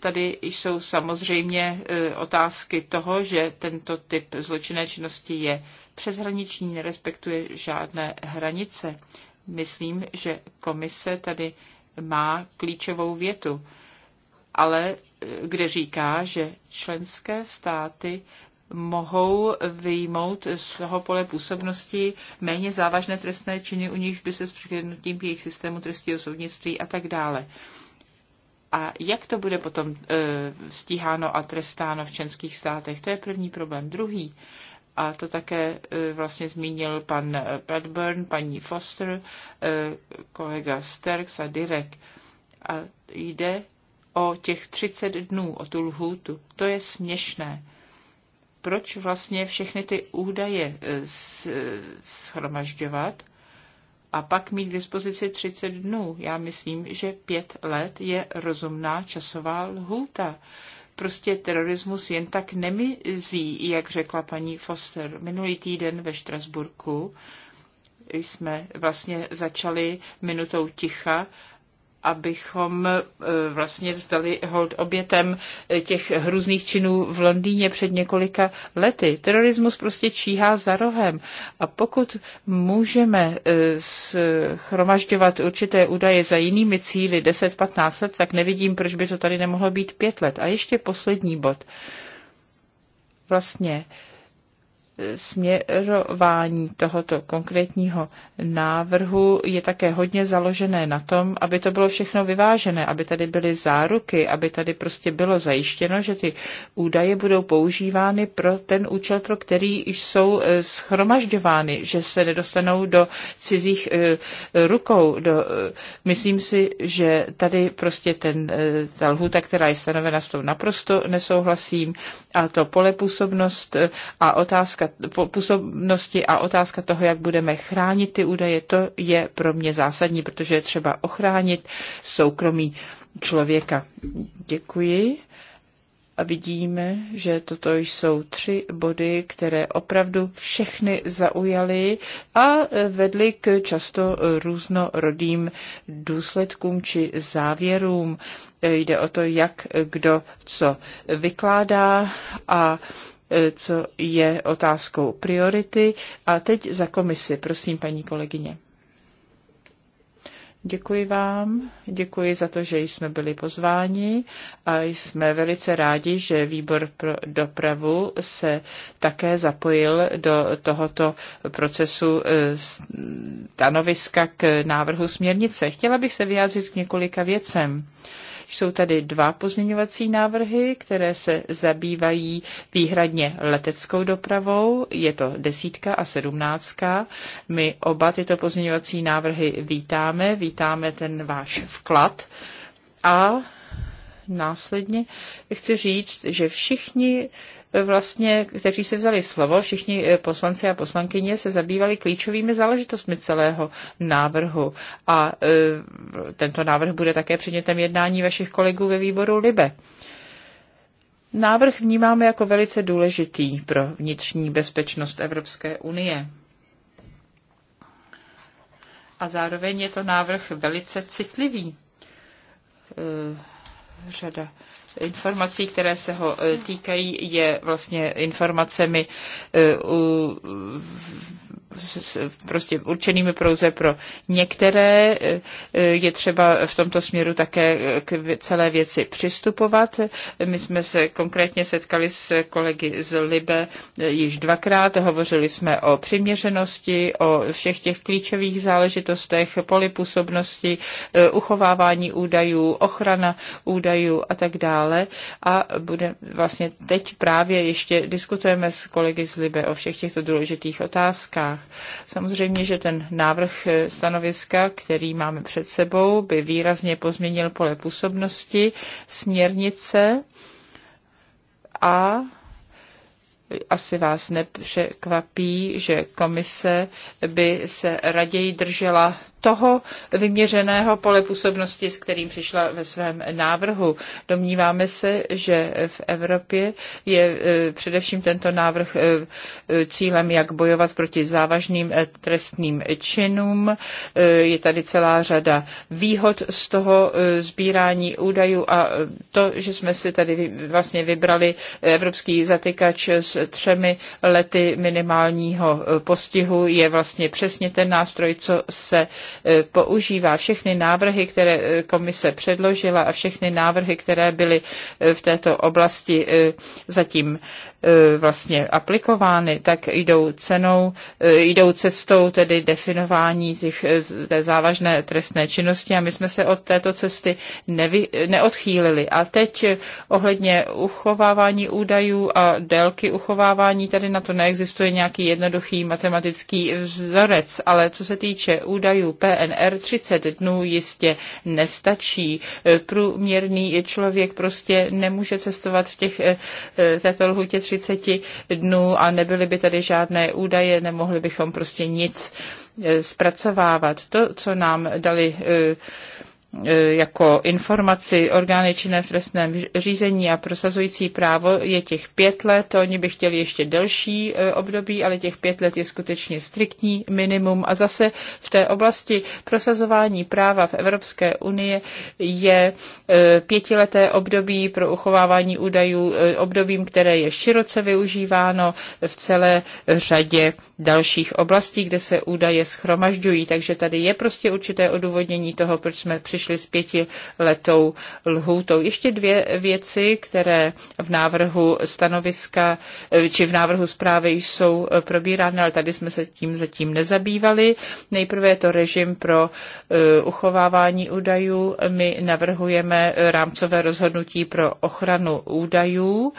Tady jsou samozřejmě otázky toho, že tento typ zločinné činnosti je přeshraniční, nerespektuje žádné hranice. Myslím, že komise tady má klíčovou větu, ale eh, kde říká, že členské státy mohou vyjmout z toho pole působnosti méně závažné trestné činy, u nich by se s přihlednutím jejich systému trestního soudnictví a tak dále. A jak to bude potom e, stíháno a trestáno v členských státech? To je první problém. Druhý, a to také e, vlastně zmínil pan e, Bradburn, paní Foster, e, kolega Sterks a Direk. A jde o těch 30 dnů, o tu lhůtu. To je směšné. Proč vlastně všechny ty údaje schromažďovat a pak mít k dispozici 30 dnů? Já myslím, že pět let je rozumná časová lhůta. Prostě terorismus jen tak nemizí, jak řekla paní Foster. Minulý týden ve Štrasburku jsme vlastně začali minutou ticha abychom e, vlastně vzdali hold obětem e, těch hrůzných činů v Londýně před několika lety. Terorismus prostě číhá za rohem a pokud můžeme e, schromažďovat určité údaje za jinými cíly 10-15 let, tak nevidím, proč by to tady nemohlo být 5 let. A ještě poslední bod. Vlastně směrování tohoto konkrétního návrhu je také hodně založené na tom, aby to bylo všechno vyvážené, aby tady byly záruky, aby tady prostě bylo zajištěno, že ty údaje budou používány pro ten účel, pro který jsou eh, schromažďovány, že se nedostanou do cizích eh, rukou. Do, eh, myslím si, že tady prostě ten, ta lhuta, která je stanovena s tou naprosto nesouhlasím a to pole působnost a otázka působnosti a otázka toho, jak budeme chránit ty údaje, to je pro mě zásadní, protože je třeba ochránit soukromí člověka. Děkuji. A vidíme, že toto jsou tři body, které opravdu všechny zaujaly a vedly k často různorodým důsledkům či závěrům. Jde o to, jak kdo co vykládá a E, co je otázkou priority. A teď za komisi, prosím, paní kolegyně. Děkuji vám, děkuji za to, že jsme byli pozváni a jsme velice rádi, že výbor pro dopravu se také zapojil do tohoto procesu e, stanoviska k návrhu směrnice. Chtěla bych se vyjádřit k několika věcem. Jsou tady dva pozměňovací návrhy, které se zabývají výhradně leteckou dopravou. Je to desítka a sedmnáctka. My oba tyto pozměňovací návrhy vítáme. Vítáme ten váš vklad. A následně chci říct, že všichni vlastně, kteří si vzali slovo, všichni eh, poslanci a poslankyně se zabývali klíčovými záležitostmi celého návrhu. A eh, tento návrh bude také předmětem jednání vašich kolegů ve výboru LIBE. Návrh vnímáme jako velice důležitý pro vnitřní bezpečnost Evropské unie. A zároveň je to návrh velice citlivý. Eh, řada informací, které se ho e, týkají, je vlastně informacemi e, prostě určenými prouze pro některé. E, je třeba v tomto směru také k celé věci přistupovat. My jsme se konkrétně setkali s kolegy z Libe již dvakrát. Hovořili jsme o přiměřenosti, o všech těch klíčových záležitostech, polipůsobnosti, uchovávání údajů, ochrana údajů a tak dále dále a bude vlastně teď právě ještě diskutujeme s kolegy z Libe o všech těchto důležitých otázkách. Samozřejmě, že ten návrh stanoviska, který máme před sebou, by výrazně pozměnil pole působnosti směrnice a asi vás nepřekvapí, že komise by se raději držela toho vyměřeného pole působnosti, s kterým přišla ve svém návrhu. Domníváme se, že v Evropě je e, především tento návrh e, e, cílem, jak bojovat proti závažným trestným činům. Je tady celá řada výhod z toho sbírání údajů a to, že jsme si tady vlastně vybrali evropský zatykač s třemi lety minimálního eh, postihu je vlastně přesně ten nástroj, co se eh, používá. Všechny návrhy, které eh, komise předložila a všechny návrhy, které byly v této oblasti zatím vlastně aplikovány, tak jdou cenou, jdou cestou tedy definování těch, té závažné trestné činnosti a my jsme se od této cesty nevy, neodchýlili. A teď ohledně uchovávání údajů a délky uchovávání uchovávání, tady na to neexistuje nějaký jednoduchý matematický vzorec, ale co se týče údajů PNR, 30 dnů jistě nestačí. Průměrný člověk prostě nemůže cestovat v těch, eh, eh, této lhutě 30 dnů a nebyly by tady žádné údaje, nemohli bychom prostě nic eh, zpracovávat. To, co nám dali E, jako informaci orgány činné v trestném řízení a prosazující právo je těch pět let. Oni by chtěli ještě delší e, období, ale těch pět let je skutečně striktní minimum. A zase v té oblasti prosazování práva v Evropské unii je e, pětileté období pro uchovávání údajů obdobím, které je široce využíváno v celé řadě dalších oblastí, kde se údaje schromažďují. Takže tady je prostě určité odůvodnění toho, proč jsme přišli přišli s pěti letou lhůtou. Ještě dvě věci, které v návrhu stanoviska eh, či v návrhu zprávy jsou eh, probírány, ale tady jsme se tím zatím nezabývali. Nejprve je to režim pro eh, uchovávání údajů. My navrhujeme rámcové rozhodnutí pro ochranu údajů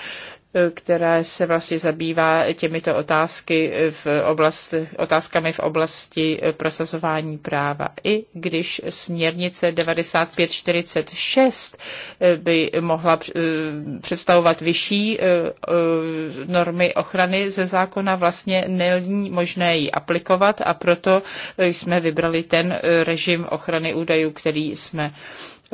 která se vlastně zabývá těmito otázky v oblast, otázkami v oblasti prosazování práva. I když směrnice 9546 eh, by mohla eh, představovat vyšší eh, normy ochrany ze zákona, vlastně není možné ji aplikovat a proto jsme vybrali ten režim ochrany údajů, který jsme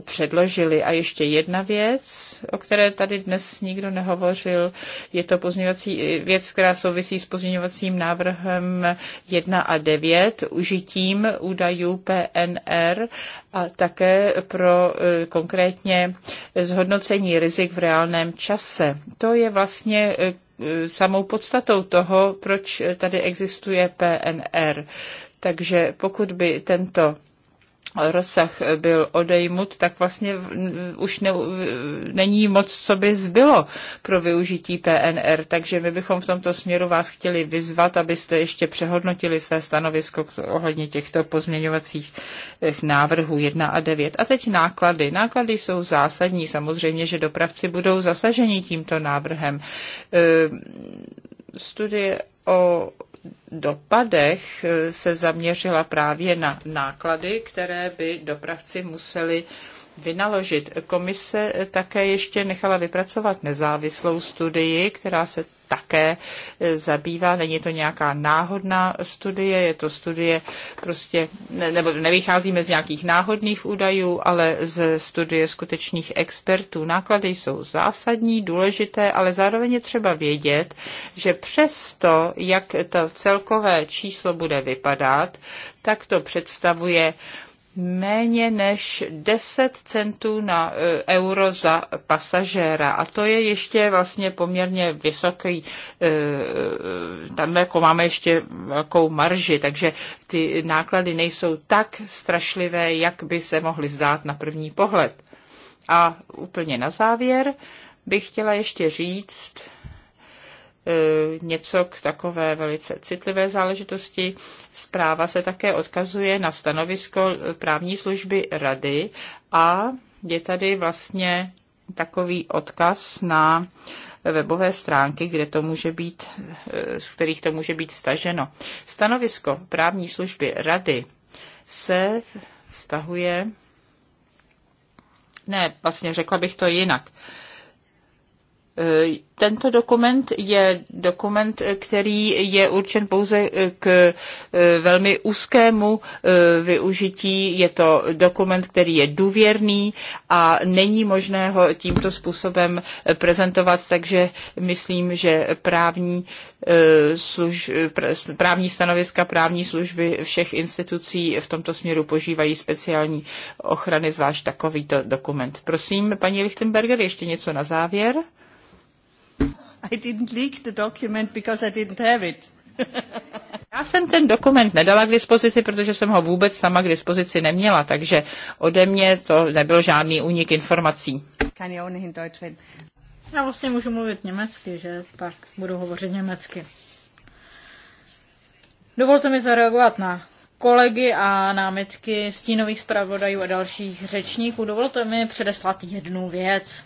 předložili. A ještě jedna věc, o které tady dnes nikdo nehovořil, je to pozměňovací věc, která souvisí s pozměňovacím návrhem 1 a 9, užitím údajů PNR a také pro e, konkrétně zhodnocení rizik v reálném čase. To je vlastně e, samou podstatou toho, proč tady existuje PNR. Takže pokud by tento rozsah byl odejmut, tak vlastně už ne, není moc, co by zbylo pro využití PNR. Takže my bychom v tomto směru vás chtěli vyzvat, abyste ještě přehodnotili své stanovisko ohledně těchto pozměňovacích eh, návrhů 1 a 9. A teď náklady. Náklady jsou zásadní. Samozřejmě, že dopravci budou zasaženi tímto návrhem. Eh, studie o dopadech eh, se zaměřila právě na náklady, které by dopravci museli vynaložit. Komise také ještě nechala vypracovat nezávislou studii, která se také e, zabývá. Není to nějaká náhodná studie, je to studie prostě, nebo nevycházíme z nějakých náhodných údajů, ale z studie skutečných expertů. Náklady jsou zásadní, důležité, ale zároveň je třeba vědět, že přesto, jak to celkové číslo bude vypadat, tak to představuje méně než 10 centů na e, euro za pasažéra. A to je ještě vlastně poměrně vysoký, e, e, tam jako máme ještě velkou marži, takže ty náklady nejsou tak strašlivé, jak by se mohly zdát na první pohled. A úplně na závěr bych chtěla ještě říct, E, něco k takové velice citlivé záležitosti. Zpráva se také odkazuje na stanovisko právní služby rady a je tady vlastně takový odkaz na webové stránky, kde to může být, e, z kterých to může být staženo. Stanovisko právní služby rady se vztahuje, ne, vlastně řekla bych to jinak, tento dokument je dokument, který je určen pouze k eh, velmi úzkému eh, využití. Je to dokument, který je důvěrný a není možné ho tímto způsobem prezentovat, takže myslím, že právní, eh, služ, právní stanoviska právní služby všech institucí v tomto směru požívají speciální ochrany, zvlášť takovýto dokument. Prosím, paní Lichtenberger, ještě něco na závěr? I didn't leak the document because I didn't have it. Já jsem ten dokument nedala k dispozici, protože jsem ho vůbec sama k dispozici neměla, takže ode mě to nebyl žádný únik informací. Já vlastně můžu mluvit německy, že pak budu hovořit německy. Dovolte mi zareagovat na kolegy a námitky stínových zpravodajů a dalších řečníků. Dovolte mi předeslat jednu věc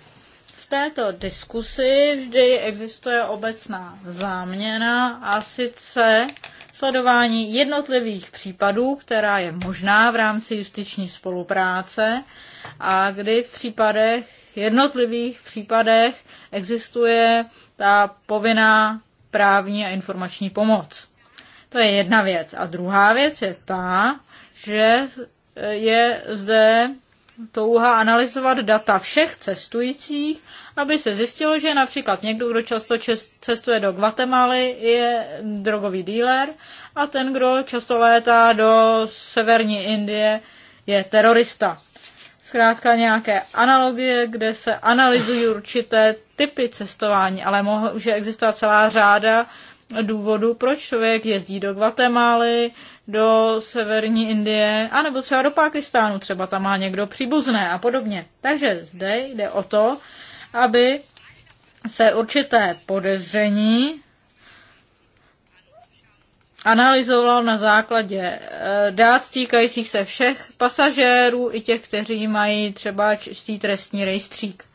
této diskusi vždy existuje obecná záměna a sice sledování jednotlivých případů, která je možná v rámci justiční spolupráce a kdy v případech, jednotlivých případech existuje ta povinná právní a informační pomoc. To je jedna věc. A druhá věc je ta, že je zde touha analyzovat data všech cestujících, aby se zjistilo, že například někdo, kdo často cestuje do Guatemaly, je drogový díler a ten, kdo často létá do severní Indie, je terorista. Zkrátka nějaké analogie, kde se analyzují určité typy cestování, ale může existovat celá řáda důvodů, proč člověk jezdí do Guatemaly, do severní Indie, anebo třeba do Pákistánu, třeba tam má někdo příbuzné a podobně. Takže zde jde o to, aby se určité podezření analyzoval na základě eh, dát týkajících se všech pasažérů i těch, kteří mají třeba čistý trestní rejstřík.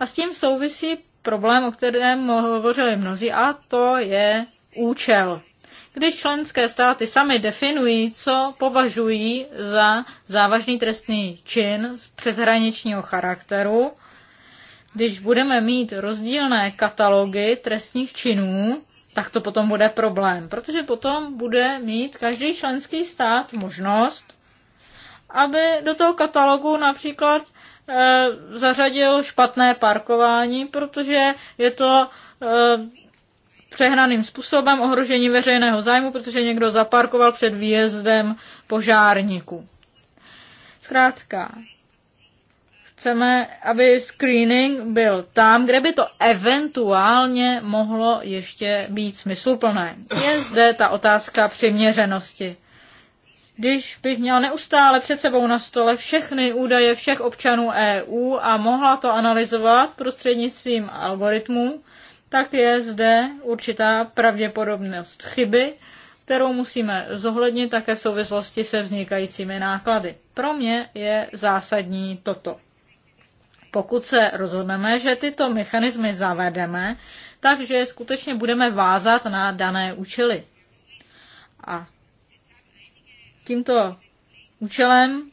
A s tím souvisí problém, o kterém hovořili mnozí, a to je účel. Když členské státy sami definují, co považují za závažný trestný čin z přeshraničního charakteru, když budeme mít rozdílné katalogy trestních činů, tak to potom bude problém, protože potom bude mít každý členský stát možnost, aby do toho katalogu například e, zařadil špatné parkování, protože je to e, přehnaným způsobem ohrožení veřejného zájmu, protože někdo zaparkoval před výjezdem požárníků. Zkrátka, chceme, aby screening byl tam, kde by to eventuálně mohlo ještě být smysluplné. Je zde ta otázka přiměřenosti. Když bych měl neustále před sebou na stole všechny údaje všech občanů EU a mohla to analyzovat prostřednictvím algoritmů, tak je zde určitá pravděpodobnost chyby, kterou musíme zohlednit také v souvislosti se vznikajícími náklady. Pro mě je zásadní toto. Pokud se rozhodneme, že tyto mechanismy zavedeme, takže je skutečně budeme vázat na dané účely. A tímto účelem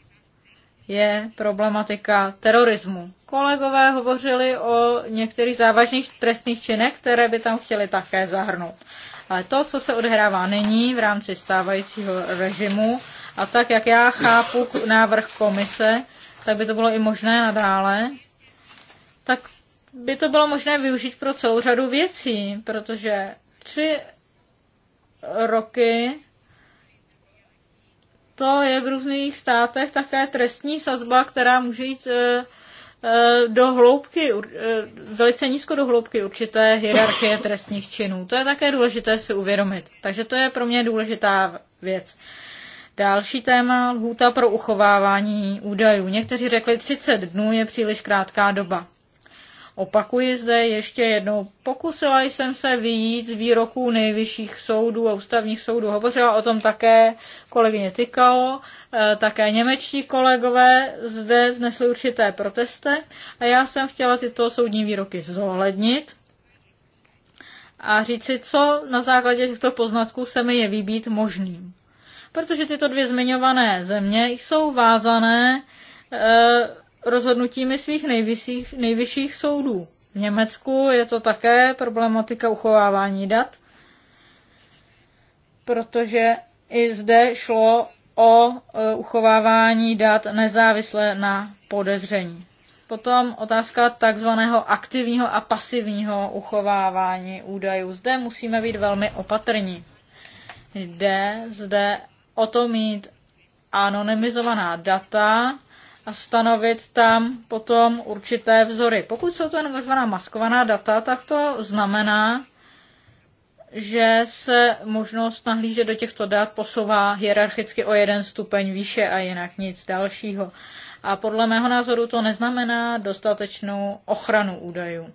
je problematika terorismu. Kolegové hovořili o některých závažných trestných činech, které by tam chtěli také zahrnout. Ale to, co se odehrává nyní v rámci stávajícího režimu a tak, jak já chápu návrh komise, tak by to bylo i možné nadále, tak by to bylo možné využít pro celou řadu věcí, protože tři roky to je v různých státech také trestní sazba, která může jít e, e, do hloubky, e, velice nízko do hloubky určité hierarchie trestních činů. To je také důležité si uvědomit. Takže to je pro mě důležitá věc. Další téma, lhůta pro uchovávání údajů. Někteří řekli, 30 dnů je příliš krátká doba. Opakuji zde ještě jednou. Pokusila jsem se vyjít z výroků nejvyšších soudů a ústavních soudů. Hovořila o tom také kolegyně Tykalo, eh, také němečtí kolegové zde vznesli určité protesty a já jsem chtěla tyto soudní výroky zohlednit a říci, co na základě těchto poznatků se mi je vybít možným. Protože tyto dvě zmiňované země jsou vázané e, rozhodnutími svých nejvyšších, nejvyšších soudů. V Německu je to také problematika uchovávání dat, protože i zde šlo o e, uchovávání dat nezávisle na podezření. Potom otázka takzvaného aktivního a pasivního uchovávání údajů. Zde musíme být velmi opatrní. Jde zde o to mít anonymizovaná data, a stanovit tam potom určité vzory. Pokud jsou to jenom tzv. maskovaná data, tak to znamená, že se možnost nahlížet do těchto dat posouvá hierarchicky o jeden stupeň výše a jinak nic dalšího. A podle mého názoru to neznamená dostatečnou ochranu údajů.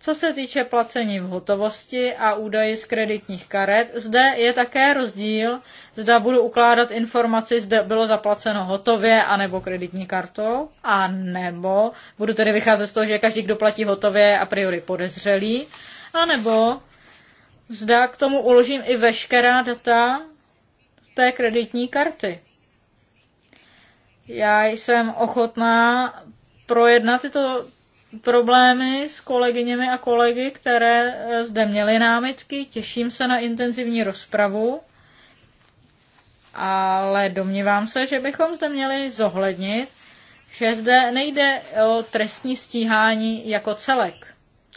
Co se týče placení v hotovosti a údaji z kreditních karet, zde je také rozdíl, zda budu ukládat informaci, zde bylo zaplaceno hotově anebo kreditní kartou, a nebo budu tedy vycházet z toho, že každý, kdo platí hotově, a priori podezřelý, a nebo zda k tomu uložím i veškerá data té kreditní karty. Já jsem ochotná projednat tyto problémy s kolegyněmi a kolegy, které eh, zde měly námitky. Těším se na intenzivní rozpravu, ale domnívám se, že bychom zde měli zohlednit, že zde nejde o trestní stíhání jako celek,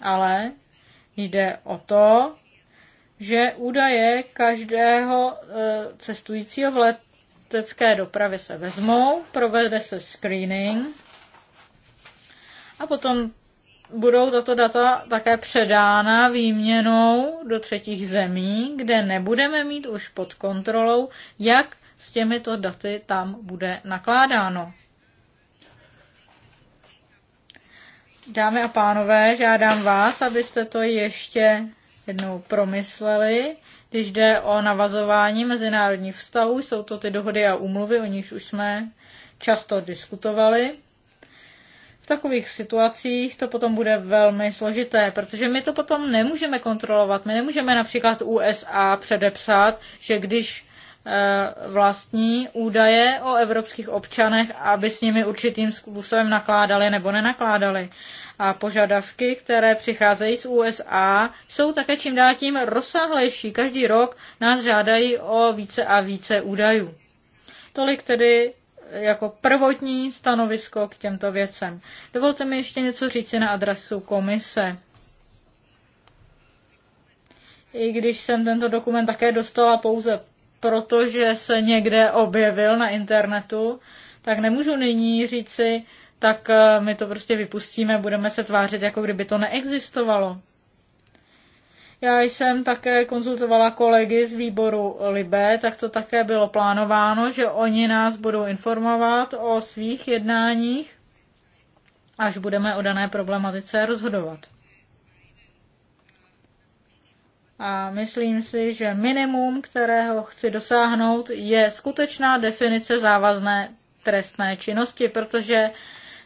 ale jde o to, že údaje každého eh, cestujícího v letecké dopravě se vezmou, provede se screening a potom budou tato data také předána výměnou do třetích zemí, kde nebudeme mít už pod kontrolou, jak s těmito daty tam bude nakládáno. Dámy a pánové, žádám vás, abyste to ještě jednou promysleli. Když jde o navazování mezinárodních vztahů, jsou to ty dohody a úmluvy, o nich už jsme často diskutovali takových situacích to potom bude velmi složité, protože my to potom nemůžeme kontrolovat. My nemůžeme například USA předepsat, že když eh, vlastní údaje o evropských občanech, aby s nimi určitým způsobem nakládali nebo nenakládali. A požadavky, které přicházejí z USA, jsou také čím dál tím rozsáhlejší. Každý rok nás žádají o více a více údajů. Tolik tedy jako prvotní stanovisko k těmto věcem. Dovolte mi ještě něco říci na adresu komise. I když jsem tento dokument také dostala pouze proto, že se někde objevil na internetu, tak nemůžu nyní říci, tak eh, my to prostě vypustíme, budeme se tvářit, jako kdyby to neexistovalo. Já jsem také konzultovala kolegy z výboru Libe, tak to také bylo plánováno, že oni nás budou informovat o svých jednáních, až budeme o dané problematice rozhodovat. A myslím si, že minimum, kterého chci dosáhnout, je skutečná definice závazné trestné činnosti, protože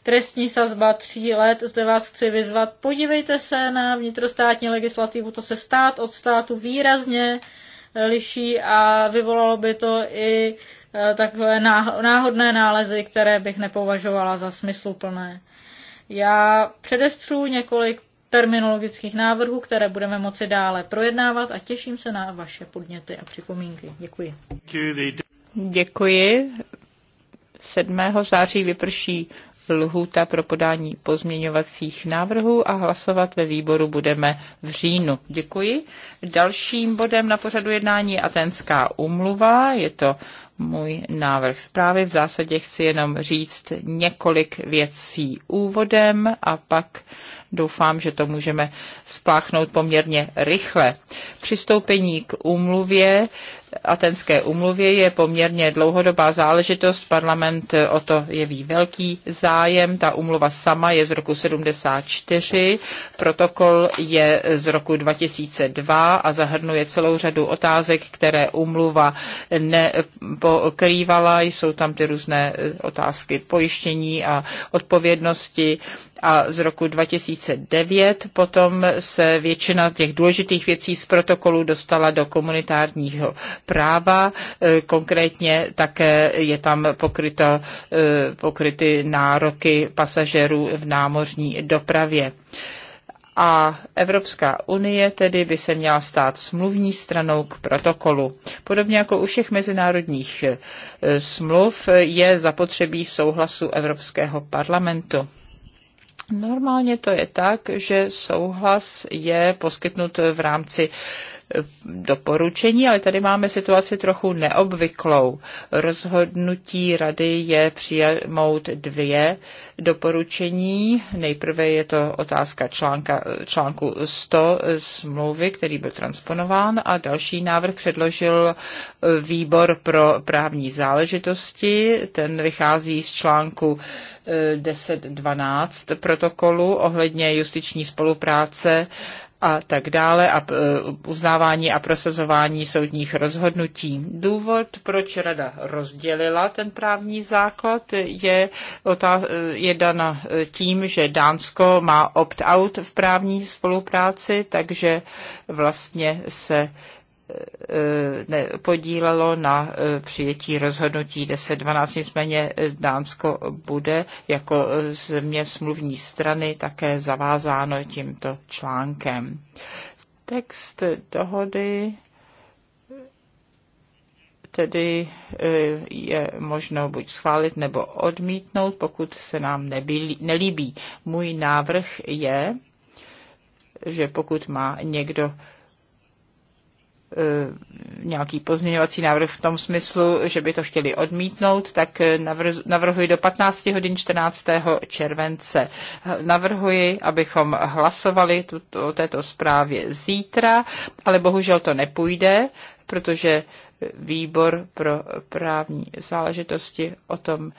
trestní sazba tří let. Zde vás chci vyzvat, podívejte se na vnitrostátní legislativu, to se stát od státu výrazně liší a vyvolalo by to i eh, takové náhodné nálezy, které bych nepovažovala za smysluplné. Já předestřu několik terminologických návrhů, které budeme moci dále projednávat a těším se na vaše podněty a připomínky. Děkuji. Děkuji. 7. září vyprší lhůta pro podání pozměňovacích návrhů a hlasovat ve výboru budeme v říjnu. Děkuji. Dalším bodem na pořadu jednání je Atenská umluva. Je to můj návrh zprávy. V zásadě chci jenom říct několik věcí úvodem a pak doufám, že to můžeme spláchnout poměrně rychle. Přistoupení k úmluvě Atenské umluvě je poměrně dlouhodobá záležitost. Parlament o to jeví velký zájem. Ta umluva sama je z roku 74, protokol je z roku 2002 a zahrnuje celou řadu otázek, které umluva nepokrývala. Jsou tam ty různé otázky pojištění a odpovědnosti a z roku 2009 potom se většina těch důležitých věcí z protokolu dostala do komunitárního práva, e, konkrétně také je tam pokryto, e, pokryty nároky pasažerů v námořní dopravě a Evropská unie tedy by se měla stát smluvní stranou k protokolu. Podobně jako u všech mezinárodních e, smluv je zapotřebí souhlasu Evropského parlamentu. Normálně to je tak, že souhlas je poskytnut v rámci doporučení, ale tady máme situaci trochu neobvyklou. Rozhodnutí rady je přijmout dvě doporučení. Nejprve je to otázka článka, článku 100 smlouvy, který byl transponován a další návrh předložil výbor pro právní záležitosti. Ten vychází z článku 10.12 eh, protokolu ohledně justiční spolupráce a tak dále a e, uznávání a prosazování soudních rozhodnutí. Důvod, proč rada rozdělila ten právní základ, je, je dana tím, že Dánsko má opt-out v právní spolupráci, takže vlastně se Eh, podílelo na eh, přijetí rozhodnutí 1012. Nicméně eh, Dánsko bude jako země smluvní strany také zavázáno tímto článkem. Text dohody tedy je možno buď schválit nebo odmítnout, pokud se nám nebylí, nelíbí. Můj návrh je, že pokud má někdo Eh, nějaký pozměňovací návrh v tom smyslu, že by to chtěli odmítnout, tak eh, navrhuji do 15 hodin 14. července. Navrhuji, abychom hlasovali tuto, o této zprávě zítra, ale bohužel to nepůjde, protože výbor pro právní záležitosti o tom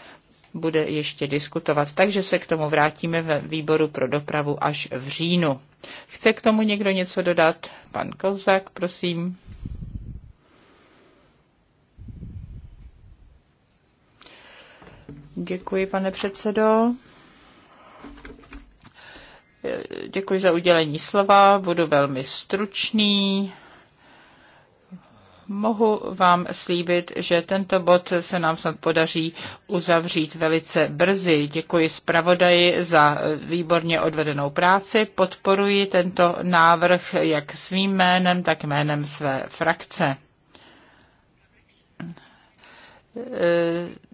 bude ještě diskutovat, takže se k tomu vrátíme ve výboru pro dopravu až v říjnu. Chce k tomu někdo něco dodat? Pan Kozák, prosím. Děkuji, pane předsedo. Děkuji za udělení slova, budu velmi stručný mohu vám slíbit, že tento bod se nám snad podaří uzavřít velice brzy. Děkuji zpravodaji za výborně odvedenou práci. Podporuji tento návrh jak svým jménem, tak jménem své frakce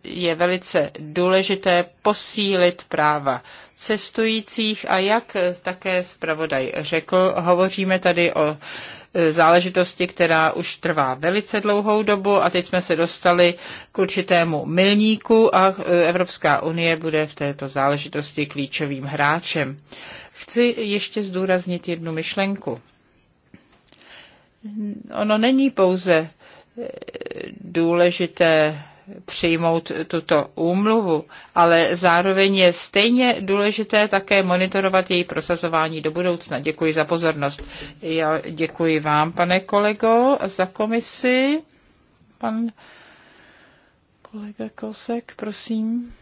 je velice důležité posílit práva cestujících a jak také zpravodaj řekl, hovoříme tady o Eh, záležitosti, která už trvá velice dlouhou dobu a teď jsme se dostali k určitému milníku a eh, Evropská unie bude v této záležitosti klíčovým hráčem. Chci ještě zdůraznit jednu myšlenku. Ono není pouze eh, důležité přijmout tuto úmluvu, ale zároveň je stejně důležité také monitorovat její prosazování do budoucna. Děkuji za pozornost. Já děkuji vám, pane kolego, za komisi. Pan kolega Kosek, prosím.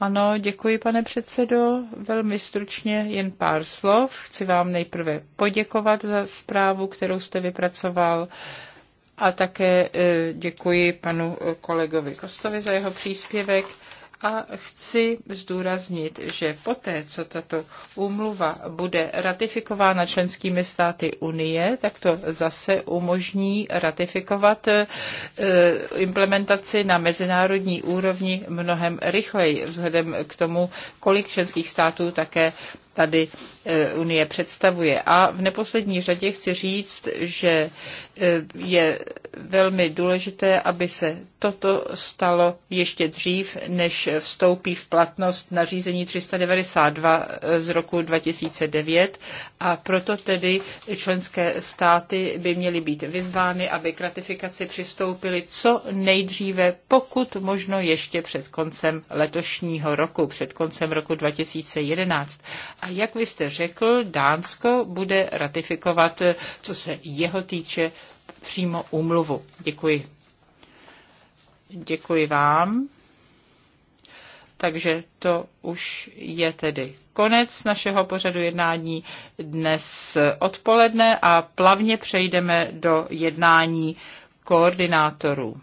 Ano, děkuji, pane předsedo. Velmi stručně jen pár slov. Chci vám nejprve poděkovat za zprávu, kterou jste vypracoval a také e, děkuji panu kolegovi Kostovi za jeho příspěvek. A chci zdůraznit, že poté, co tato úmluva bude ratifikována členskými státy Unie, tak to zase umožní ratifikovat e, implementaci na mezinárodní úrovni mnohem rychleji, vzhledem k tomu, kolik členských států také tady eh, Unie představuje. A v neposlední řadě chci říct, že eh, je velmi důležité, aby se toto stalo ještě dřív, než vstoupí v platnost nařízení 392 eh, z roku 2009 a proto tedy členské státy by měly být vyzvány, aby k ratifikaci přistoupily co nejdříve, pokud možno ještě před koncem letošního roku, před koncem roku 2011. A jak vy jste řekl, Dánsko bude ratifikovat, eh, co se jeho týče, přímo úmluvu. Děkuji. Děkuji vám. Takže to už je tedy konec našeho pořadu jednání dnes odpoledne a plavně přejdeme do jednání koordinátorů.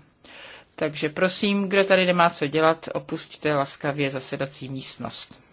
Takže prosím, kdo tady nemá co dělat, opustíte laskavě zasedací místnost.